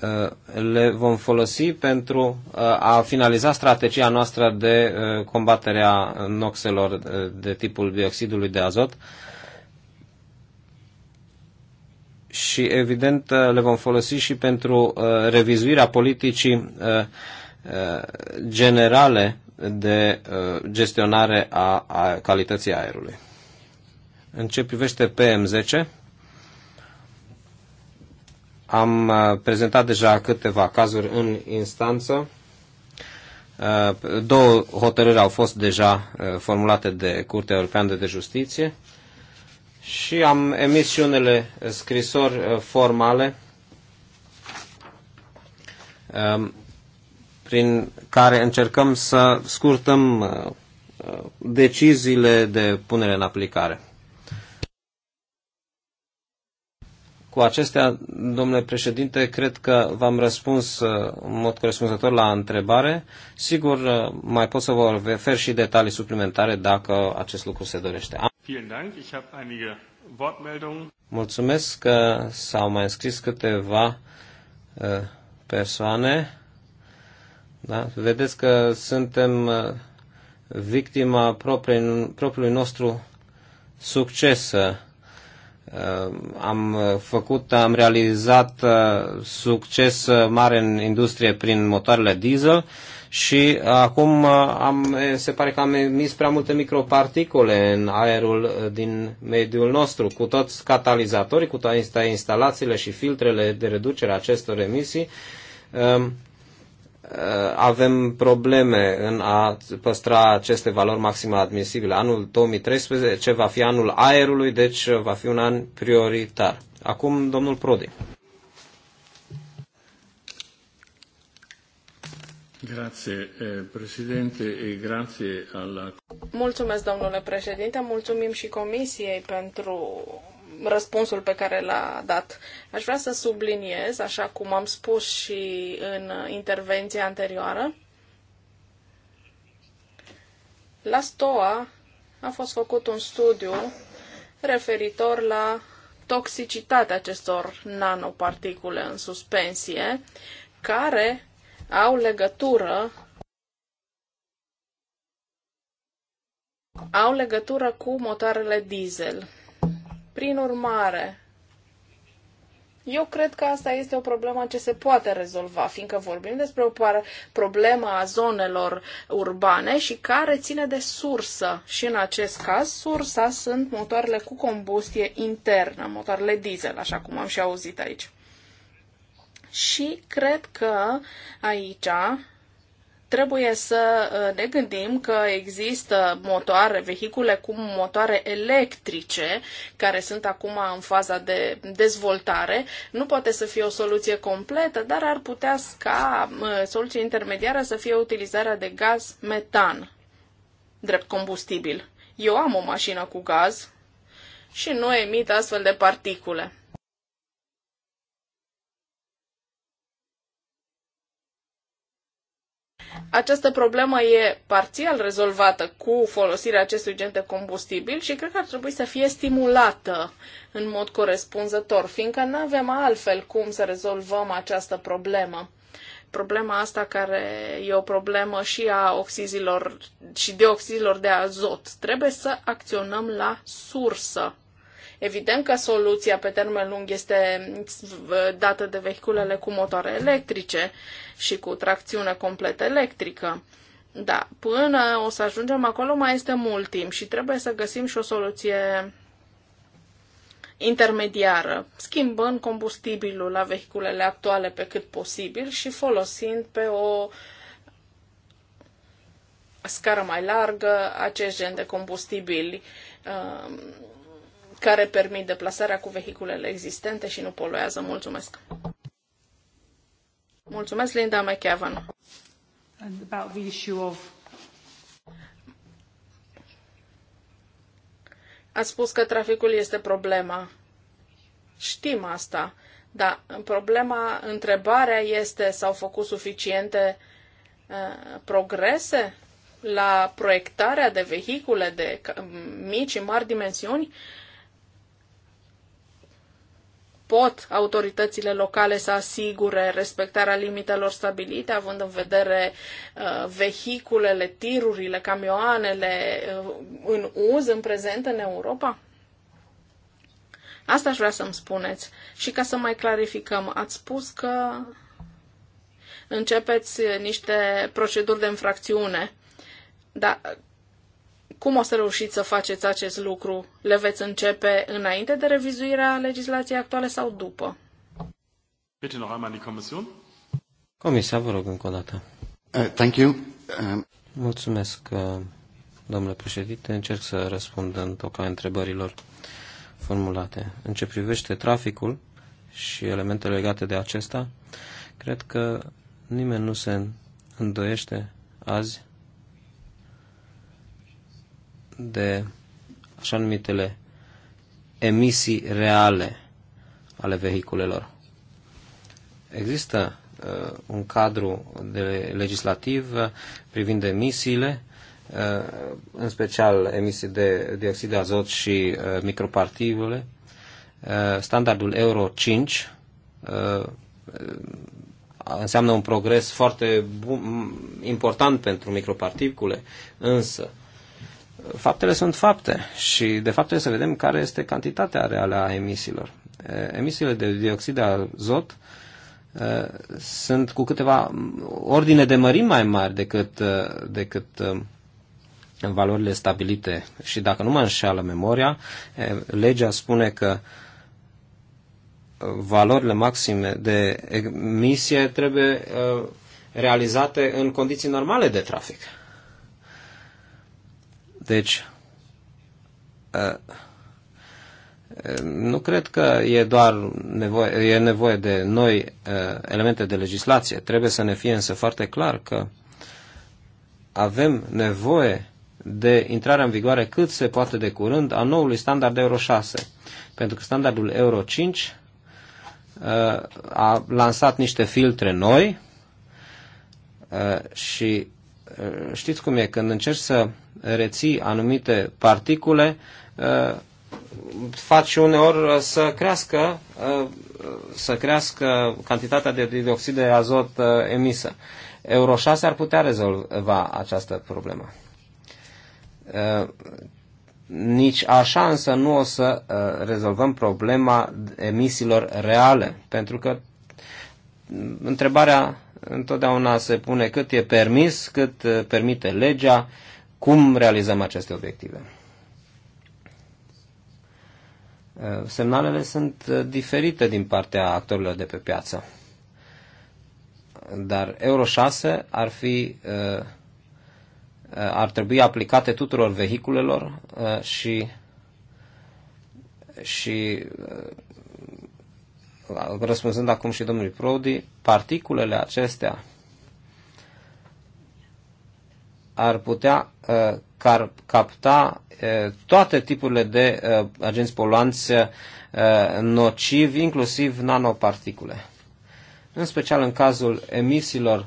Speaker 2: Uh, le vom folosi pentru uh, a finaliza strategia noastră de uh, combatere a noxelor de tipul dioxidului de azot și evident le vom folosi și pentru revizuirea politicii generale de gestionare a calității aerului. În ce privește PM10, am uh, prezentat deja câteva cazuri în instanță. Uh, două hotărâri au fost deja uh, formulate de Curtea Europeană de Justiție și am emis și unele scrisori formale um, prin care încercăm să scurtăm deciziile de punere în aplicare. Cu acestea, domnule președinte, cred că v-am răspuns uh, în mod corespunzător la întrebare. Sigur, uh, mai pot să vă refer și detalii suplimentare dacă acest lucru se dorește. Mulțumesc că s-au mai înscris câteva uh, persoane. Da? Vedeți că suntem victima propriului nostru succes Uh, am uh, făcut, am realizat uh, succes mare în industrie prin motoarele diesel și acum am, se pare că am emis prea multe microparticole în aerul din mediul nostru. Cu toți catalizatorii, cu toate instalațiile și filtrele de reducere a acestor emisii, um, Uh, avem probleme în a păstra aceste valori maxime admisibile. Anul 2013 va fi anul aerului, deci uh, va fi un an prioritar. Acum, domnul Prodi. Grazie, eh, președinte, grazie
Speaker 3: alla... Mulțumesc, domnule președinte, mulțumim și comisiei pentru răspunsul pe care l-a dat. Aș vrea să subliniez, așa cum am spus și în intervenția anterioară, la STOA a fost făcut un studiu referitor la toxicitatea acestor nanoparticule în suspensie, care au legătură au legătură cu motoarele diesel. Prin urmare, eu cred că asta este o problemă ce se poate rezolva, fiindcă vorbim despre o problemă a zonelor urbane și care ține de sursă. Și în acest caz, sursa sunt motoarele cu combustie internă, motoarele diesel, așa cum am și auzit aici. Și cred că aici trebuie să uh, ne gândim că există motoare, vehicule cu motoare electrice care sunt acum în faza de dezvoltare. Nu poate să fie o soluție completă, dar ar putea ca uh, soluție intermediară să fie utilizarea de gaz metan drept combustibil. Eu am o mașină cu gaz și nu emit astfel de particule. Această problemă e parțial rezolvată cu folosirea acestui gen de combustibil și cred că ar trebui să fie stimulată în mod corespunzător, fiindcă nu avem altfel cum să rezolvăm această problemă problema asta care e o problemă și a oxizilor și dioxizilor de azot. Trebuie să acționăm la sursă. Evident că soluția pe termen lung este uh, dată de vehiculele cu motoare electrice și cu tracțiune complet electrică. Da, până o să ajungem acolo mai este mult timp și trebuie să găsim și o soluție intermediară, schimbând combustibilul la vehiculele actuale pe cât posibil și folosind pe o scară mai largă acest gen de combustibili uh, care permit deplasarea cu vehiculele existente și nu poluează. Mulțumesc! Mulțumesc, Linda McEvan. And about the issue of... A spus că traficul este problema. Știm asta, dar problema, întrebarea este, s-au făcut suficiente uh, progrese la proiectarea de vehicule de mici și mari dimensiuni? Uh, pot autoritățile locale să asigure respectarea limitelor stabilite, având în vedere uh, vehiculele, tirurile, camioanele uh, în uz în prezent în Europa? Asta aș vrea să-mi spuneți. Și ca să mai clarificăm, ați spus că începeți niște proceduri de infracțiune. Dar cum o să reușiți să faceți acest lucru? Le veți începe înainte de revizuirea legislației actuale sau după?
Speaker 1: Bitte noch einmal die Kommission.
Speaker 2: Comisia, vă rog încă o dată. Uh, thank you. Um, uh... Mulțumesc, domnule președinte. Încerc să răspund în toca întrebărilor formulate. În ce privește traficul și elementele legate de acesta, cred că nimeni nu se îndoiește azi de așa numitele emisii reale ale vehiculelor. Există uh, un cadru de legislativ uh, privind emisiile, uh, în special emisii de dioxid de azot și uh, microparticule. Uh, standardul Euro 5 uh, înseamnă un progres foarte bun, important pentru microparticule, însă uh, faptele sunt fapte și de fapt trebuie să vedem care este cantitatea reală a emisiilor. Emisiile de dioxid de azot sunt cu câteva ordine de mărimi mai mari decât, decât valorile stabilite. Și dacă nu mă înșeală memoria, legea spune că valorile maxime de emisie trebuie realizate în condiții normale de trafic. Deci, ă, nu cred că e doar nevoie, e nevoie de noi ă, elemente de legislație. Trebuie să ne fie însă foarte clar că avem nevoie de intrarea în vigoare cât se poate de curând a noului standard Euro 6. Pentru că standardul Euro 5 ă, a lansat niște filtre noi și știți cum e, când încerci să reții anumite particule uh, fac și uneori să crească, uh, să crească cantitatea de dioxid de azot uh, emisă. Euro 6 ar putea rezolva această problemă. Nici așa însă nu o să rezolvăm problema emisiilor reale, pentru că mm, întrebarea întotdeauna se pune cât e permis, cât permite legea, cum realizăm aceste obiective. Uh, semnalele sunt uh, diferite din partea actorilor de pe piață, dar Euro 6 ar, fi, uh, ar trebui aplicate tuturor vehiculelor și, și răspunzând acum și domnului Prodi, particulele acestea ar putea uh, car, capta uh, toate tipurile de uh, agenți poluanți nocivi, inclusiv nanoparticule. În special în cazul emisiilor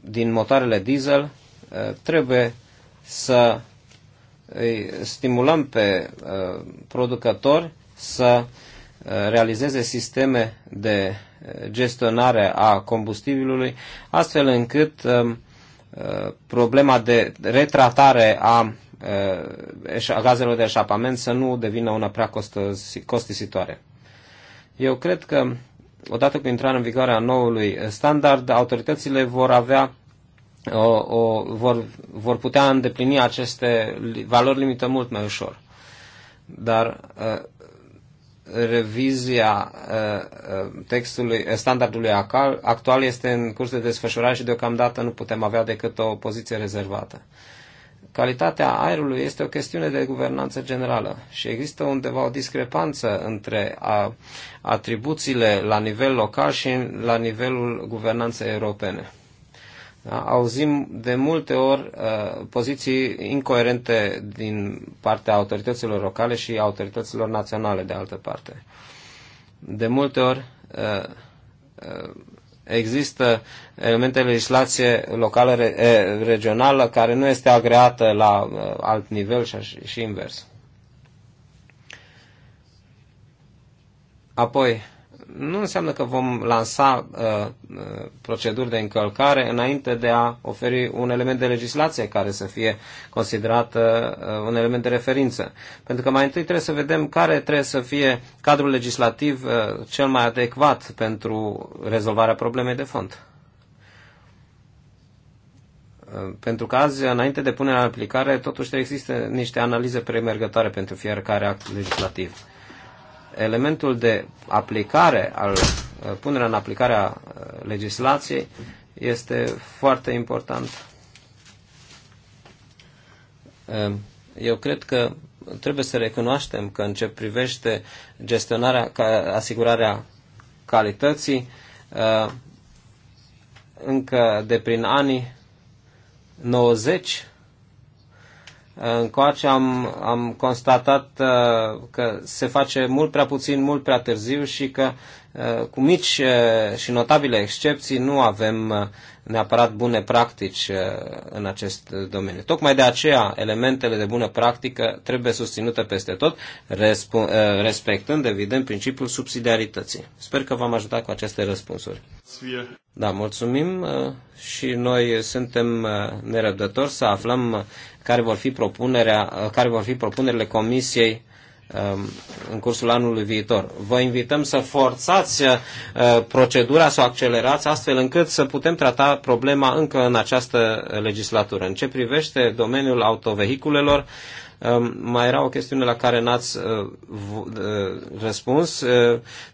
Speaker 2: din motoarele diesel, trebuie să îi stimulăm pe producători să realizeze sisteme de gestionare a combustibilului, astfel încât um, Uh, problema de retratare a, uh, a gazelor de eșapament să nu devină una prea costisitoare. Eu cred că odată cu intrarea în vigoare a noului standard, autoritățile vor avea o, o, vor, vor putea îndeplini aceste valori limită mult mai ușor. Dar uh, revizia uh, uh, textului, uh, standardului actual este în curs de desfășurare și deocamdată nu putem avea decât o poziție rezervată. Calitatea aerului este o chestiune de guvernanță generală și există undeva o discrepanță între atribuțiile la nivel local și la nivelul guvernanței europene. Da? Auzim de multe ori uh, poziții incoerente din partea autorităților locale și autorităților naționale, de altă parte. De multe ori uh, uh, există elemente de legislație locală, re, uh, regională, care nu este agreată la uh, alt nivel și, și invers. Apoi, nu înseamnă că vom lansa uh, uh, proceduri de încălcare înainte de a oferi un element de legislație care să fie considerat uh, uh, un element de referință. Pentru că mai întâi trebuie să vedem care trebuie să fie cadrul legislativ uh, cel mai adecvat pentru rezolvarea problemei de fond. Uh, pentru că azi, înainte de punerea în aplicare, totuși există niște analize premergătoare pentru fiecare act legislativ elementul de aplicare, al uh, punerea în aplicare a uh, legislației este foarte important. Um, eu cred că trebuie să recunoaștem că în ce privește gestionarea, asigurarea calității, uh, încă de prin anii 90 încoace am, am constatat uh, că se face mult prea puțin, mult prea târziu și că uh, cu mici uh, și notabile excepții nu avem neapărat bune practici în acest domeniu. Tocmai de aceea elementele de bună practică trebuie susținute peste tot, respectând evident principiul subsidiarității. Sper că v-am ajutat cu aceste răspunsuri. Da, mulțumim și noi suntem nerăbdători să aflăm care vor fi, propunerea, uh, care vor fi propunerile Comisiei um, în cursul anului viitor. Vă invităm să forțați uh, procedura, să o accelerați astfel încât să putem trata problema încă în această legislatură. În ce privește domeniul autovehiculelor, um, mai era o chestiune la care n-ați uh, răspuns,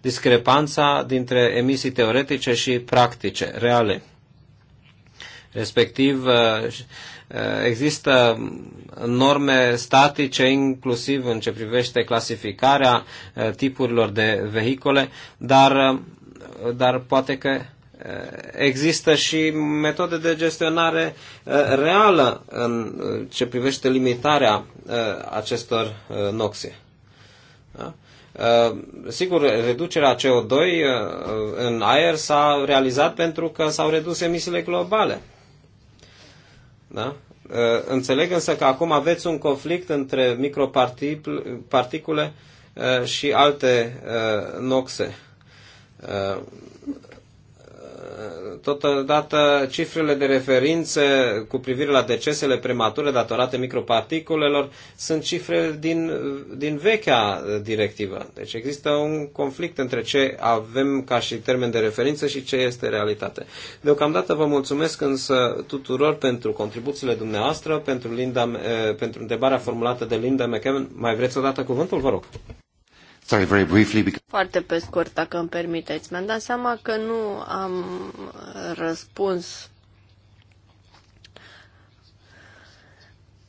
Speaker 2: discrepanța dintre emisii teoretice și practice, reale. Respectiv, Există norme statice, inclusiv în ce privește clasificarea eh, tipurilor de vehicole, dar, eh, dar poate că eh, există și metode de gestionare reală în ce privește limitarea acestor noxe. Da? Sigur, reducerea CO2 în aer s-a realizat pentru că s-au redus emisiile globale. Da? Ă, înțeleg însă că acum aveți un conflict între microparticule ă, și alte ă, noxe. Totodată, cifrele de referință cu privire la decesele premature datorate microparticulelor sunt cifre din, din vechea directivă. Deci există un conflict între ce avem ca și termen de referință și ce este realitate. Deocamdată vă mulțumesc însă tuturor pentru contribuțiile dumneavoastră, pentru, Linda, eh, pentru întrebarea formulată de Linda McKeven. Mai vreți o dată cuvântul? Vă rog.
Speaker 3: Sorry, very briefly, because...
Speaker 1: Foarte pe scurt, dacă îmi permiteți. Mi-am dat seama că nu am răspuns.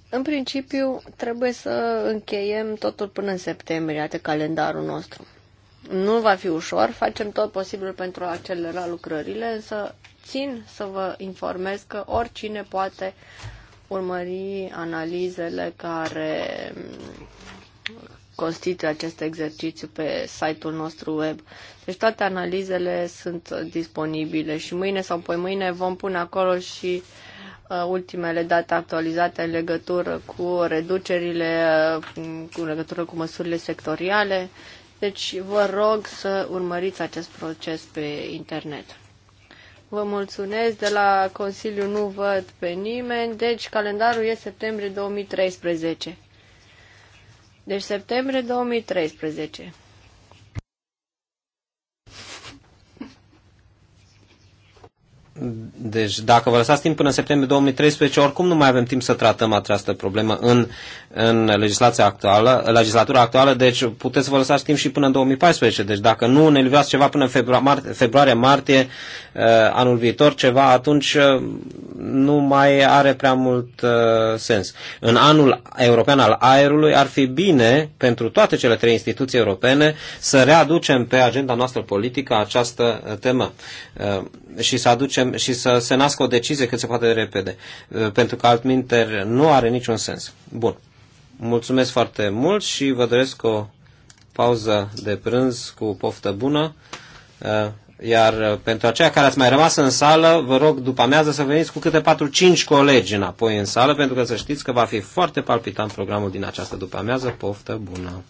Speaker 1: În principiu, trebuie să încheiem totul până în septembrie, atât calendarul nostru. Nu va fi ușor, facem tot posibil pentru a accelera lucrările, însă țin să vă informez că oricine poate urmări analizele care constituie acest exercițiu pe site-ul nostru web. Deci toate analizele sunt disponibile și mâine sau poi mâine vom pune acolo și uh, ultimele date actualizate în legătură cu reducerile, în uh, legătură cu măsurile sectoriale. Deci vă rog să urmăriți acest proces pe internet. Vă mulțumesc, de la Consiliu nu văd pe nimeni, deci calendarul e septembrie 2013. Deci septembrie 2013.
Speaker 2: Deci dacă vă lăsați timp până în septembrie 2013, oricum nu mai avem timp să tratăm această problemă în, în legislația actuală, legislatura actuală, deci puteți să vă lăsați timp și până în 2014. Deci dacă nu ne livrați ceva până în februarie-martie februarie, martie, uh, anul viitor, ceva, atunci uh, nu mai are prea mult uh, sens. În anul european al aerului ar fi bine pentru toate cele trei instituții europene să readucem pe agenda noastră politică această temă și să aducem și să se nască o decizie cât se poate de repede, uh, pentru că altminter nu are niciun sens. Bun. Mulțumesc foarte mult și vă doresc o pauză de prânz cu poftă bună. Uh, iar uh, pentru aceia care ați mai rămas în sală, vă rog după amiază să veniți cu câte 4-5 colegi înapoi în sală, pentru că să știți că va fi foarte palpitant programul din această după amiază. Poftă bună!